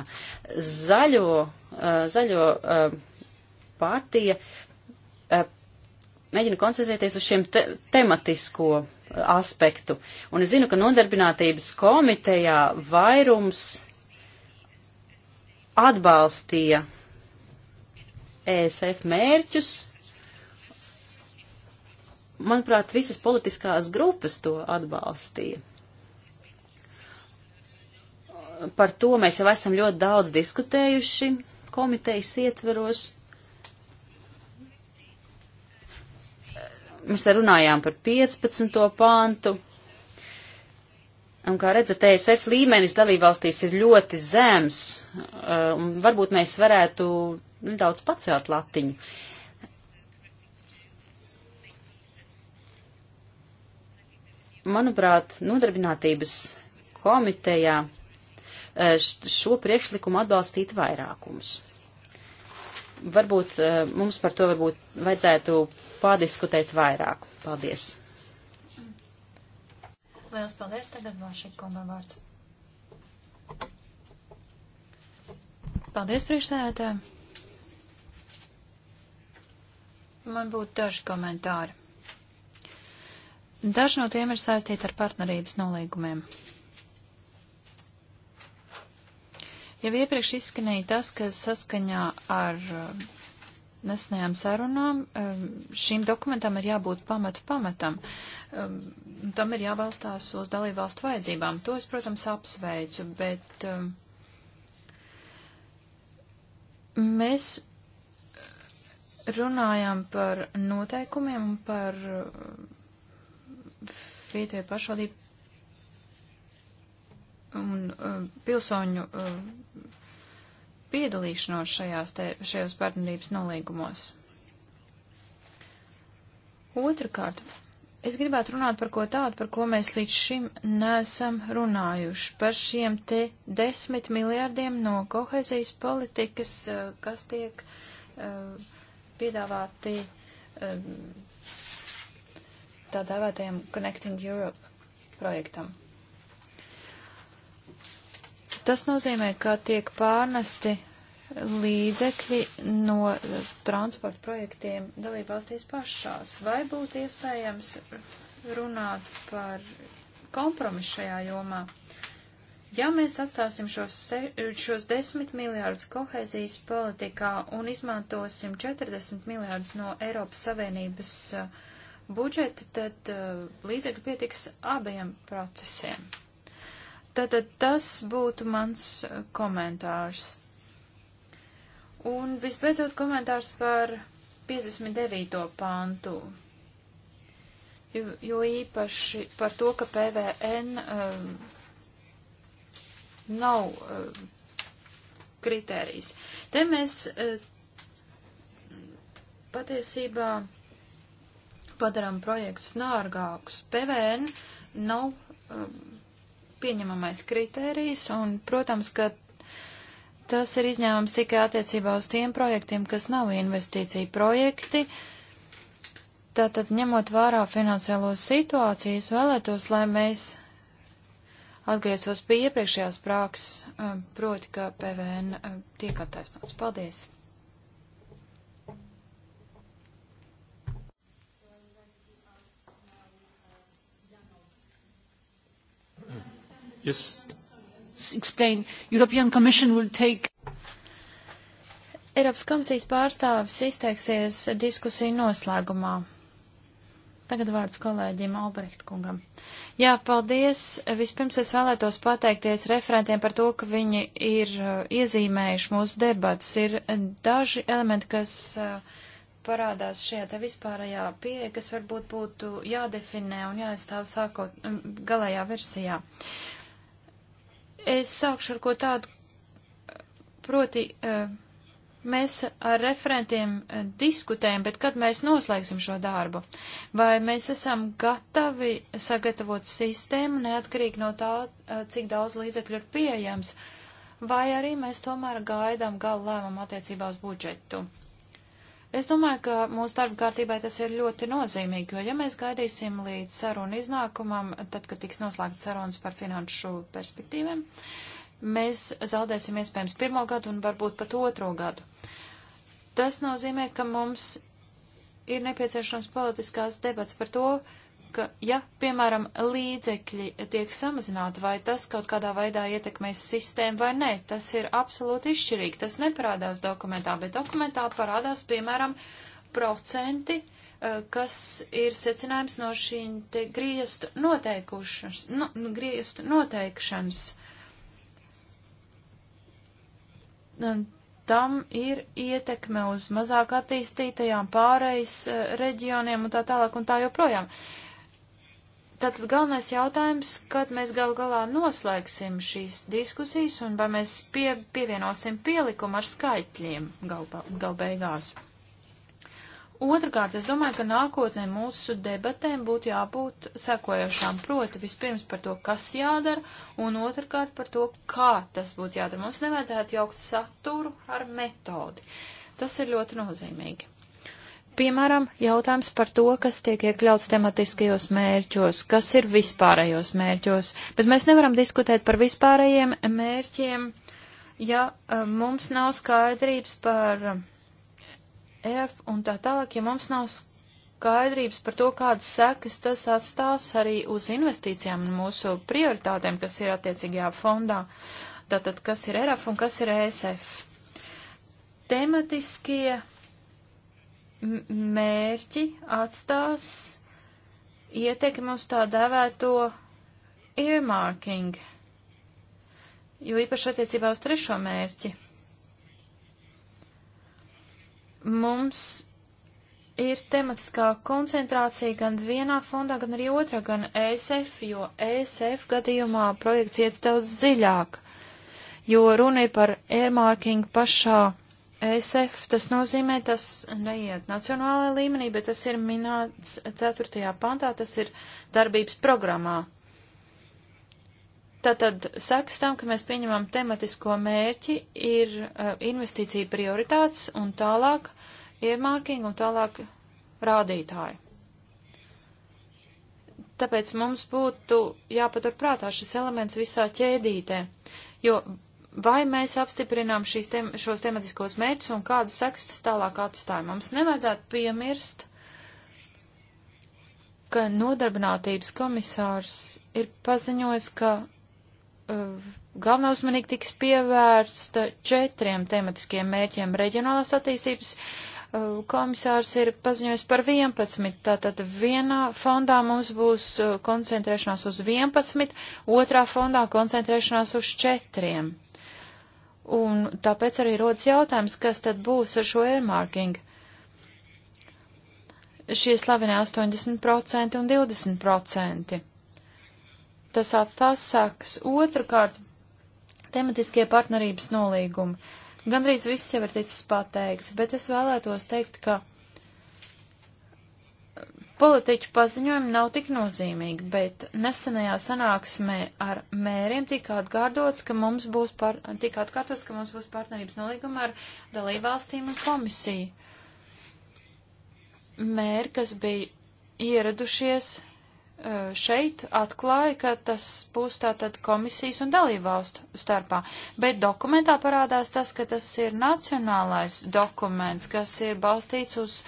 Zaļo, uh, zaļo uh, pārtīja uh, mēģina koncentrēties uz šiem te tematisko aspektu. Un es zinu, ka nodarbinātības komitejā vairums atbalstīja ESF mērķus manuprāt, visas politiskās grupas to atbalstīja. Par to mēs jau esam ļoti daudz diskutējuši komitejas ietveros. Mēs te runājām par 15. pāntu. Un, kā redzat, ESF līmenis dalībvalstīs ir ļoti zems, uh, un varbūt mēs varētu nedaudz pacelt latiņu. Manuprāt, nodarbinātības komitejā e, šo priekšlikumu atbalstīt vairākums. Varbūt e, mums par to varbūt vajadzētu pādiskutēt vairāk. Paldies! Lielas paldies! Tagad vēl šī komba vārds. Paldies, priekšsēdētāji! Man būtu daži komentāri. Daži no tiem ir saistīti ar partnerības nolīgumiem. Jau iepriekš izskanēja tas, ka saskaņā ar uh, nesenajām sarunām šīm um, dokumentam ir jābūt pamatu pamatam. Um, tam ir jābalstās uz dalībvalstu vajadzībām. To es, protams, apsveicu, bet um, mēs runājām par noteikumiem un par uh, vietēju pašvaldību un uh, pilsoņu uh, piedalīšanos šajās te, šajos partnerības nolīgumos. Otrakārt, es gribētu runāt par ko tādu, par ko mēs līdz šim nesam runājuši, par šiem te desmit miljārdiem no kohezijas politikas, uh, kas tiek uh, piedāvāti uh, tā dēvētajam Connecting Europe projektam. Tas nozīmē, ka tiek pārnesti līdzekļi no transporta projektiem dalībvalstīs pašās. Vai būtu iespējams runāt par kompromisu šajā jomā? Ja mēs atstāsim šos, šos 10 miljārdus kohēzijas politikā un izmantosim 40 miljārdus no Eiropas Savienības uh, budžeta, tad uh, līdzekļi pietiks abiem procesiem. Tātad tas būtu mans eh, komentārs. Un visbeidzot komentārs par 59. pāntu, jo, jo īpaši par to, ka PVN um, eh, nav um, kritērijs. Te mēs uh, patiesībā padarām projektus nārgākus. PVN nav um, pieņemamais kritērijs, un, protams, ka tas ir izņēmums tikai attiecībā uz tiem projektiem, kas nav investīcija projekti. Tātad, ņemot vērā finansiālo situāciju, es vēlētos, lai mēs atgrieztos pie iepriekšējās prāks, um, proti, ka PVN um, tiek attaisnots. Paldies! Yes. Explain. European Commission will take. Eiropas komisijas pārstāvis izteiksies diskusiju noslēgumā. Tagad vārds kolēģim Albrecht kungam. Jā, paldies. Vispirms es vēlētos pateikties referentiem par to, ka viņi ir uh, iezīmējuši mūsu debats. Ir uh, daži elementi, kas uh, parādās šajā te vispārējā pieeja, kas varbūt būtu jādefinē un jāizstāv sākot um, galējā versijā. Es sākšu ar ko tādu, proti, e, mēs ar referentiem e, diskutējam, bet kad mēs noslēgsim šo darbu? Vai mēs esam gatavi sagatavot sistēmu neatkarīgi no tā, e, cik daudz līdzekļu ir pieejams? Vai arī mēs tomēr gaidām galu lēmumu attiecībā uz budžetu? Es domāju, ka mūsu darba kārtībai tas ir ļoti nozīmīgi, jo ja mēs gaidīsim līdz sarunu iznākumam, tad, kad tiks noslēgts sarunas par finanšu perspektīvēm, mēs zaudēsim iespējams pirmo gadu un varbūt pat otro gadu. Tas nozīmē, ka mums ir nepieciešams politiskās debats par to, uh, ka, ja, piemēram, līdzekļi tiek samazināti, vai tas kaut kādā veidā ietekmēs sistēmu vai nē, tas ir absolūti izšķirīgi. Tas neparādās dokumentā, bet dokumentā parādās, piemēram, procenti, eh, kas ir secinājums no šīm te griestu noteikušanas. No, nu, nu, griestu noteikšanas. Tam ir ietekme uz mazāk attīstītajām pārejas eh, reģioniem un tā tālāk un tā joprojām. Uh, Tātad galvenais jautājums, kad mēs gal galā noslēgsim šīs diskusijas un vai mēs pie, pievienosim pielikumu ar skaitļiem gal, gal beigās. Otrakārt, es domāju, ka nākotnē mūsu debatēm būtu jābūt sekojošām, proti vispirms par to, kas jādara, un otrkārt par to, kā tas būtu jādara. Mums nevajadzētu jaukt saturu ar metodi. Tas ir ļoti nozīmīgi. Piemēram, jautājums par to, kas tiek iekļauts tematiskajos mērķos, kas ir vispārējos mērķos, bet mēs nevaram diskutēt par vispārējiem mērķiem, ja eh, mums nav skaidrības par EF eh, un tā tālāk, ja mums nav skaidrības par to, kādas sekas tas atstās arī uz investīcijām un mūsu prioritātēm, kas ir attiecīgajā fondā. Tātad, kas ir ERAF un kas ir ESF? Tematiskie mērķi atstās ietekmi uz tā dēvēto earmarking, jo īpaši attiecībā uz trešo mērķi. Mums ir tematiskā koncentrācija gan vienā fondā, gan arī otrā, gan ESF, jo ESF gadījumā projekts iet daudz dziļāk, jo runa ir par earmarking pašā ESF, tas nozīmē, tas neiet nacionālajā līmenī, bet tas ir minēts 4. pantā, tas ir darbības programmā. Tātad saks tam, ka mēs pieņemam tematisko mērķi, ir uh, investīcija prioritātes un tālāk iemārkingi un tālāk rādītāji. Tāpēc mums būtu jāpaturprātā šis elements visā ķēdītē, jo vai mēs apstiprinām tem šos tematiskos mērķus un kādas sekas tas tālāk atstāja. Mums nevajadzētu piemirst, ka nodarbinātības komisārs ir paziņojis, ka uh, galvenā uzmanība tiks pievērsta četriem tematiskiem mērķiem. Reģionālās attīstības uh, komisārs ir paziņojis par 11. Tātad vienā fondā mums būs uh, koncentrēšanās uz 11, otrā fondā koncentrēšanās uz četriem. Un tāpēc arī rodas jautājums, kas tad būs ar šo earmarking. Šie slavenē 80% un 20%. Tas atstās sakas. Otrakārt, tematiskie partnerības nolīgumi. Gandrīz viss jau ir ticis pateikts, bet es vēlētos teikt, ka Politiķu paziņojumi nav tik nozīmīgi, bet nesenajā sanāksmē ar mēriem tika atgārdots, ka mums būs, par, tika atkārtots, ka mums būs partnerības nolīguma ar dalībvalstīm un komisiju. Mēri, kas bija ieradušies šeit atklāja, ka tas būs tātad komisijas un dalībvalstu starpā, bet dokumentā parādās tas, ka tas ir nacionālais dokuments, kas ir balstīts uz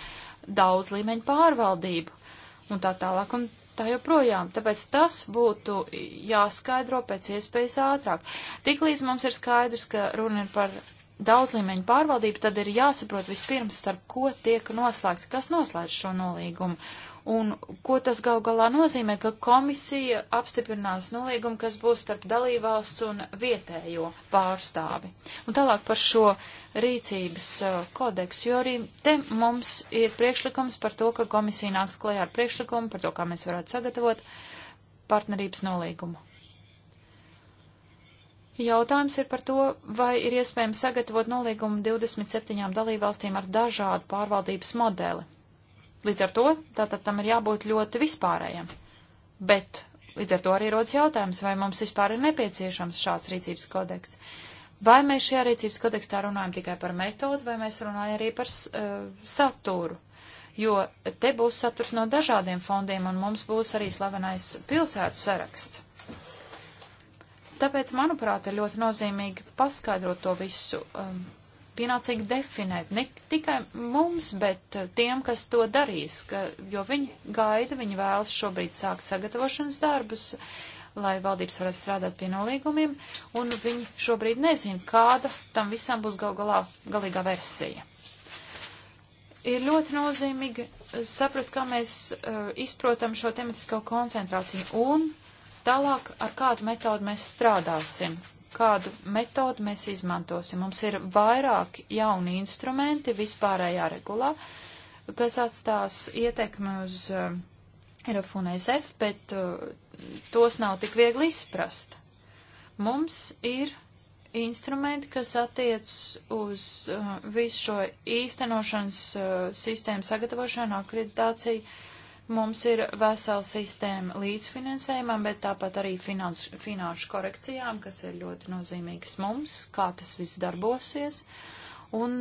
daudz līmeņu pārvaldību un tā tālāk un tā joprojām. Tāpēc tas būtu jāskaidro pēc iespējas ātrāk. Tiklīdz mums ir skaidrs, ka runa ir par daudzlīmeņu pārvaldību, tad ir jāsaprot vispirms, starp ko tiek noslēgts, kas noslēdz šo nolīgumu. Un ko tas gal galā nozīmē, ka komisija apstiprinās nolīgumu, kas būs starp dalībvalsts un vietējo pārstāvi. Un tālāk par šo rīcības uh, kodeksu, jo arī te mums ir priekšlikums par to, ka komisija nāks klajā ar priekšlikumu par to, kā mēs varētu sagatavot partnerības nolīgumu. Jautājums ir par to, vai ir iespējams sagatavot nolīgumu 27 dalībvalstīm ar dažādu pārvaldības modeli. Līdz ar to tātad tam ir jābūt ļoti vispārējam. Bet līdz ar to arī rodas jautājums, vai mums vispār ir nepieciešams šāds rīcības kodeks. Vai mēs šajā rīcības kodekstā runājam tikai par metodu, vai mēs runājam arī par uh, saturu? Jo te būs saturs no dažādiem fondiem, un mums būs arī slavenais pilsētu saraksts. Tāpēc, manuprāt, ir ļoti nozīmīgi paskaidrot to visu. Um, pienācīgi definēt ne tikai mums, bet eh, tiem, kas to darīs, ka, jo viņi gaida, viņi vēlas šobrīd sākt sagatavošanas darbus, lai valdības varētu strādāt pie nolīgumiem, un viņi šobrīd nezin, kāda tam visam būs gal galā galīgā versija. Ir ļoti nozīmīgi eh, saprast, kā mēs uh, izprotam šo tematisko koncentrāciju un tālāk ar kādu metodu mēs strādāsim kādu metodu mēs izmantosim. Mums ir vairāki jauni instrumenti vispārējā regulā, kas atstās ietekmi uz uh, eh, RF un SF, bet uh, tos nav tik viegli izprast. Mums ir instrumenti, kas attiec uz uh, visu šo īstenošanas sistēmu sagatavošanu, akreditāciju, Mums ir vesela sistēma līdzfinansējumam, bet tāpat arī finans, finanšu korekcijām, kas ir ļoti nozīmīgas mums, kā tas viss darbosies. Un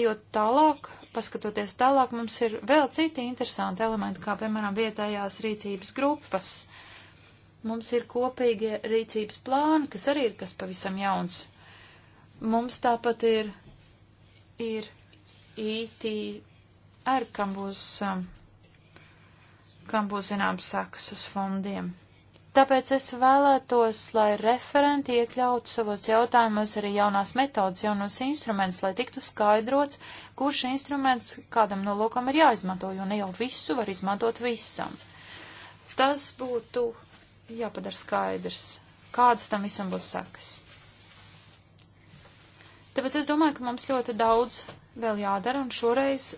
ejot tālāk, paskatoties tālāk, mums ir vēl citi interesanti elementi, kā piemēram vietējās rīcības grupas. Mums ir kopīgie rīcības plāni, kas arī ir kas pavisam jauns. Mums tāpat ir, ir ITR, kam būs um, kam būs zināms sakas uz fondiem. Tāpēc es vēlētos, lai referenti iekļautu savos jautājumos arī jaunās metodas, jaunos instrumentus, lai tiktu skaidrots, kurš instruments kādam nolūkam ir jāizmanto, jo ne jau visu var izmantot visam. Tas būtu jāpadara skaidrs, kādas tam visam būs sakas. Tāpēc es domāju, ka mums ļoti daudz vēl jādara, un šoreiz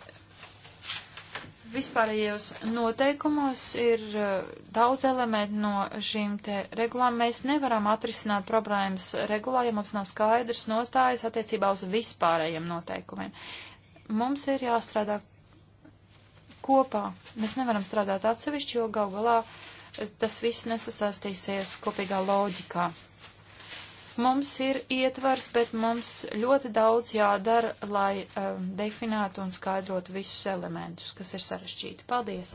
vispārējos noteikumos ir eh, daudz elementu no šīm te regulām. Mēs nevaram atrisināt problēmas regulā, ja mums nav skaidrs nostājas attiecībā uz vispārējiem noteikumiem. Mums ir jāstrādā kopā. Mēs nevaram strādāt atsevišķi, jo gal galā eh, tas viss nesasaistīsies kopīgā loģikā. Mums ir ietvars, bet mums ļoti daudz jādara, lai um, definētu un skaidrotu visus elementus, kas ir sarežģīti. Paldies!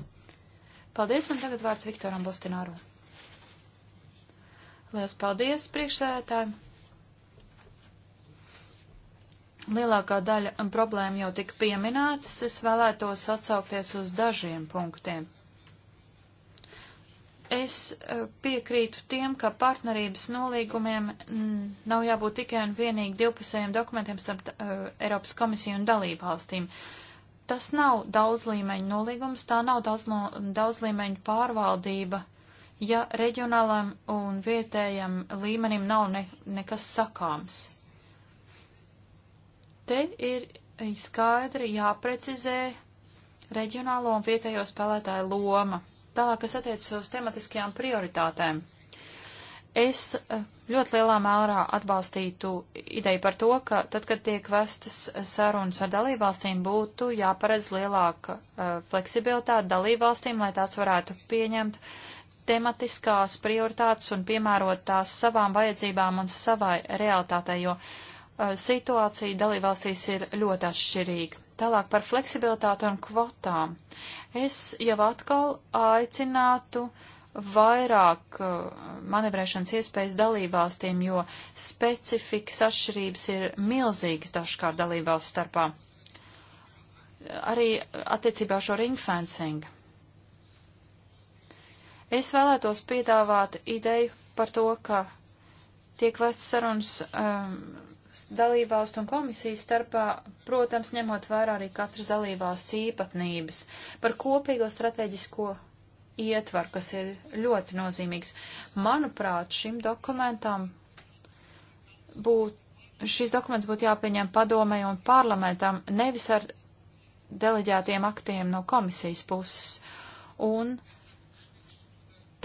Paldies, un tagad vārds Viktoram Bostināru. Lielas paldies priekšsēdētājiem! Lielākā daļa problēma jau tika pieminētas, es vēlētos atsaukties uz dažiem punktiem. Es eh, piekrītu tiem, ka partnerības nolīgumiem mm, nav jābūt tikai un vienīgi divpusējiem dokumentiem starp uh, Eiropas komisiju un dalību valstīm. Tas nav daudzlīmeņu nolīgums, tā nav daudz, no, daudzlīmeņu pārvaldība, ja reģionālam un vietējam līmenim nav ne, nekas sakāms. Te ir eh, skaidri jāprecizē reģionālo un vietējo spēlētāju loma. Tālāk, kas attiecas uz tematiskajām prioritātēm. Es eh, ļoti lielā mērā atbalstītu ideju par to, ka tad, kad tiek vestas sarunas ar dalībvalstīm, būtu jāparedz lielāka uh, fleksibilitāte dalībvalstīm, lai tās varētu pieņemt tematiskās prioritātes un piemērot tās savām vajadzībām un savai realitātei, jo uh, situācija dalībvalstīs ir ļoti atšķirīga. Tālāk par fleksibilitāti un kvotām. Es jau atkal aicinātu vairāk uh, manevrēšanas iespējas dalībvalstīm, jo specifikas atšķirības ir milzīgas dažkārt dalībvalstu starpā. Arī attiecībā šo ringfencing. Es vēlētos piedāvāt ideju par to, ka tiek vests sarunas um, dalībvalstu un komisijas starpā, protams, ņemot vērā arī katras dalībvalsts īpatnības par kopīgo strateģisko ietvaru, kas ir ļoti nozīmīgs. Manuprāt, šim dokumentam būtu, šis dokuments būtu jāpieņem padomē un parlamentam, nevis ar deleģētiem aktiem no komisijas puses. Un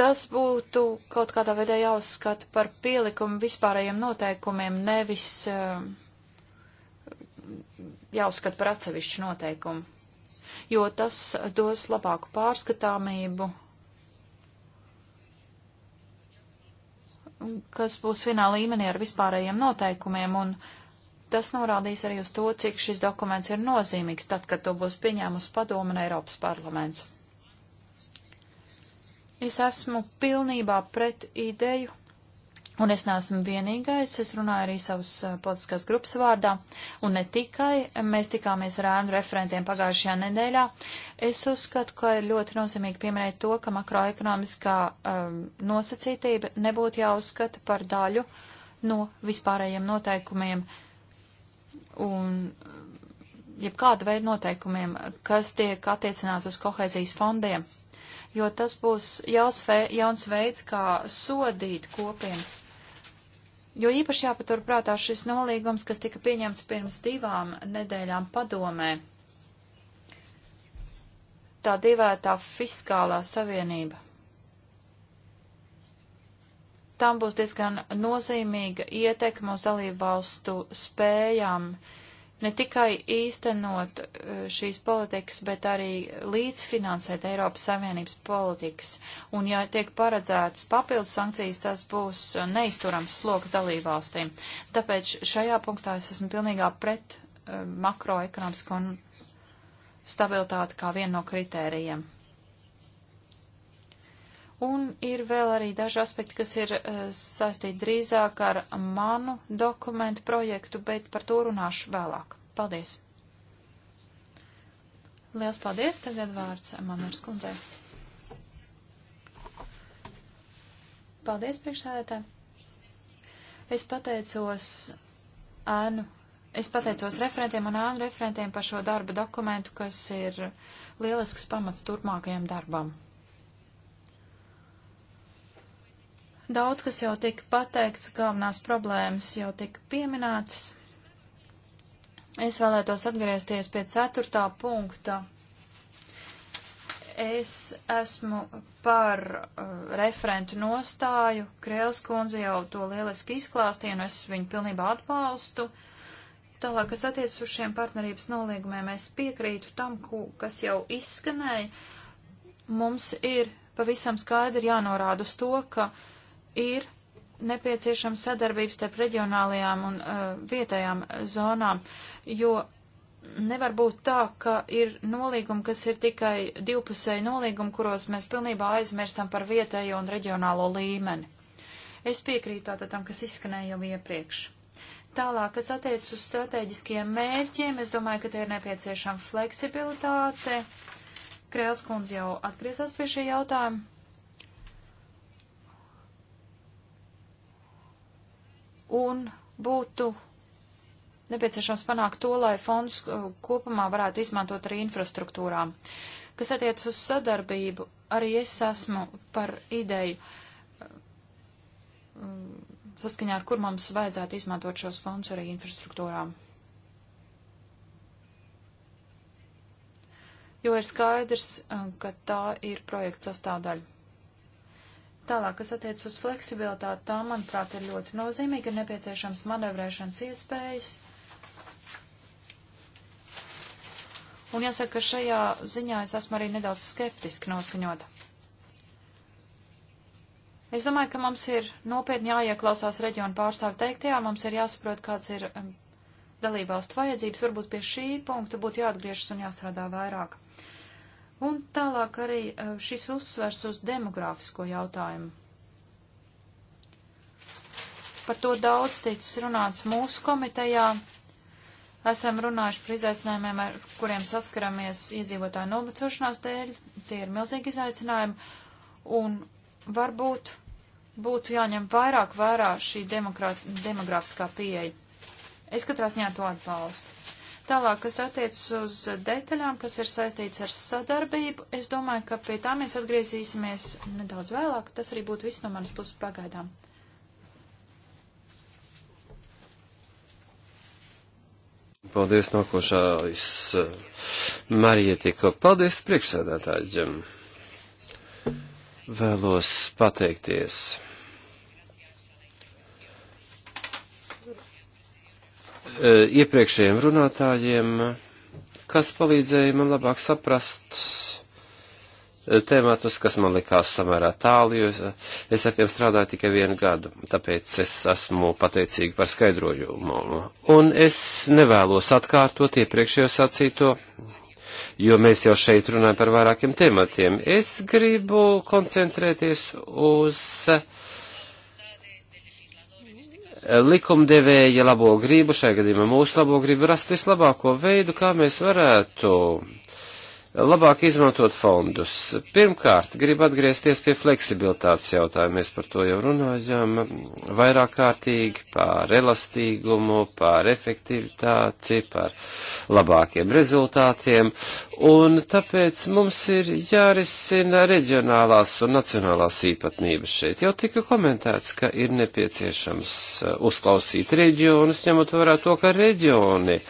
tas būtu kaut kādā veidā jāuzskata par pielikumu vispārējiem noteikumiem, nevis uh, jāuzskata par atsevišķu noteikumu, jo tas dos labāku pārskatāmību, kas būs vienā līmenī ar vispārējiem noteikumiem, un tas norādīs arī uz to, cik šis dokuments ir nozīmīgs, tad, kad to būs pieņēmusi padoma un Eiropas parlaments. Es esmu pilnībā pret ideju, un es neesmu vienīgais, es runāju arī savas eh, politiskās grupas vārdā, un ne tikai, mēs tikāmies ar ēnu referentiem pagājušajā nedēļā. Es uzskatu, ka ir ļoti nozīmīgi pieminēt to, ka makroekonomiskā um, nosacītība nebūtu jāuzskata par daļu no vispārējiem noteikumiem. Un eh, jebkāda veida noteikumiem, kas tiek attiecināti uz kohēzijas fondiem jo tas būs jauns, vei, jauns veids, kā sodīt kopienas. Jo īpaši jāpaturprātā šis nolīgums, kas tika pieņemts pirms divām nedēļām padomē. Tā divētā fiskālā savienība tam būs diezgan nozīmīga ietekme uz dalību valstu spējām ne tikai īstenot eh, šīs politikas, bet arī līdzfinansēt Eiropas Savienības politikas. Un ja tiek paredzētas papildus sankcijas, tas būs neizturams sloks dalībvalstīm. Tāpēc šajā punktā es esmu pilnīgā pret eh, makroekonomisko stabilitāti kā vienu no kritērijiem. Un ir vēl arī daži aspekti, kas ir eh, saistīti drīzāk ar manu dokumentu projektu, bet par to runāšu vēlāk. Paldies! Liels paldies! Tagad vārds Manars kundzei. Paldies, priekšsēdētāji! Es pateicos ēnu, es pateicos referentiem un ēnu referentiem par šo darba dokumentu, kas ir lielisks pamats turpmākajam darbam. Daudz, kas jau tika pateikts, galvenās problēmas jau tika pieminētas. Es vēlētos atgriezties pie ceturtā punkta. Es esmu par uh, referentu nostāju. Krēls kundze jau to lieliski izklāstīja, un es viņu pilnībā atbalstu. Uh, Tālāk, kas attiecas uz šiem partnerības nolīgumiem, es piekrītu tam, ku, kas jau izskanēja. Mums ir pavisam skaidri jānorāda uz to, ka ir nepieciešama sadarbības starp reģionālajām un uh, vietējām zonām, jo nevar būt tā, ka ir nolīgumi, kas ir tikai divpusēji nolīgumi, kuros mēs pilnībā aizmirstam par vietējo un reģionālo līmeni. Es piekrītu tātad tam, kas izskanēja jau iepriekš. Tālāk, kas attiecas uz strateģiskiem mērķiem, es domāju, ka te ir nepieciešama fleksibilitāte. Krēls kundze jau atgriezās pie šī jautājuma. un būtu nepieciešams panākt to, lai fonds uh, kopumā varētu izmantot arī infrastruktūrām. Kas attiec uz sadarbību, arī es esmu par ideju, uh, saskaņā ar kur mums vajadzētu izmantot šos fondus arī infrastruktūrām. Jo ir skaidrs, uh, ka tā ir projekta sastāvdaļa. Tālāk, kas attiec uz fleksibilitāti, tā, manuprāt, ir ļoti nozīmīga, ir nepieciešams manevrēšanas iespējas. Un jāsaka, ka šajā ziņā es esmu arī nedaudz skeptiski noskaņota. Es domāju, ka mums ir nopietni jāieklausās reģionu pārstāvu teiktajā, mums ir jāsaprot, kāds ir um, dalībvalstu vajadzības, varbūt pie šī punkta būtu jāatgriežas un jāstrādā vairāk. Un tālāk arī e, šis uzsvers uz demogrāfisko jautājumu. Par to daudz ticis runāts mūsu komitejā. Esam runājuši par izaicinājumiem, ar kuriem saskaramies iedzīvotāju novecošanās dēļ. Tie ir milzīgi izaicinājumi. Un varbūt būtu jāņem vairāk vērā šī demogrāfiskā pieeja. Es katrā ziņā to atbalstu. Tālāk, kas attiecas uz detaļām, kas ir saistīts ar sadarbību, es domāju, ka pie tā mēs atgriezīsimies nedaudz vēlāk. Tas arī būtu viss no manas puses pagaidām. Paldies nākošais eh, Marietiko. Paldies priekšsēdētāji. Vēlos pateikties Eh, iepriekšējiem runātājiem, kas palīdzēja man labāk saprast eh, tēmatus, kas man likās samērā tālu, jo eh, es ar tiem strādāju tikai vienu gadu, tāpēc es esmu pateicīgi par skaidrojumu. Un es nevēlos atkārtot iepriekšējo sacīto, jo mēs jau šeit runājam par vairākiem tematiem. Es gribu koncentrēties uz uh, likumdevēja labo gribu, šajā gadījumā mūsu labo gribu rast vislabāko veidu, kā mēs varētu uh, labāk izmantot fondus. Pirmkārt, gribu atgriezties pie fleksibilitātes jautājuma. Mēs par to jau runājām vairāk kārtīgi, par elastīgumu, par efektivitāti, par labākiem rezultātiem. Un tāpēc mums ir jārisina reģionālās un nacionālās īpatnības šeit. Jau tika komentēts, ka ir nepieciešams uh, uzklausīt reģionus, ņemot vērā to, ka reģioni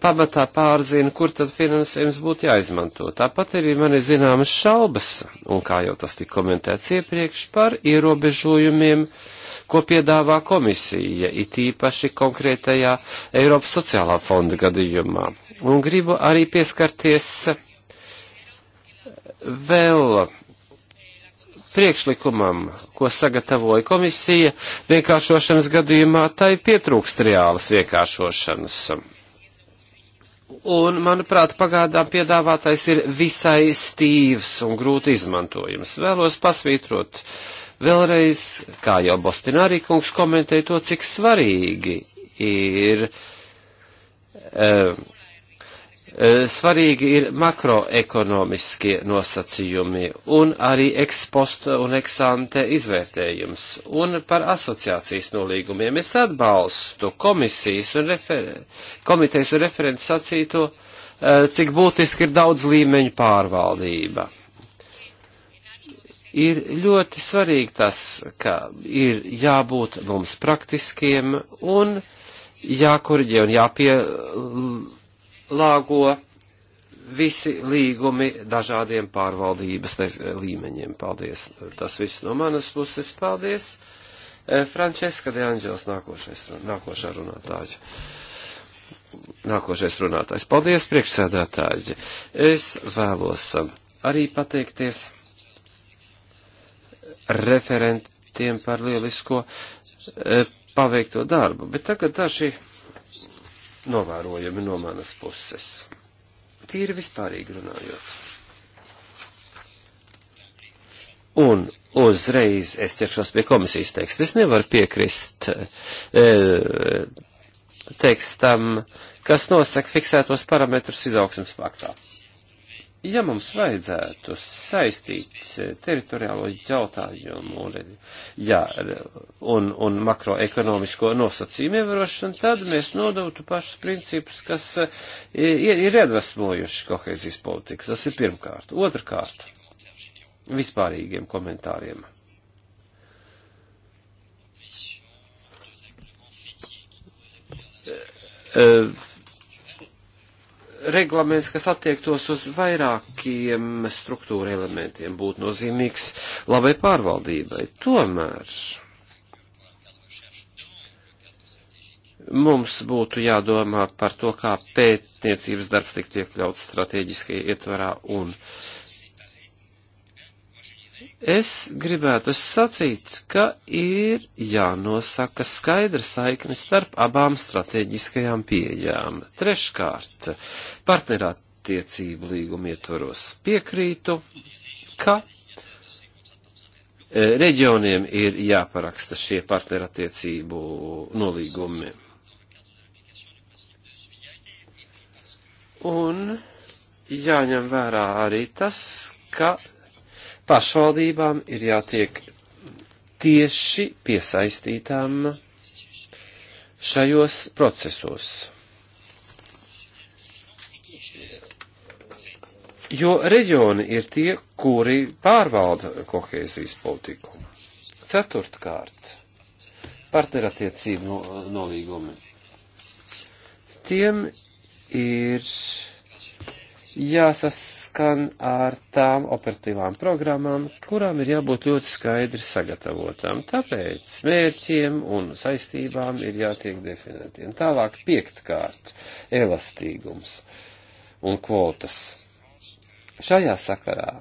pamatā pārzina, kur tad finansējums būtu jāizmanto. Tāpat arī man ir zināmas šaubas, un kā jau tas tika komentēts iepriekš, par ierobežojumiem, ko piedāvā komisija, it īpaši konkrētajā Eiropas sociālā fonda gadījumā. Un gribu arī pieskarties vēl priekšlikumam, ko sagatavoja komisija, vienkāršošanas gadījumā tai pietrūkst reālas vienkāršošanas Un, manuprāt, pagādām piedāvātais ir visai stīvs un grūti izmantojams. Vēlos pasvītrot vēlreiz, kā jau Bostinārī kungs komentēja to, cik svarīgi ir um, Eh, svarīgi ir makroekonomiskie nosacījumi un arī eksposta un eksante izvērtējums. Un par asociācijas nolīgumiem es atbalstu komisijas un refer komitejas un referentu sacīto, eh, cik būtiski ir daudz līmeņu pārvaldība. Ir ļoti svarīgi tas, ka ir jābūt mums praktiskiem un jākurģē un jāpie jāpielāgo visi līgumi dažādiem pārvaldības līmeņiem. Paldies. Tas viss no manas puses. Paldies. Eh, Frančeska de Anģels, nākošais, nākošā runātāja. Nākošais runātājs. Paldies, priekšsēdētāji. Es vēlos eh, arī pateikties referentiem par lielisko eh, paveikto darbu, bet tagad daži. Tā novērojumi no manas puses. Tīri vispārīgi runājot. Un uzreiz es ķeršos pie komisijas teksta. Es nevaru piekrist e, tekstam, kas nosaka fiksētos parametrus izaugsmas paktā ja mums vajadzētu saistīt eh, teritoriālo jautājumu un, eh, jā, un, un makroekonomisko nosacījumu ievērošanu, tad mēs nodotu pašus principus, kas eh, ir, ir iedvesmojuši kohēzijas politiku. Tas ir pirmkārt. Otrkārt, vispārīgiem komentāriem. Uh, reglaments, kas attiektos uz vairākiem struktūra elementiem, būtu nozīmīgs labai pārvaldībai. Tomēr mums būtu jādomā par to, kā pētniecības darbs tiktu iekļauts strateģiskajā ietvarā un uh, Es gribētu sacīt, ka ir jānosaka skaidra saikne starp abām strateģiskajām pieejām. Treškārt, partnerattiecību līguma ietvaros piekrītu, ka e, reģioniem ir jāparaksta šie partnerattiecību nolīgumi. Un jāņem vērā arī tas, ka pašvaldībām ir jātiek tieši piesaistītām šajos procesos. Jo reģioni ir tie, kuri pārvalda kohēzijas politiku. Ceturtkārt, partnerattiecību nolīgumi. Tiem ir jāsaskan ar tām operatīvām programmām, kurām ir jābūt ļoti skaidri sagatavotām. Tāpēc mērķiem un saistībām ir jātiek definētiem. Tālāk piektkārt - elastīgums un kvotas. Šajā sakarā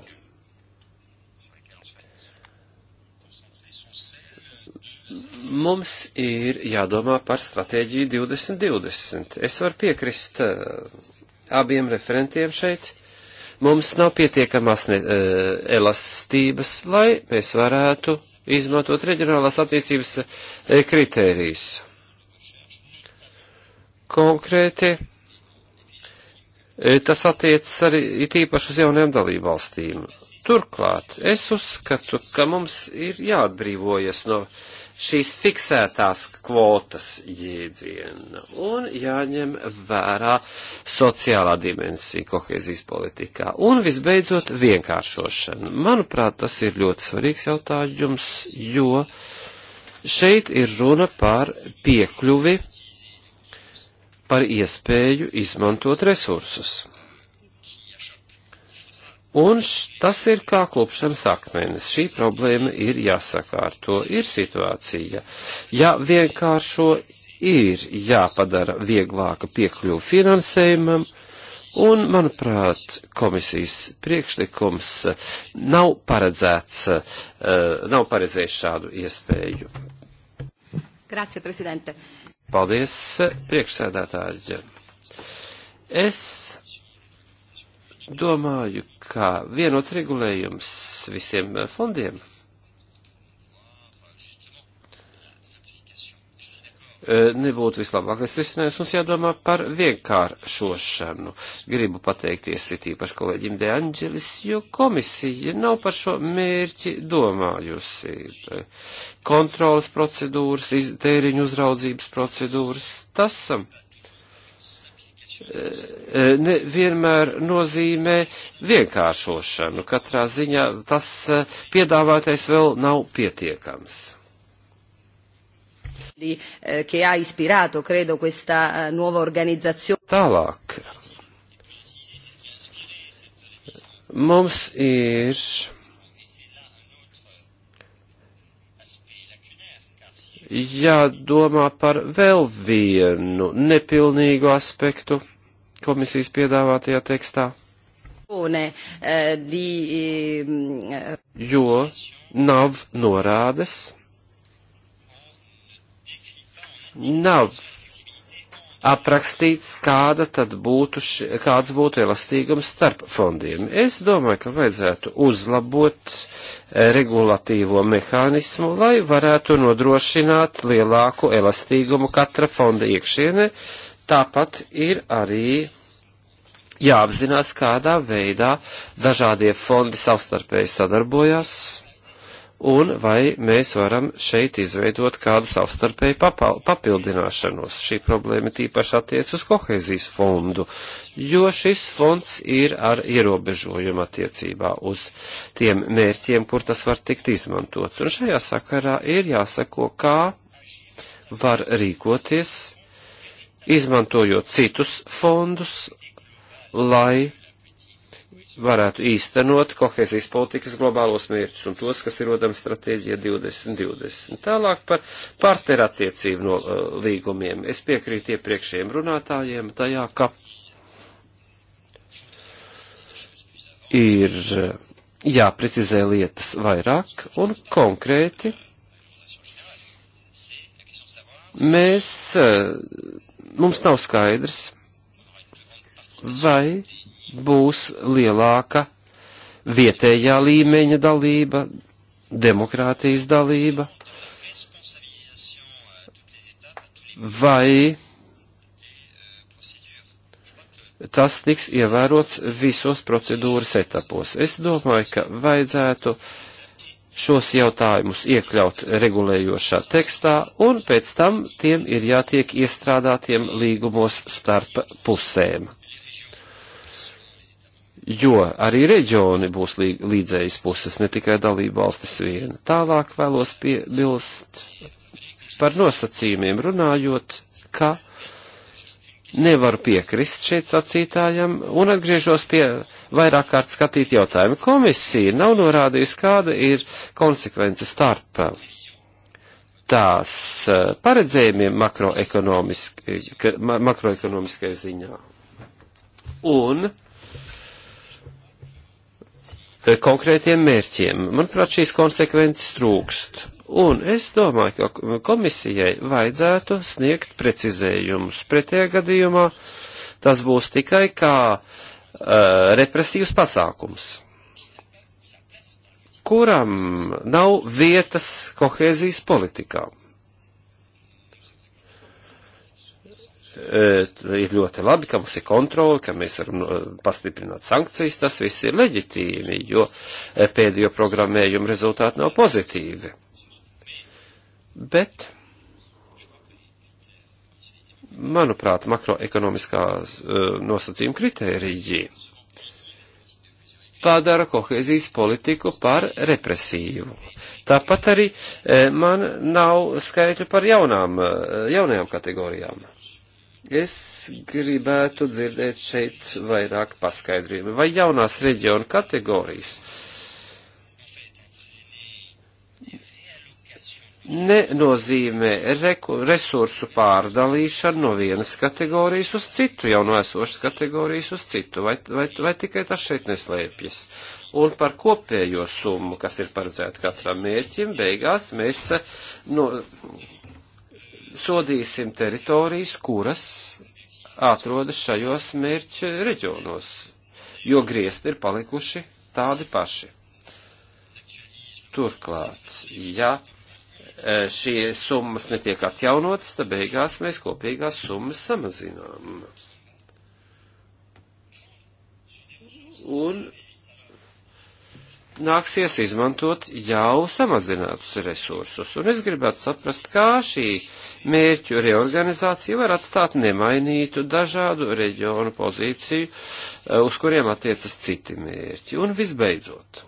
mums ir jādomā par stratēģiju 2020. Es varu piekrist abiem referentiem šeit. Mums nav pietiekamās ne, e, elastības, lai mēs varētu izmantot reģionālās attīstības e, kritērijus. Konkrēti, e, tas attiecas arī it īpaši uz jaunajām dalībvalstīm. Turklāt, es uzskatu, ka mums ir jāatbrīvojas no uh, šīs fiksētās kvotas jēdziena un jāņem vērā sociālā dimensija kohēzijas politikā. Un visbeidzot, vienkāršošana. Manuprāt, tas ir ļoti svarīgs jautājums, jo šeit ir runa par piekļuvi, par iespēju izmantot resursus. Un š, tas ir kā klupšanas akmenis. Šī problēma ir jāsakārto, ir situācija. Ja vienkāršo ir jāpadara vieglāka piekļuva finansējumam, un, manuprāt, komisijas priekšlikums nav paredzēts, eh, nav paredzējis šādu iespēju. Grazie, prezidente. Paldies, priekšsēdētāji. Es domāju, ka vienots regulējums visiem fondiem e, nebūtu vislabākais risinājums. Mums jādomā par vienkāršošanu. Gribu pateikties it īpaši kolēģim De Angelis, jo komisija nav par šo mērķi domājusi. E, kontrolas procedūras, tēriņu uzraudzības procedūras, tas. Um, Eh, eh, nevienmēr nozīmē vienkāršošanu. Katrā ziņā tas eh, piedāvātais vēl nav pietiekams. Che ha ispirato, credo, questa nuova organizzazione. Tālāk. Mums ir jādomā par vēl vienu nepilnīgu aspektu komisijas piedāvātajā tekstā. Eh, eh, jo nav norādes, nav aprakstīts, kāda tad būtu, ši, kāds būtu elastīgums starp fondiem. Es domāju, ka vajadzētu uzlabot eh, regulatīvo mehānismu, lai varētu nodrošināt lielāku elastīgumu katra fonda iekšienē. Tāpat ir arī jāapzinās, kādā veidā dažādie fondi savstarpēji sadarbojās un vai mēs varam šeit izveidot kādu savstarpēju papildināšanos. Šī problēma tīpaši attiec uz kohēzijas fondu, jo šis fonds ir ar ierobežojumu attiecībā uz tiem mērķiem, kur tas var tikt izmantots. Un šajā sakarā ir jāsako, kā var rīkoties, izmantojot citus fondus, lai varētu īstenot kohēzijas politikas globālos mērķus un tos, kas ir rodama stratēģija 2020. Tālāk par partnerattiecību no uh, līgumiem. Es piekrītu iepriekšējiem runātājiem tajā, ka ir eh, jāprecizē lietas vairāk un konkrēti. Mēs, uh, mums nav skaidrs, vai būs lielāka vietējā līmeņa dalība, demokrātijas dalība, vai tas tiks ievērots visos procedūras etapos. Es domāju, ka vajadzētu šos jautājumus iekļaut regulējošā tekstā, un pēc tam tiem ir jātiek iestrādātiem līgumos starp pusēm jo arī reģioni būs līdzējas puses, ne tikai dalība valstis viena. Tālāk vēlos piebilst par nosacījumiem runājot, ka nevaru piekrist šeit sacītājam un atgriežos pie vairāk kārt skatīt jautājumu. Komisija nav norādījusi, kāda ir konsekvence starp tās eh, paredzējumiem makroekonomiskai, makroekonomiskai ziņā. Un Eh, konkrētiem mērķiem. Manuprāt, šīs konsekvences trūkst. Un es domāju, ka komisijai vajadzētu sniegt precizējumus. Pretējā gadījumā tas būs tikai kā uh, represīvs pasākums, kuram nav vietas kohēzijas politikām. ir ļoti labi, ka mums ir kontroli, ka mēs varam nu, pastiprināt sankcijas, tas viss ir leģitīmi, jo pēdējo programmējumu rezultāti nav pozitīvi. Bet, manuprāt, makroekonomiskā nosacījuma kritēriji padara kohēzijas politiku par represīvu. Tāpat arī man nav skaitļu par jaunām, jaunajām kategorijām Es gribētu dzirdēt šeit vairāk paskaidrojumu. Vai jaunās reģiona kategorijas nenozīmē resursu pārdalīšanu no vienas kategorijas uz citu, jau no esošas kategorijas uz citu, vai, vai, vai tikai tas šeit neslēpjas? Un par kopējo summu, kas ir paredzēta katram mērķim, beigās mēs eh, no. Nu, sodīsim teritorijas, kuras atrodas šajos mērķa reģionos, jo griezti ir palikuši tādi paši. Turklāt, ja e, šie summas netiek atjaunotas, tad beigās mēs kopīgās summas samazinām. Un nāksies izmantot jau samazinātus resursus. Un es gribētu saprast, kā šī mērķu reorganizācija var atstāt nemainītu dažādu reģionu pozīciju, eh, uz kuriem attiecas citi mērķi. Un visbeidzot,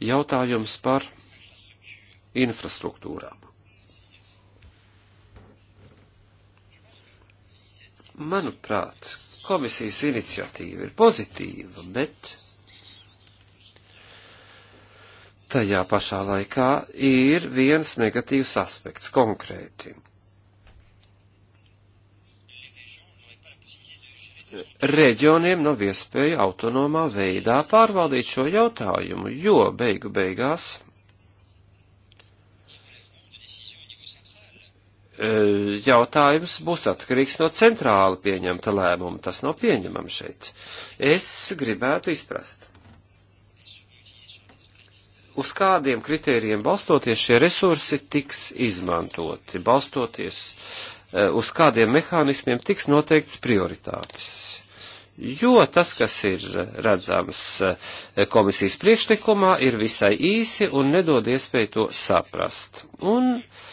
jautājums par infrastruktūrām. Manuprāt, Komisijas iniciatīva ir pozitīva, bet tajā pašā laikā ir viens negatīvs aspekts konkrēti. Reģioniem nav iespēja autonomā veidā pārvaldīt šo jautājumu, jo beigu beigās E, jautājums būs atkarīgs no centrāla pieņemta lēmuma. Tas nav pieņemams šeit. Es gribētu izprast. Uz kādiem kritērijiem balstoties šie resursi tiks izmantoti, balstoties e, uz kādiem mehānismiem tiks noteikts prioritātes. Jo tas, kas ir redzams e, komisijas priekšlikumā, ir visai īsi un nedod iespēju to saprast. Un uh,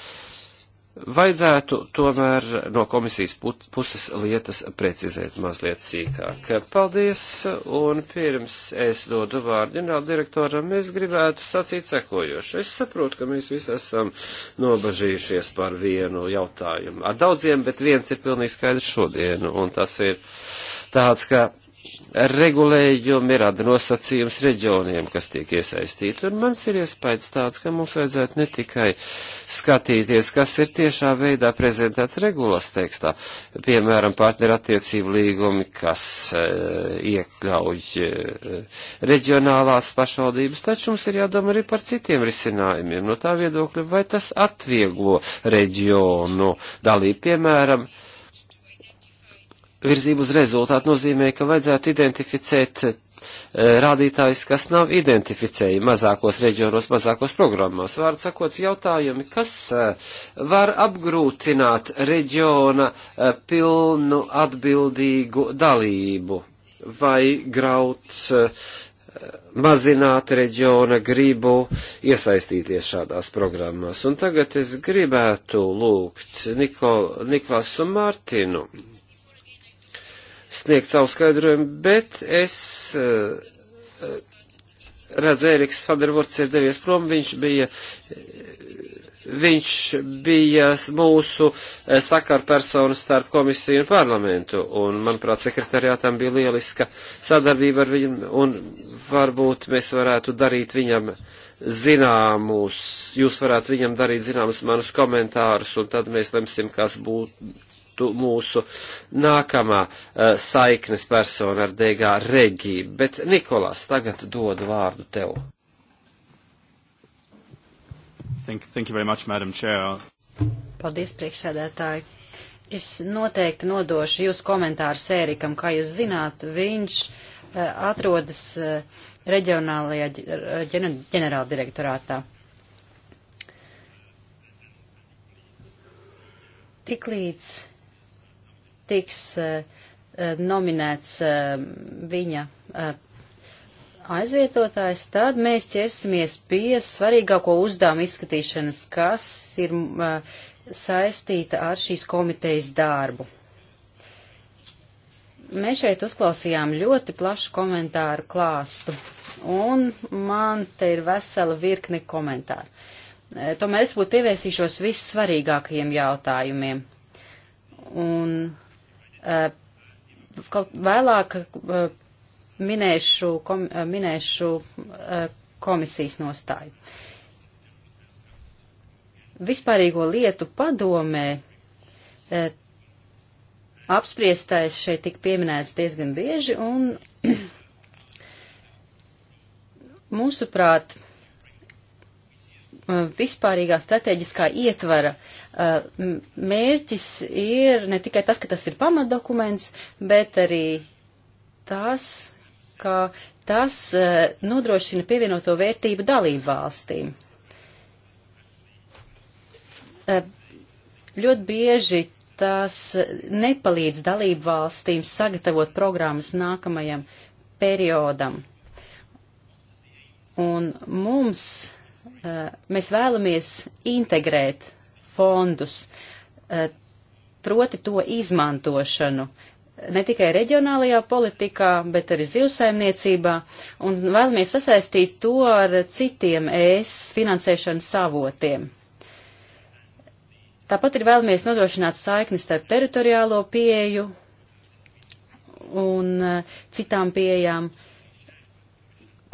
Vajadzētu tomēr no komisijas puses lietas precizēt mazliet sīkāk. Paldies, un pirms es dodu vārdu ģenerāldirektoram, es gribētu sacīt sekojošu. Es saprotu, ka mēs visi esam nobažījušies par vienu jautājumu. Ar daudziem, bet viens ir pilnīgi skaidrs šodien, un tas ir tāds, ka regulējumi rada nosacījums reģioniem, kas tiek iesaistīti. Un mans ir iespējas tāds, ka mums vajadzētu ne tikai skatīties, kas ir tiešā veidā prezentēts regulas tekstā, piemēram, partnerattiecību līgumi, kas e, iekļauj e, reģionālās pašvaldības, taču mums ir jādomā arī par citiem risinājumiem. No tā viedokļa, vai tas atvieglo reģionu dalību, piemēram, virzību uz rezultātu nozīmē, ka vajadzētu identificēt eh, rādītājus, kas nav identificēji mazākos reģionos, mazākos programmās. Vārds sakot, jautājumi, kas eh, var apgrūtināt reģiona eh, pilnu atbildīgu dalību vai graut mazināt reģiona gribu iesaistīties šādās programmās. Un tagad es gribētu lūgt Niko, Niklasu Martinu sniegt savu skaidrojumu, bet es eh, redzu, Eriks Fadervorts ir devies prom, viņš bija, viņš bija mūsu eh, sakarpersonu starp komisiju un parlamentu, un, manuprāt, sekretariātam bija lieliska sadarbība ar viņu, un varbūt mēs varētu darīt viņam zināmus, jūs varētu viņam darīt zināmus manus komentārus, un tad mēs lemsim, kas būtu, būtu mūsu nākamā eh, saiknes persona ar Degā Reģī. Bet, Nikolas, tagad dodu vārdu tev. Thank, thank you very much, Madam Chair. Paldies, priekšsēdētāji. Es noteikti nodošu jūs komentāru sērikam, kā jūs zināt, viņš eh, atrodas eh, reģionālajā ģenerāldirektorātā. Tiklīdz tiks e, e, nominēts e, viņa aizvietotājs, tad mēs ķersimies pie svarīgāko uzdevumu izskatīšanas, kas ir saistīta ar šīs komitejas darbu. Mēs šeit uzklausījām ļoti plašu komentāru klāstu, un man te ir vesela virkne komentāru. Tomēr es būtu pievērsīšos vissvarīgākajiem jautājumiem. Un Eh, kaut vēlāk eh, minēšu, kom, eh, minēšu komisijas nostāju. Vispārīgo lietu padomē apspriestais šeit tik pieminēts diezgan bieži un mūsuprāt vispārīgā strateģiskā ietvara uh, Uh, mērķis ir ne tikai tas, ka tas ir pamatdokuments, bet arī tas, ka tas uh, nodrošina pievienoto vērtību dalību valstīm. Uh, ļoti bieži tas nepalīdz dalību valstīm sagatavot programmas nākamajam periodam. Un mums, mēs vēlamies integrēt fondus, eh, proti to izmantošanu, ne tikai reģionālajā politikā, bet arī zivsaimniecībā, un vēlamies sasaistīt to ar citiem ES finansēšanas avotiem. Tāpat ir vēlamies nodrošināt saikni starp teritoriālo pieeju un eh, citām pieejām.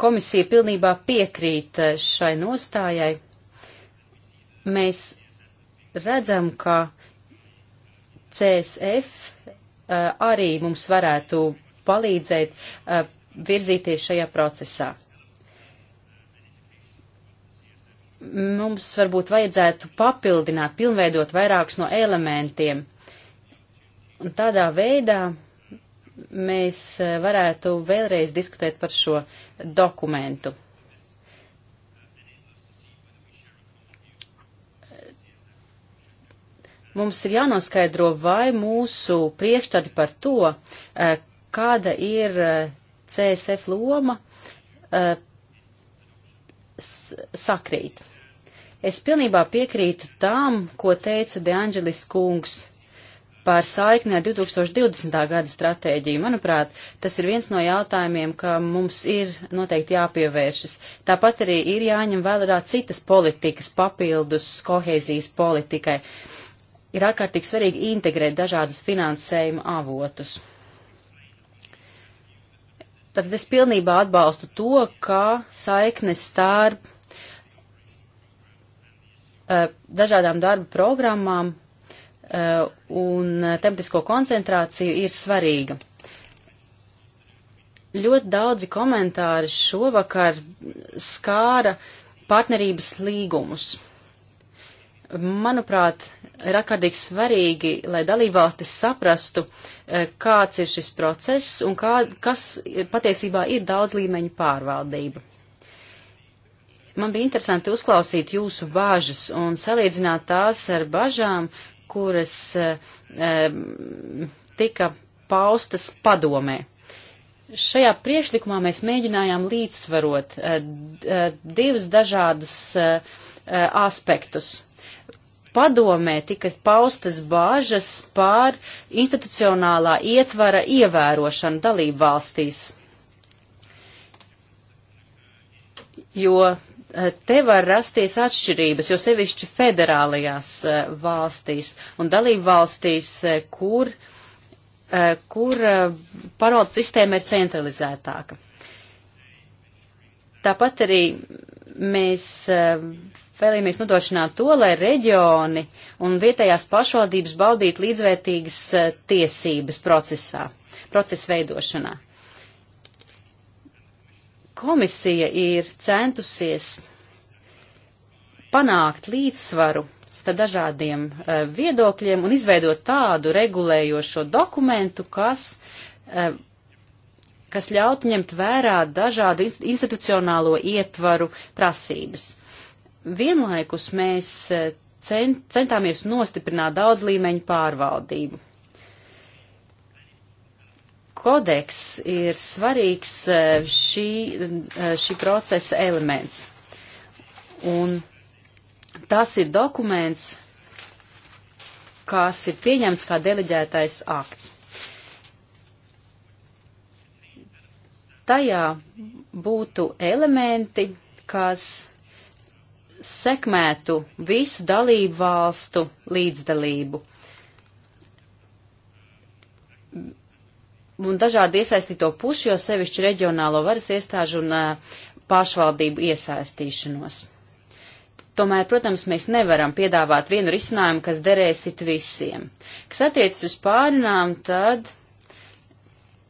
Komisija pilnībā piekrīt eh, šai nostājai. Mēs redzam, ka CSF eh, arī mums varētu palīdzēt eh, virzīties šajā procesā. Mums varbūt vajadzētu papildināt, pilnveidot vairākus no elementiem. Un tādā veidā mēs eh, varētu vēlreiz diskutēt par šo dokumentu. Mums ir jānoskaidro, vai mūsu priekšstati par to, eh, kāda ir eh, CSF loma, eh, sakrīt. Es pilnībā piekrītu tām, ko teica De Angelis kungs par saikni ar 2020. gada stratēģiju. Manuprāt, tas ir viens no jautājumiem, ka mums ir noteikti jāpievēršas. Tāpat arī ir jāņem vērā citas politikas papildus kohēzijas politikai. Uh, ir ārkārtīgi svarīgi integrēt dažādus finansējuma avotus. Tātad es pilnībā atbalstu to, ka saiknes starp uh, dažādām darba programmām uh, un tematisko koncentrāciju ir svarīga. Ļoti daudzi komentāri šovakar skāra partnerības līgumus. Manuprāt, ir ārkārtīgi svarīgi, lai dalībvalstis saprastu, e, kāds ir šis process un kā, kas patiesībā ir daudz līmeņu pārvaldība. Man bija interesanti uzklausīt jūsu bāžas un salīdzināt tās ar bažām, kuras e, e, tika paustas padomē. Šajā priekšlikumā mēs mēģinājām līdzsvarot e, e divus dažādus e, aspektus padomē tika paustas bāžas pār institucionālā ietvara ievērošanu dalību valstīs. Jo eh, te var rasties atšķirības, jo sevišķi federālajās eh, valstīs un dalību valstīs, eh, kur, kur paraudzes sistēma ir centralizētāka. Tāpat arī Mēs e, vēlamies nodrošināt to, lai reģioni un vietējās pašvaldības baudītu līdzvērtīgas e, tiesības procesā, procesa veidošanā. Komisija ir centusies panākt līdzsvaru starp dažādiem e, viedokļiem un izveidot tādu regulējošo dokumentu, kas kas ļautu ņemt vērā dažādu institucionālo ietvaru prasības. Vienlaikus mēs e, cent, centāmies nostiprināt daudz līmeņu pārvaldību. Kodeks ir svarīgs e, šī, e, šī procesa elements. Un tas ir dokuments, kas ir pieņemts kā deleģētais akts. tajā būtu elementi, kas sekmētu visu dalību valstu līdzdalību. Un dažādi iesaistīto pušu, jo sevišķi reģionālo varas iestāžu un uh, pašvaldību iesaistīšanos. Tomēr, protams, mēs nevaram piedāvāt vienu risinājumu, kas derēsit visiem. Kas attiecas uz pārinām, tad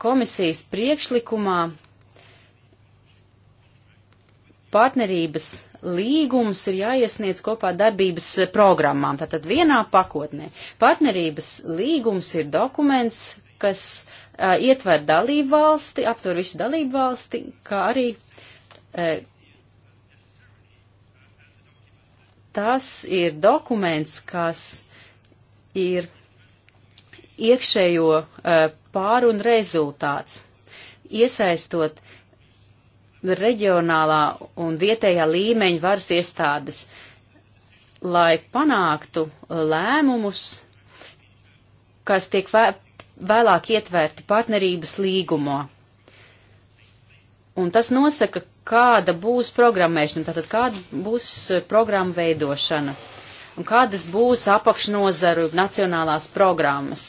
komisijas priekšlikumā partnerības līgums ir jāiesniedz kopā darbības programmām, tātad vienā pakotnē. Partnerības līgums ir dokuments, kas uh, ietver dalību valsti, aptver visu dalību valsti, kā arī uh, tas ir dokuments, kas ir iekšējo uh, pārunu rezultāts. Iesaistot reģionālā un vietējā līmeņa varas iestādes, lai panāktu uh, lēmumus, kas tiek vē vēlāk ietverti partnerības līgumā. Un tas nosaka, kāda būs programmēšana, tātad kāda būs uh, programma veidošana un kādas būs apakšnozaru nacionālās programmas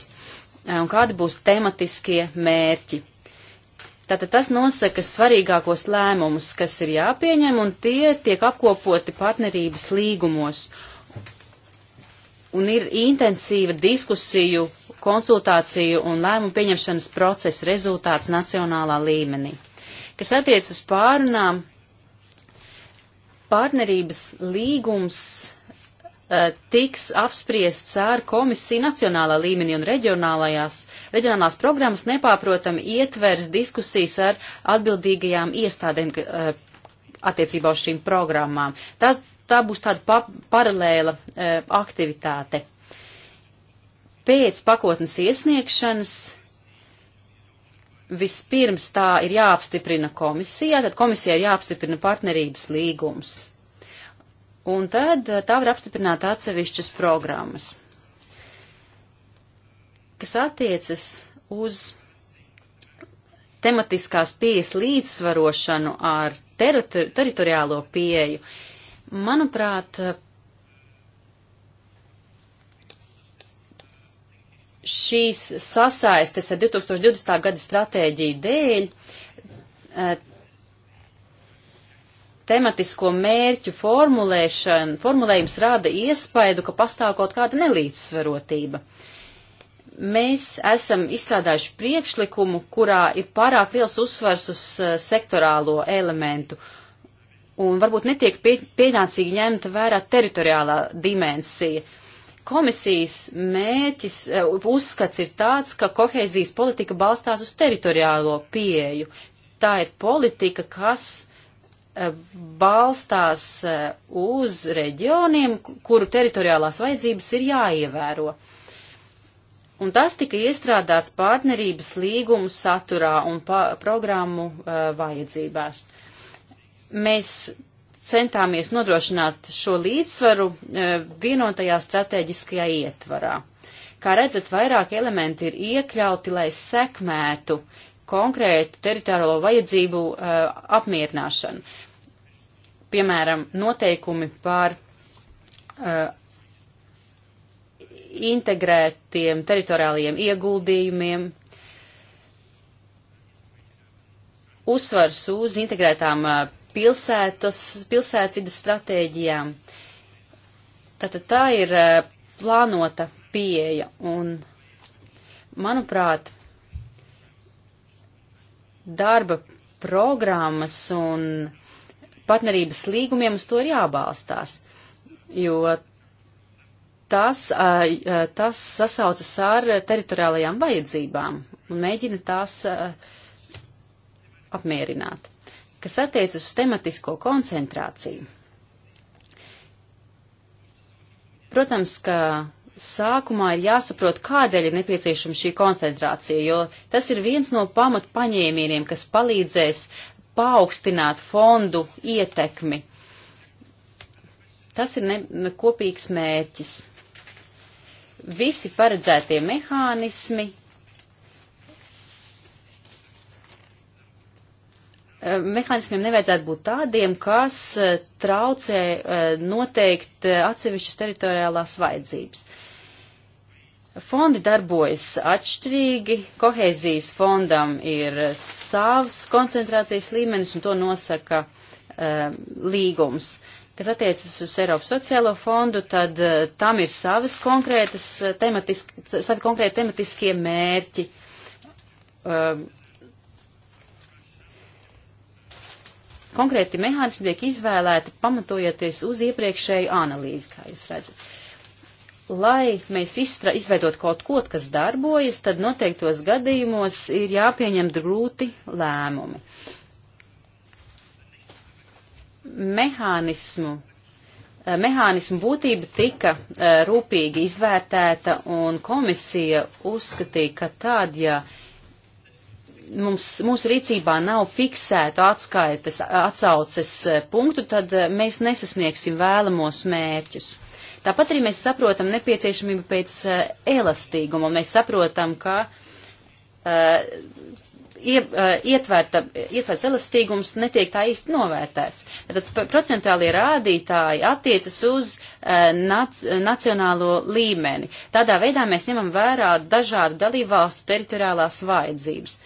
uh, un kādi būs tematiskie mērķi. Tātad tas nosaka svarīgākos lēmumus, kas ir jāpieņem, un tie tiek apkopoti partnerības līgumos. Un ir intensīva diskusiju, konsultāciju un lēmumu pieņemšanas procesa rezultāts nacionālā līmenī. Kas attiec uz pārunām, partnerības līgums Eh, tiks apspriests ar komisiju nacionālā līmenī un reģionālajās, reģionālās programmas nepārprotami ietvers diskusijas ar atbildīgajām iestādēm ka, eh, attiecībā uz šīm programmām. Tā, tā būs tāda pa, paralēla eh, aktivitāte. Pēc pakotnes iesniegšanas vispirms tā ir jāapstiprina komisijā, tad komisijai jāapstiprina partnerības līgums un tad eh, tā var apstiprināt atsevišķas programmas, kas attiecas uz tematiskās pieejas līdzsvarošanu ar teritori teritoriālo pieeju. Manuprāt, šīs sasaistes ar 2020. gada stratēģiju dēļ eh, tematisko mērķu formulēšana, formulējums rada iespaidu, ka pastāv kaut kāda nelīdzsvarotība. Mēs esam izstrādājuši priekšlikumu, kurā ir pārāk liels uzsvars uz eh, sektorālo elementu, un varbūt netiek pie, pienācīgi ņemta vērā teritoriālā dimensija. Komisijas mērķis, eh, uzskats ir tāds, ka kohēzijas politika balstās uz teritoriālo pieeju. Tā ir politika, kas balstās eh, uz reģioniem, kuru teritoriālās vajadzības ir jāievēro. Un tas tika iestrādāts partnerības līgumu saturā un programmu uh, vajadzībās. Mēs centāmies nodrošināt šo līdzsvaru uh, vienotajā strateģiskajā ietvarā. Kā redzat, vairāk elementi ir iekļauti, lai sekmētu uh, konkrētu teritoriālo vajadzību uh, apmierināšanu. Piemēram, noteikumi par uh, integrētiem teritoriālajiem ieguldījumiem, uzsvars uz integrētām uh, pilsētas, pilsētvidas stratēģijām. Tātad tā ir plānota pieeja un, manuprāt, darba programmas un partnerības līgumiem uz to ir jābalstās, jo tas, tas sasaucas ar teritoriālajām vajadzībām un mēģina tās apmierināt. Kas attiecas uz tematisko koncentrāciju. Protams, ka sākumā ir jāsaprot, kādēļ ir nepieciešama šī koncentrācija, jo tas ir viens no pamat paņēmieniem, kas palīdzēs paaugstināt fondu ietekmi. Tas ir ne, ne kopīgs mērķis. Visi paredzētie mehānismi Eh, mehānismiem nevajadzētu būt tādiem, kas eh, traucē eh, noteikt atsevišķas teritoriālās vajadzības. Fondi darbojas atšķirīgi, kohēzijas fondam ir savs koncentrācijas līmenis un to nosaka uh, līgums. Kas attiecas uz Eiropas sociālo fondu, tad uh, tam ir savas konkrētas tematiski, savi konkrēti tematiskie mērķi. Uh, konkrēti mehānismi tiek izvēlēti pamatojoties uz iepriekšēju analīzi, kā jūs redzat. Lai mēs izstra, izveidot kaut ko, kas darbojas, tad noteiktos gadījumos ir jāpieņem grūti lēmumi. Mehānismu eh, mehānismu būtība tika eh, rūpīgi izvērtēta, un komisija uzskatīja, ka tād, ja mums, mūsu rīcībā nav fiksētu atskaites, atsauces eh, punktu, tad eh, mēs nesasniegsim vēlamos mērķus. Tāpat arī mēs saprotam nepieciešamību pēc eh, elastīguma, un mēs saprotam, ka uh, ietverta, ietverts elastīgums netiek tā īsti novērtēts. Tad procentuālie rādītāji attiecas uz uh, nac, nacionālo līmeni. Tādā veidā mēs ņemam vērā dažādu dalībvalstu teritoriālās vajadzības.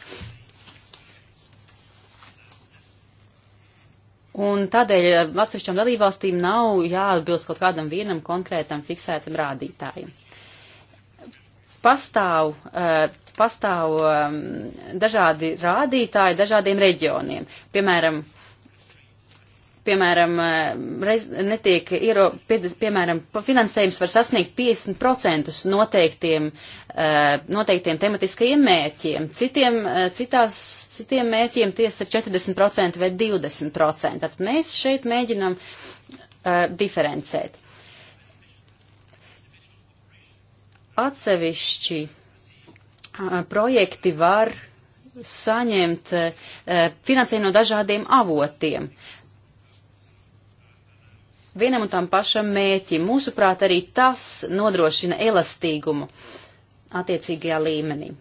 Un tādēļ atsevišķām dalībvalstīm nav jāatbilst kaut kādam vienam konkrētam fiksētam rādītājam. Pastāv, eh, pastāv ehm, dažādi rādītāji dažādiem reģioniem. Piemēram, piemēram, eh, reiz, netiek iero, pied, piemēram, finansējums var sasniegt 50% noteiktiem, eh, noteiktiem tematiskajiem mērķiem. Citiem, eh, citās, citiem mērķiem tiesa ir 40% vai 20%. Tad mēs šeit mēģinam uh, diferencēt. Atsevišķi uh, projekti var saņemt uh, finansējumu no dažādiem avotiem vienam un tam pašam mēķim. Mūsuprāt, arī tas nodrošina elastīgumu attiecīgajā līmenī.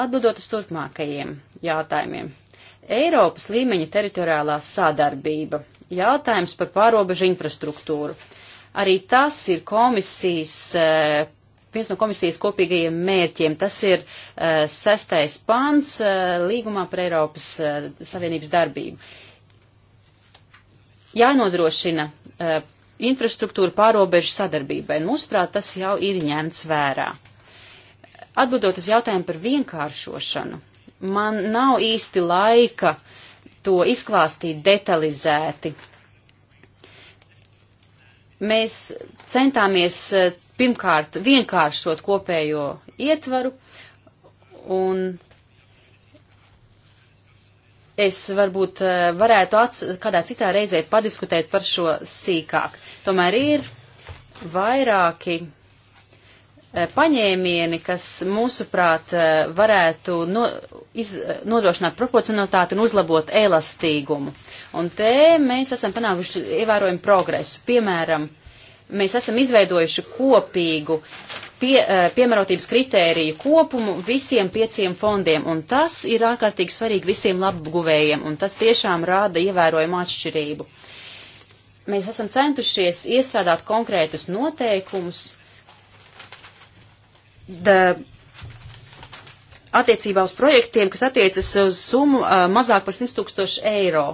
Atbildot uz turpmākajiem jautājumiem. Eiropas līmeņa teritoriālā sadarbība. Jautājums par pārobežu infrastruktūru. Arī tas ir komisijas eh, viens no komisijas kopīgajiem mērķiem. Tas ir uh, eh, sastais pāns uh, eh, līgumā par Eiropas uh, Savienības darbību. Jānodrošina uh, infrastruktūra pārobežu sadarbībai. Mūsuprāt, tas jau ir ņemts vērā. Atbildot uz jautājumu par vienkāršošanu, man nav īsti laika to izklāstīt detalizēti. Mēs centāmies uh, pirmkārt vienkāršot kopējo ietvaru, un es varbūt eh, varētu ats, kādā citā reizē padiskutēt par šo sīkāk. Tomēr ir vairāki eh, paņēmieni, kas mūsuprāt eh, varētu no, iz, nodrošināt proporcionalitāti un uzlabot elastīgumu. Un te mēs esam panākuši ievērojumu progresu. Piemēram, mēs esam izveidojuši kopīgu pie, eh, piemērotības kritēriju kopumu visiem pieciem fondiem, un tas ir ārkārtīgi svarīgi visiem labguvējiem, un tas tiešām rāda ievērojumu atšķirību. Mēs esam centušies iestrādāt konkrētus noteikumus da, attiecībā uz projektiem, kas attiecas uz summu uh, mazāk par 100 tūkstošu eiro.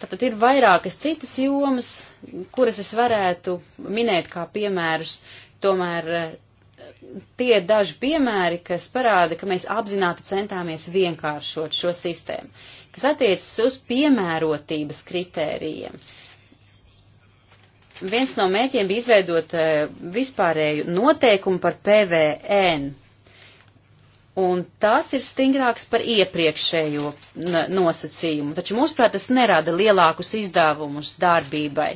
Tātad ir vairākas citas jomas, kuras es varētu minēt kā piemērus, tomēr eh, tie ir daži piemēri, kas parāda, ka mēs apzināti centāmies vienkāršot šo sistēmu, kas attiecas uz piemērotības kritērijiem. Viens no mēķiem bija izveidot eh, vispārēju noteikumu par PVN, un tas ir stingrāks par iepriekšējo nosacījumu. Taču, mūsuprāt, tas nerada lielākus izdevumus darbībai,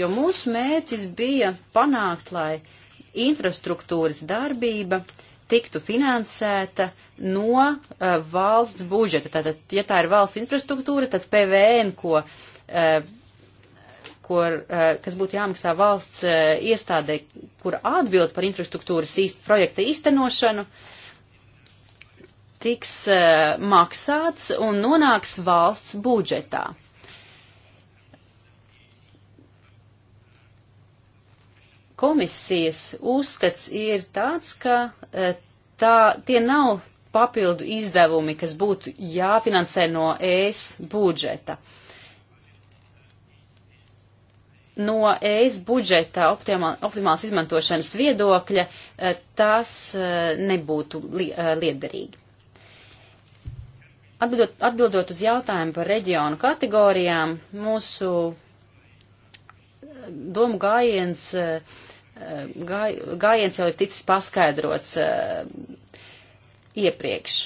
jo mūsu mērķis bija panākt, lai infrastruktūras darbība tiktu finansēta no uh, valsts budžeta. Tātad, ja tā ir valsts infrastruktūra, tad PVN, ko, uh, eh, ko, uh, eh, kas būtu jāmaksā valsts uh, iestādē, kur atbild par infrastruktūras īst, projekta īstenošanu, uh, tiks uh, maksāts un nonāks valsts budžetā. Komisijas uzskats ir tāds, ka uh, tā, tie nav papildu izdevumi, kas būtu jāfinansē no ES budžeta. No ES budžeta optimāl, optimāls izmantošanas viedokļa eh, tas nebūtu li, liederīgi. Atbildot, atbildot uz jautājumu par reģionu kategorijām, mūsu eh, domu gājiens, eh, gāj, gājiens jau ir ticis paskaidrots eh, iepriekš.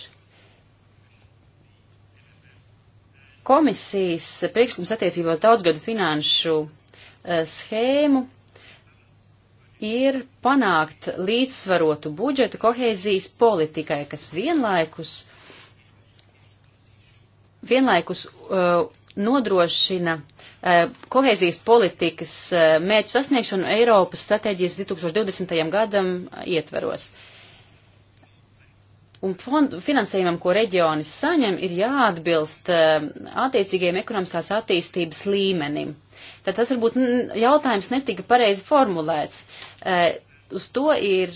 Komisijas priekšlikums attiecībā uz daudzgadu finanšu schēmu ir panākt līdzsvarotu budžetu kohēzijas politikai, kas vienlaikus vienlaikus uh, nodrošina uh, kohēzijas politikas uh, mērķu sasniegšanu Eiropas stratēģijas 2020. gadam uh, ietveros. Un fond, finansējumam, ko reģionis saņem, ir jāatbilst uh, attiecīgajiem ekonomiskās attīstības līmenim. Tad tas varbūt jautājums netika pareizi formulēts. Uh, uz to ir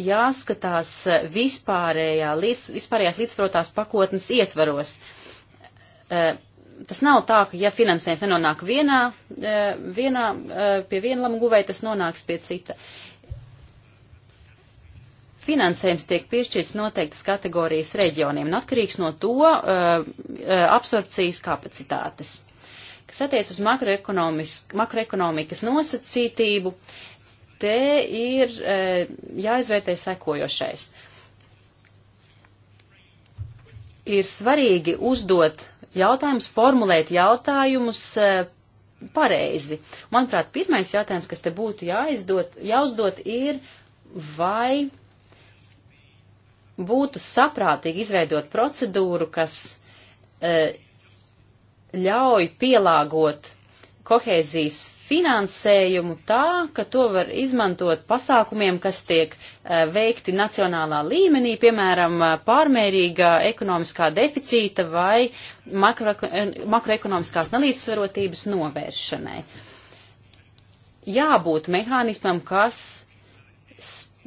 jāskatās vispārējā, līdz, vispārējās līdzsvarotās pakotnes ietvaros. Uh, Eh, tas nav tā, ka ja finansējums nenonāk vienā, eh, vienā eh, pie viena lama guvēja, tas nonāks pie cita. Finansējums tiek piešķirts noteiktas kategorijas reģioniem un atkarīgs no to absorpcijas kapacitātes. Kas attiec uz makroekonomikas nosacītību, te ir jāizvērtē sekojošais. Ir svarīgi uzdot jautājumus, formulēt jautājumus e, pareizi. Manuprāt, pirmais jautājums, kas te būtu jāizdot, jāuzdot, ir, vai būtu saprātīgi izveidot procedūru, kas e, ļauj pielāgot kohēzijas finansējumu tā, ka to var izmantot pasākumiem, kas tiek e, veikti nacionālā līmenī, piemēram, e, pārmērīga ekonomiskā deficīta vai makro, e, makroekonomiskās nelīdzsvarotības novēršanai. Jābūt mehānismam, kas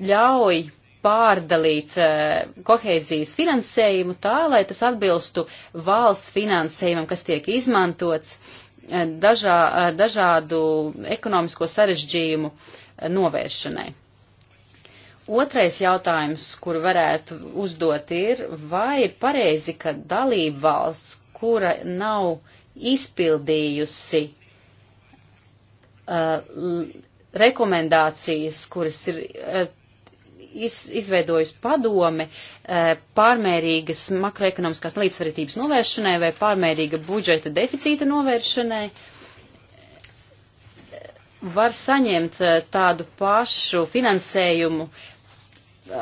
ļauj pārdalīt eh, kohēzijas finansējumu tā, lai tas atbilstu valsts finansējumam, kas tiek izmantots dažā, dažādu ekonomisko sarežģījumu novēršanai. Otrais jautājums, kur varētu uzdot, ir, vai ir pareizi, ka dalība valsts, kura nav izpildījusi uh, rekomendācijas, kuras ir uh, iz, izveidojusi padome eh, pārmērīgas makroekonomiskās līdzsvarotības novēršanai vai pārmērīga budžeta deficīta novēršanai, eh, var saņemt eh, tādu pašu finansējumu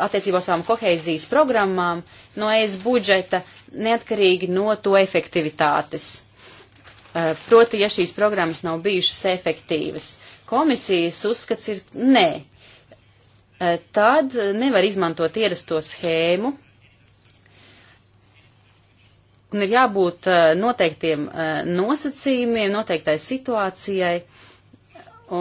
attiecībā uz savām koheizijas programmām no ES budžeta neatkarīgi no to efektivitātes. Proti, ja šīs programmas nav bijušas efektīvas. Komisijas uzskats ir nē tad nevar izmantot ierasto schēmu. Un ir jābūt eh, noteiktiem eh, nosacījumiem, noteiktai situācijai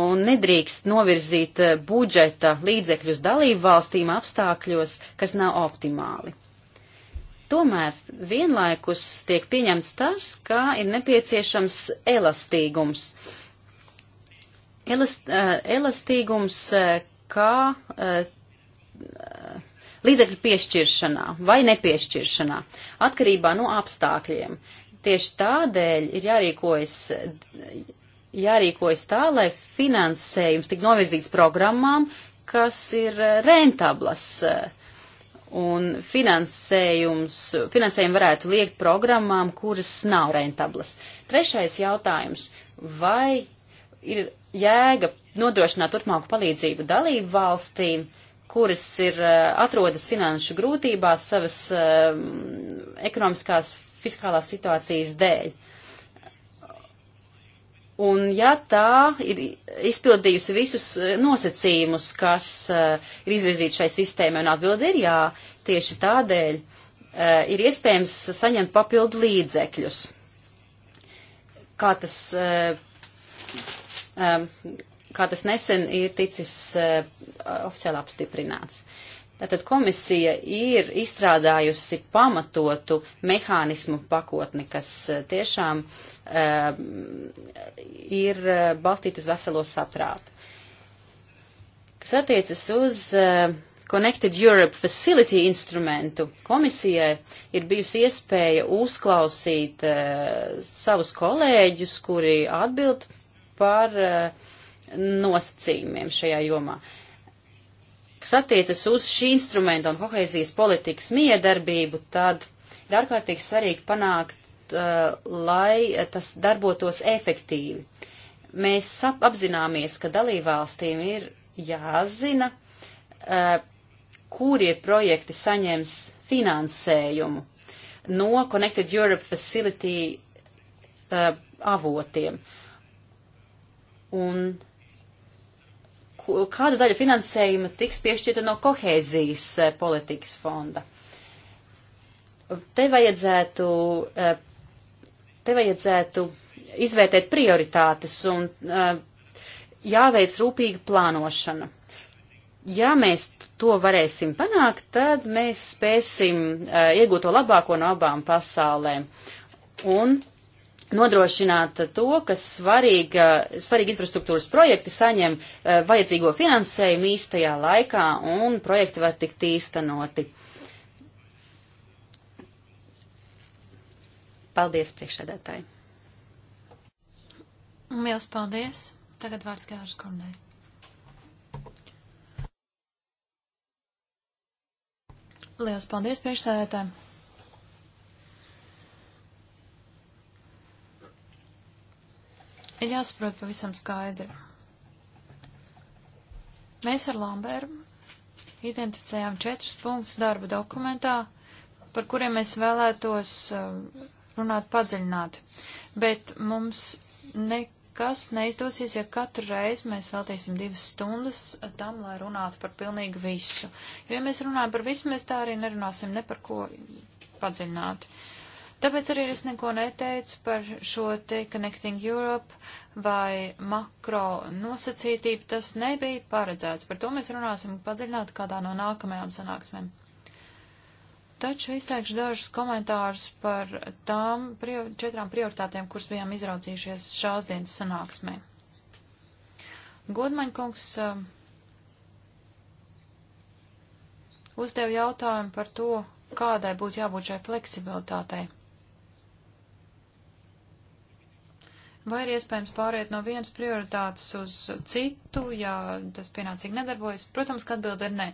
un nedrīkst novirzīt eh, budžeta līdzekļus dalību valstīm apstākļos, kas nav optimāli. Tomēr vienlaikus tiek pieņemts tas, ka ir nepieciešams elastīgums. Elast, elastīgums, kā e, līdzekļu piešķiršanā vai nepiešķiršanā, atkarībā no apstākļiem. Tieši tādēļ ir jārīkojas, jārīkojas tā, lai finansējums tik novirzīts programmām, kas ir rentablas. E, un finansējums, finansējumu varētu liekt programmām, kuras nav rentablas. Trešais jautājums. Vai ir jēga nodrošināt turpmāku palīdzību dalību valstīm, kuras ir eh, atrodas finanšu grūtībās savas um, ekonomiskās fiskālās situācijas dēļ. Un ja tā ir izpildījusi visus eh, nosacījumus, kas uh, ir izvirzīti šai sistēmai, un atbildi ir jā, tieši tādēļ uh, ir iespējams saņemt papildu līdzekļus. Kā tas uh, Ehm, kā tas nesen ir ticis eh, oficiāli apstiprināts. Tātad komisija ir izstrādājusi pamatotu mehānismu pakotni, kas eh, tiešām ehm, ir eh, balstīt uz veselo saprātu. Kas attiecas uz Connected Europe Facility instrumentu, komisijai ir bijusi iespēja uzklausīt savus kolēģus, kuri atbild par eh, nosacījumiem šajā jomā. Kas attiecas uz šī instrumenta un kohēzijas politikas miedarbību, tad ir ārkārtīgi svarīgi panākt, eh, lai tas darbotos efektīvi. Mēs apzināmies, ka dalībvalstīm ir jāzina, eh, kurie projekti saņems finansējumu no Connected Europe Facility uh, avotiem un kāda daļa finansējuma tiks piešķirta no kohēzijas eh, politikas fonda. Te vajadzētu, eh, te vajadzētu izvērtēt prioritātes un eh, jāveic rūpīga plānošana. Ja mēs to varēsim panākt, tad mēs spēsim iegūt to labāko no abām pasaulēm. Un nodrošināt to, ka svarīga, svarīgi infrastruktūras projekti saņem eh, vajadzīgo finansējumu īstajā laikā un projekti var tikt īstenoti. Paldies, priekšsēdētāji. Liels paldies. Tagad vārds Gāras Kornei. Liels paldies, priekšsēdētāji. ir jāsaprot pavisam skaidri. Mēs ar Lamberu identificējām četrus punktus darba dokumentā, par kuriem mēs vēlētos eh, runāt padziļināti. Bet mums nekas neizdosies, ja katru reizi mēs veltīsim divas stundas tam, lai runātu par pilnīgi visu. Jo, ja mēs runājam par visu, mēs tā arī nerunāsim ne par ko padziļināti. Tāpēc arī es neko neteicu par šo te Connecting Europe vai makro nosacītību, tas nebija paredzēts. Par to mēs runāsim padziļināt kādā no nākamajām sanāksmēm. Taču izteikšu dažus komentārus par tām prior četrām prioritātēm, kuras bijām izraudzījušies šās dienas sanāksmē. Godmaņkungs uh, um, uzdeva jautājumu par to, kādai būtu jābūt šai fleksibilitātei. Vai ir iespējams pāriet no vienas prioritātes uz citu, ja tas pienācīgi nedarbojas? Protams, ka atbilde ir nē.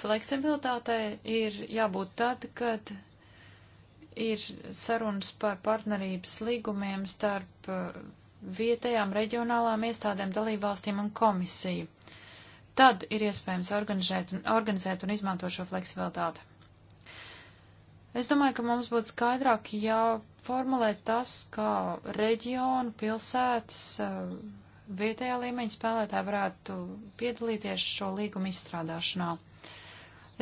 Fleksibilitātei ir jābūt tad, kad ir sarunas par partnerības līgumiem starp uh, vietējām reģionālām iestādēm, dalībvalstīm un komisiju. Tad ir iespējams organizēt un, organizēt un izmantot šo fleksibilitāti. Es domāju, ka mums būtu skaidrāk jāformulē tas, kā reģionu, pilsētas, eh, vietējā līmeņa spēlētāji varētu piedalīties šo līgumu izstrādāšanā.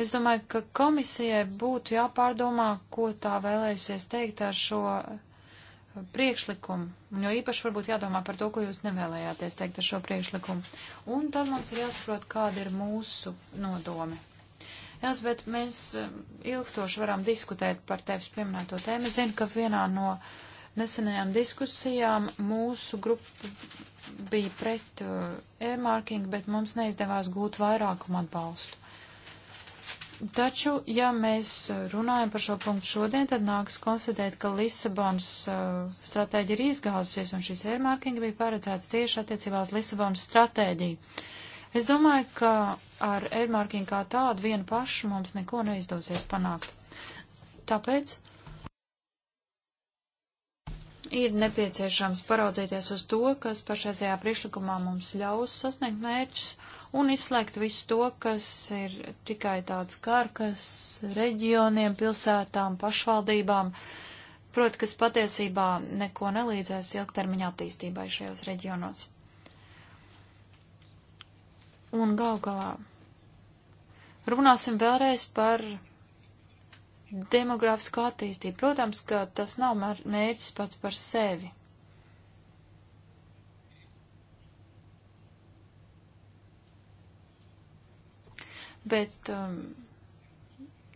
Es domāju, ka komisijai būtu jāpārdomā, ko tā vēlēsies teikt ar šo eh, priekšlikumu, un jo īpaši varbūt jādomā par to, ko jūs nevēlējāties teikt ar šo priekšlikumu. Un tad mums ir jāsaprot, kāda ir mūsu nodome. Elizabet, mēs um, ilgstoši varam diskutēt par tevis pieminēto tēmu. Es zinu, ka vienā no nesenajām diskusijām mūsu grupa bija pret e-marking, uh, bet mums neizdevās gūt vairākumu atbalstu. Taču, ja mēs uh, runājam par šo punktu šodien, tad nāks konstatēt, ka Lisabonas uh, stratēģija ir izgāzusies, un šis e-marking bija paredzēts tieši attiecībā uz Lisabonas stratēģiju. Es domāju, ka ar earmarking kā tādu vienu pašu mums neko neizdosies panākt. Tāpēc ir nepieciešams paraudzīties uz to, kas pašreizajā priekšlikumā mums ļaus sasniegt mērķus un izslēgt visu to, kas ir tikai tāds kārkas reģioniem, pilsētām, pašvaldībām, proti, kas patiesībā neko nelīdzēs ilgtermiņa attīstībai šajos reģionos. Un gal galā runāsim vēlreiz par demografisko attīstību. Protams, ka tas nav mērķis pats par sevi. Bet um,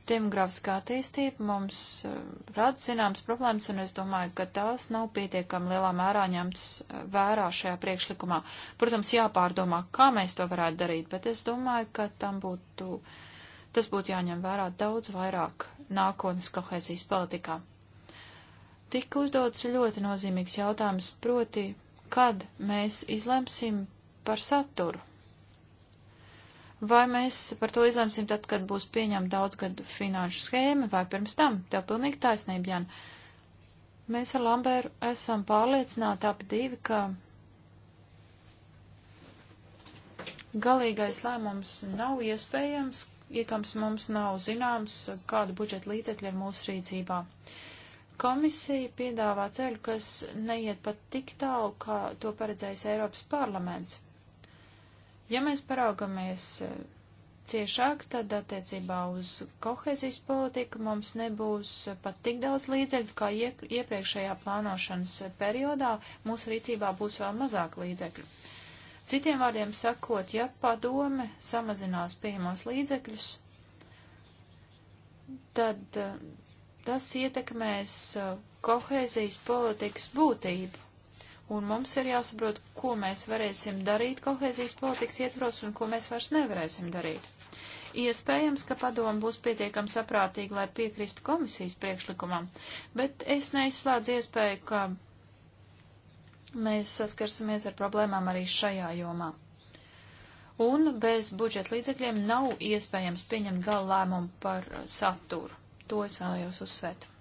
demografiskā attīstība mums eh, rada zināmas problēmas, un es domāju, ka tās nav pietiekami lielā mērā ņemts eh, vērā šajā priekšlikumā. Protams, jāpārdomā, kā mēs to varētu darīt, bet es domāju, ka tam būtu, tas būtu jāņem vērā daudz vairāk nākotnes kohēzijas politikā. Tika uzdots ļoti nozīmīgs jautājums, proti, kad mēs izlemsim par saturu. Vai mēs par to izlemsim tad, kad būs pieņemta daudzgadu finanšu schēma vai pirms tam? Tev pilnīgi taisnība, Jan. Mēs ar Lambēru esam pārliecināti ap divi, ka galīgais lēmums nav iespējams, iekams mums nav zināms, kādu budžeta līdzekļu ir mūsu rīcībā. Komisija piedāvā ceļu, kas neiet pat tik tālu, kā to paredzējis Eiropas parlaments. Ja mēs paraugamies eh, ciešāk, tad attiecībā uz kohezijas politiku mums nebūs eh, pat tik daudz līdzekļu, kā iepriekšējā plānošanas eh, periodā. Mūsu rīcībā būs vēl mazāk līdzekļu. Citiem vārdiem sakot, ja padome samazinās pieejamos līdzekļus, tad tas ietekmēs kohēzijas politikas būtību un mums ir jāsaprot, ko mēs varēsim darīt kohēzijas politikas ietvaros un ko mēs vairs nevarēsim darīt. Iespējams, ka padoma būs pietiekami saprātīga, lai piekristu komisijas priekšlikumam, bet es neizslēdzu iespēju, ka mēs saskarsimies ar problēmām arī šajā jomā. Un bez budžeta līdzekļiem nav iespējams pieņemt galu lēmumu par saturu. To es vēlējos uzsvērt.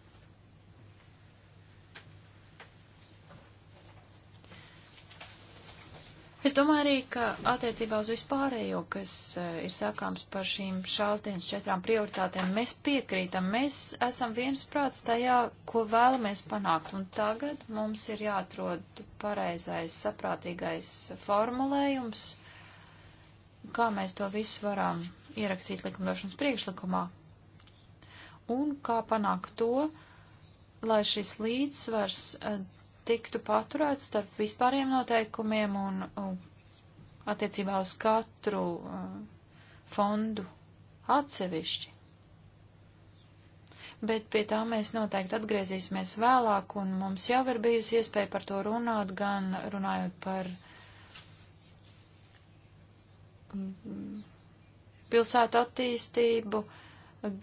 Es domāju arī, ka attiecībā uz vispārējo, kas eh, ir sākāms par šīm šāsdienas četrām prioritātēm, mēs piekrītam, mēs esam viensprāts tajā, ko vēlamies panākt. Un tagad mums ir jāatrod pareizais, saprātīgais formulējums, kā mēs to visu varam ierakstīt likumdošanas priekšlikumā. Un kā panākt to, lai šis līdzsvars eh, tiktu paturēts starp vispāriem noteikumiem un, un attiecībā uz katru uh, fondu atsevišķi. Bet pie tā mēs noteikti atgriezīsimies vēlāk, un mums jau ir bijusi iespēja par to runāt, gan runājot par mm, pilsētu attīstību,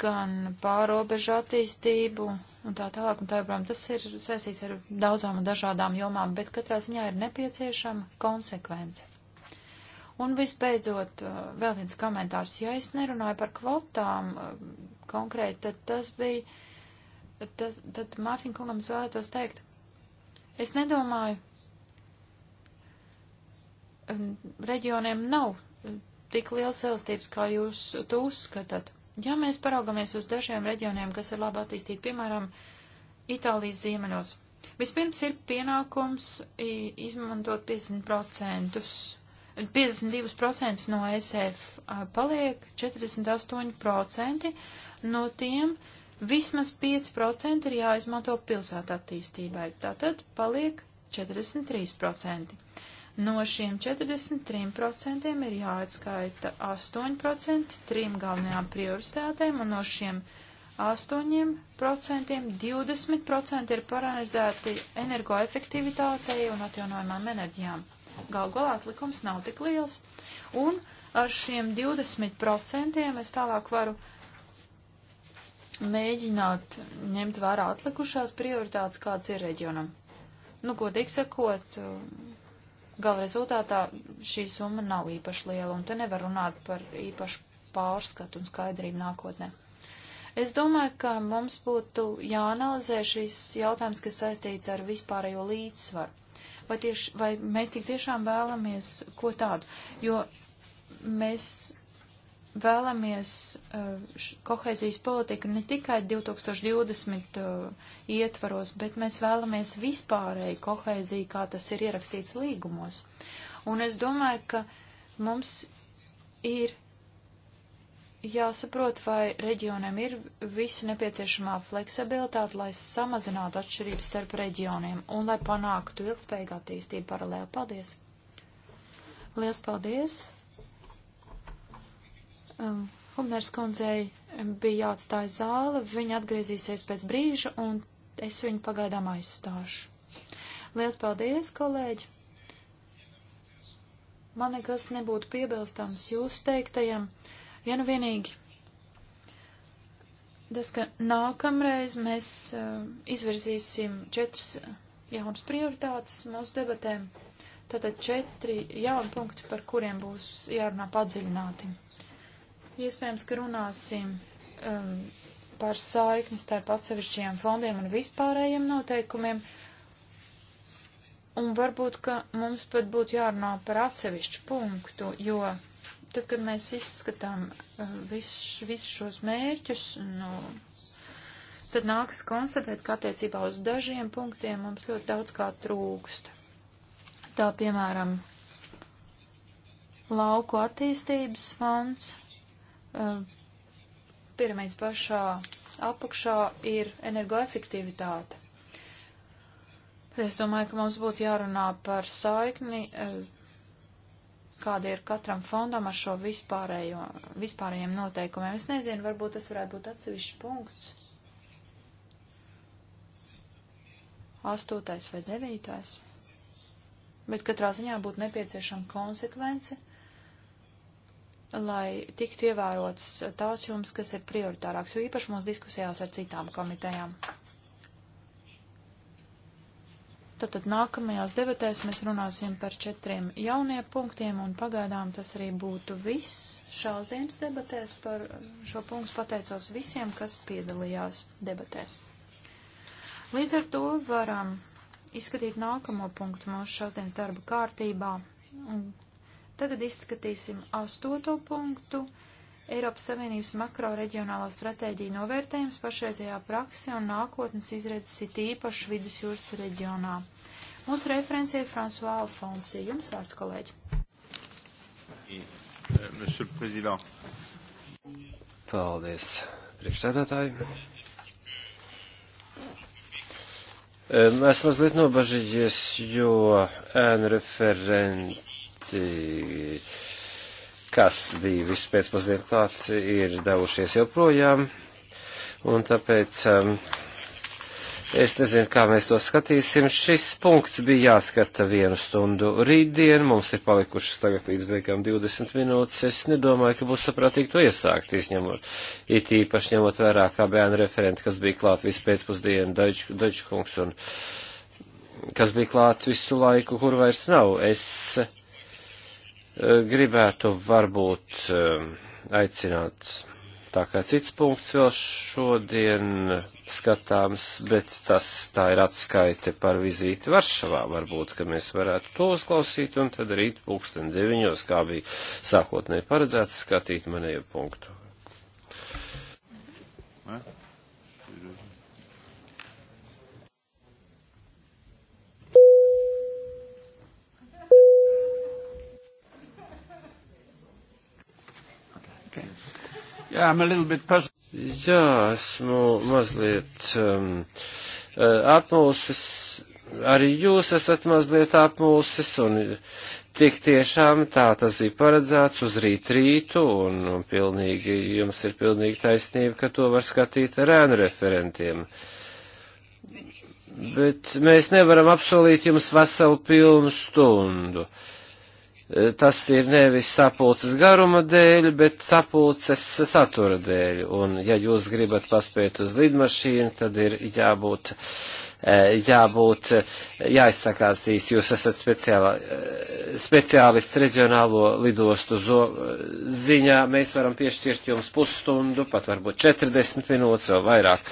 gan pārobežu attīstību un tā tālāk, un tā joprojām tas ir saistīts ar daudzām un dažādām jomām, bet katrā ziņā ir nepieciešama konsekvence. Un visbeidzot, uh, vēl viens komentārs, ja es nerunāju par kvotām uh, konkrēti, tad tas bija, tas, tad Mārtiņa kungam es vēlētos teikt, es nedomāju, um, reģioniem nav uh, tik liels elastības, kā jūs to uzskatāt. Ja mēs paraugamies uz dažiem reģioniem, kas ir labi attīstīti, piemēram, Itālijas ziemeļos, vispirms ir pienākums izmantot 50%, 52% no SF paliek 48%, no tiem vismaz 5% ir jāizmanto pilsētā attīstībai, tātad paliek 43%. No šiem 43% ir jāatskaita 8% trim galvenajām prioritātēm, un no šiem 8% 20% ir paralizēti energoefektivitātei un atjaunojumām enerģijām. Galu galā atlikums nav tik liels, un ar šiem 20% es tālāk varu mēģināt ņemt vērā atlikušās prioritātes, kāds ir reģionam. Nu, godīgi sakot, gala rezultātā šī summa nav īpaši liela, un te nevar runāt par īpašu pārskatu un skaidrību nākotnē. Es domāju, ka mums būtu jāanalizē šīs jautājums, kas saistīts ar vispārējo līdzsvaru. Vai, tieši, vai mēs tik tiešām vēlamies ko tādu? Jo mēs vēlamies uh, kohēzijas politiku ne tikai 2020 uh, eh, ietvaros, bet mēs vēlamies vispārēju kohēziju, kā tas ir ierakstīts līgumos. Un es domāju, ka mums ir jāsaprot, vai reģioniem ir visa nepieciešamā fleksibilitāte, lai samazinātu atšķirības starp reģioniem un lai panāktu ilgspējīgu attīstību paralēli. Paldies! Lielas paldies! Um, Humners kundzei bija jāatstāja zāle, viņa atgriezīsies pēc brīža, un es viņu pagaidām aizstāšu. Lielas paldies, kolēģi! Man nekas nebūtu piebilstams jūsu teiktajam, ja nu vienīgi. Tas, ka nākamreiz mēs uh, izvirzīsim četras jaunas prioritātes mūsu debatēm, tātad četri jauni punkti, par kuriem būs jārunā padziļinātiem. Iespējams, ka runāsim um, par saikni starp atsevišķiem fondiem un vispārējiem noteikumiem. Un varbūt, ka mums pat būtu jārunā par atsevišķu punktu, jo tad, kad mēs izskatām uh, visus vis šos mērķus, nu, tad nāks konstatēt, ka attiecībā uz dažiem punktiem mums ļoti daudz kā trūkst. Tā piemēram, lauku attīstības fonds, Ehm, piramīdas pašā apakšā ir energoefektivitāte. Es domāju, ka mums būtu jārunā par saikni, ehm, kāda ir katram fondam ar šo vispārējo, vispārējiem noteikumiem. Es nezinu, varbūt tas varētu būt atsevišķs punkts. Astotais vai devītais. Bet katrā ziņā būtu nepieciešama konsekvence lai tiktu ievērots tās jums, kas ir prioritārāks, jo īpaši mūsu diskusijās ar citām komitejām. Tātad nākamajās debatēs mēs runāsim par četriem jauniem punktiem, un pagaidām tas arī būtu viss šās dienas debatēs. Par šo punktu pateicos visiem, kas piedalījās debatēs. Līdz ar to varam izskatīt nākamo punktu mūsu šodienas darba kārtībā, un Tagad izskatīsim astoto punktu. Eiropas Savienības makro reģionālā stratēģija novērtējums pašreizējā prakse un nākotnes izredzes ir īpaši vidusjūras reģionā. Mūsu referencija ir François Alfonsi. Jums vārds, kolēģi. Euh, Paldies, priekšsēdētāji. Esmu mazliet nobažījies, jo ēnu referenti kas bija visu pēcpusdienu klāt, ir devušies joprojām, un tāpēc um, Es nezinu, kā mēs to skatīsim. Šis punkts bija jāskata vienu stundu rītdien. Mums ir palikušas tagad līdz beigām 20 minūtes. Es nedomāju, ka būs saprātīgi to iesākt, izņemot, it īpaši ņemot vērā kā bērnu referenti, kas bija klāt visu pēcpusdienu, Daļķkungs, un kas bija klāt visu laiku, kur vairs nav. Es gribētu varbūt um, aicināt, tā kā cits punkts vēl šodien skatāms, bet tas tā ir atskaite par vizīti Varšavā. Varbūt, ka mēs varētu to uzklausīt un tad rīt pulksten deviņos, kā bija sākotnēji paredzēts, skatīt manēju punktu. Ne? Yeah, I'm a little bit puzzled. Jā, esmu mazliet um, uh, apmulsis. Arī jūs esat mazliet apmulsis, un tik tiešām tā tas bija paredzēts uz rīt rītu, un, un pilnīgi, jums ir pilnīgi taisnība, ka to var skatīt ar ēnu referentiem. Bet mēs nevaram apsolīt jums veselu pilnu stundu. Uh, tas ir nevis sapulces garuma dēļ, bet sapulces satura dēļ. Un ja jūs gribat paspēt uz lidmašīnu, tad ir jābūt, e, jābūt, jāizsakās īsi, jūs esat speciālā, e, speciālists reģionālo lidostu e, ziņā. Mēs varam piešķirt jums pusstundu, pat varbūt 40 minūtes vai vairāk.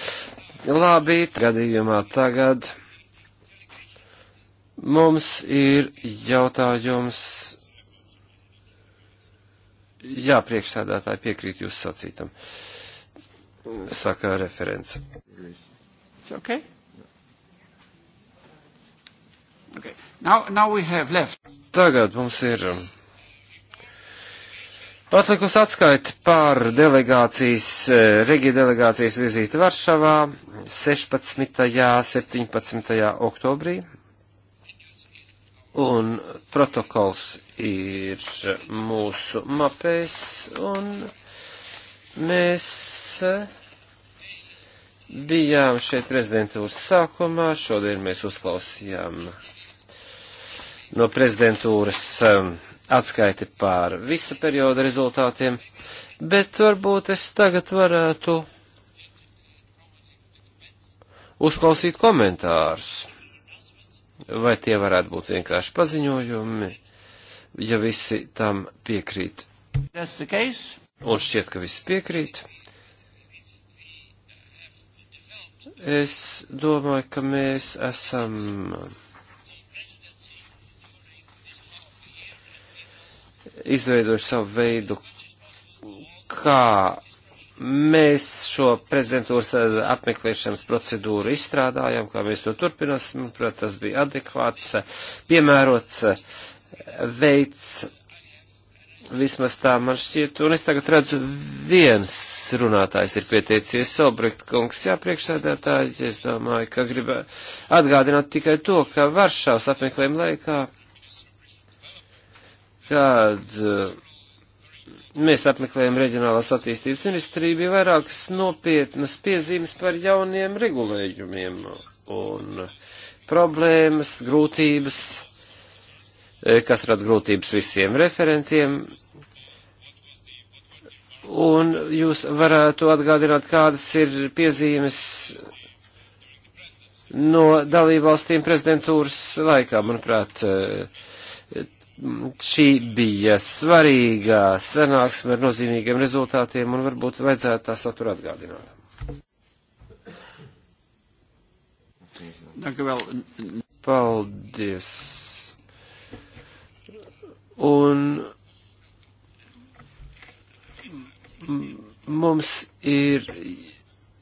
Labi, gadījumā tagad. Mums ir jautājums Jā, priekšsēdētāji piekrīt jūs sacītam. Saka referents. Okay. Okay. Now, now we have left. Tagad mums ir um, Patlikusi atskaita par delegācijas, eh, regi delegācijas vizīti Varšavā 16. 17. oktobrī, un protokols ir mūsu mapēs, un mēs bijām šeit prezidentūras sākumā, šodien mēs uzklausījām no prezidentūras um, atskaiti pār visa perioda rezultātiem, bet varbūt es tagad varētu uzklausīt komentārus. Vai tie varētu būt vienkārši paziņojumi? ja visi tam piekrīt. Un šķiet, ka visi piekrīt. Es domāju, ka mēs esam izveidojuši savu veidu, kā mēs šo prezidentūras apmeklēšanas procedūru izstrādājam, kā mēs to turpināsim. Manuprāt, tas bija adekvāts, piemērots veids, vismaz tā man šķiet, un es tagad redzu, viens runātājs ir pieteicies, Solbrekt kungs, jā, priekšsēdētāji, es domāju, ka gribētu atgādināt tikai to, ka Varšavas apmeklējuma laikā, kad eh, mēs apmeklējam reģionālās attīstības ministriju, bija vairākas nopietnas piezīmes par jauniem regulējumiem un problēmas, grūtības, Eh, kas rada grūtības visiem referentiem. Un jūs varētu atgādināt, kādas ir piezīmes no dalībvalstīm prezidentūras laikā, manuprāt, eh, šī bija svarīgā sanāksme ar nozīmīgiem rezultātiem un varbūt vajadzētu tā satura atgādināt. Paldies. Un mums ir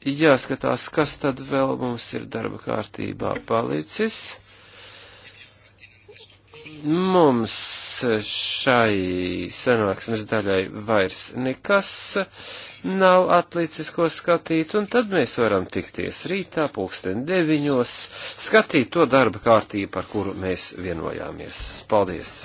jāskatās, kas tad vēl mums ir darba kārtībā palicis. Mums šai sanāksmes daļai vairs nekas nav atlicis, ko skatīt, un tad mēs varam tikties rītā, pulksten deviņos, skatīt to darba kārtību, par kuru mēs vienojāmies. Paldies!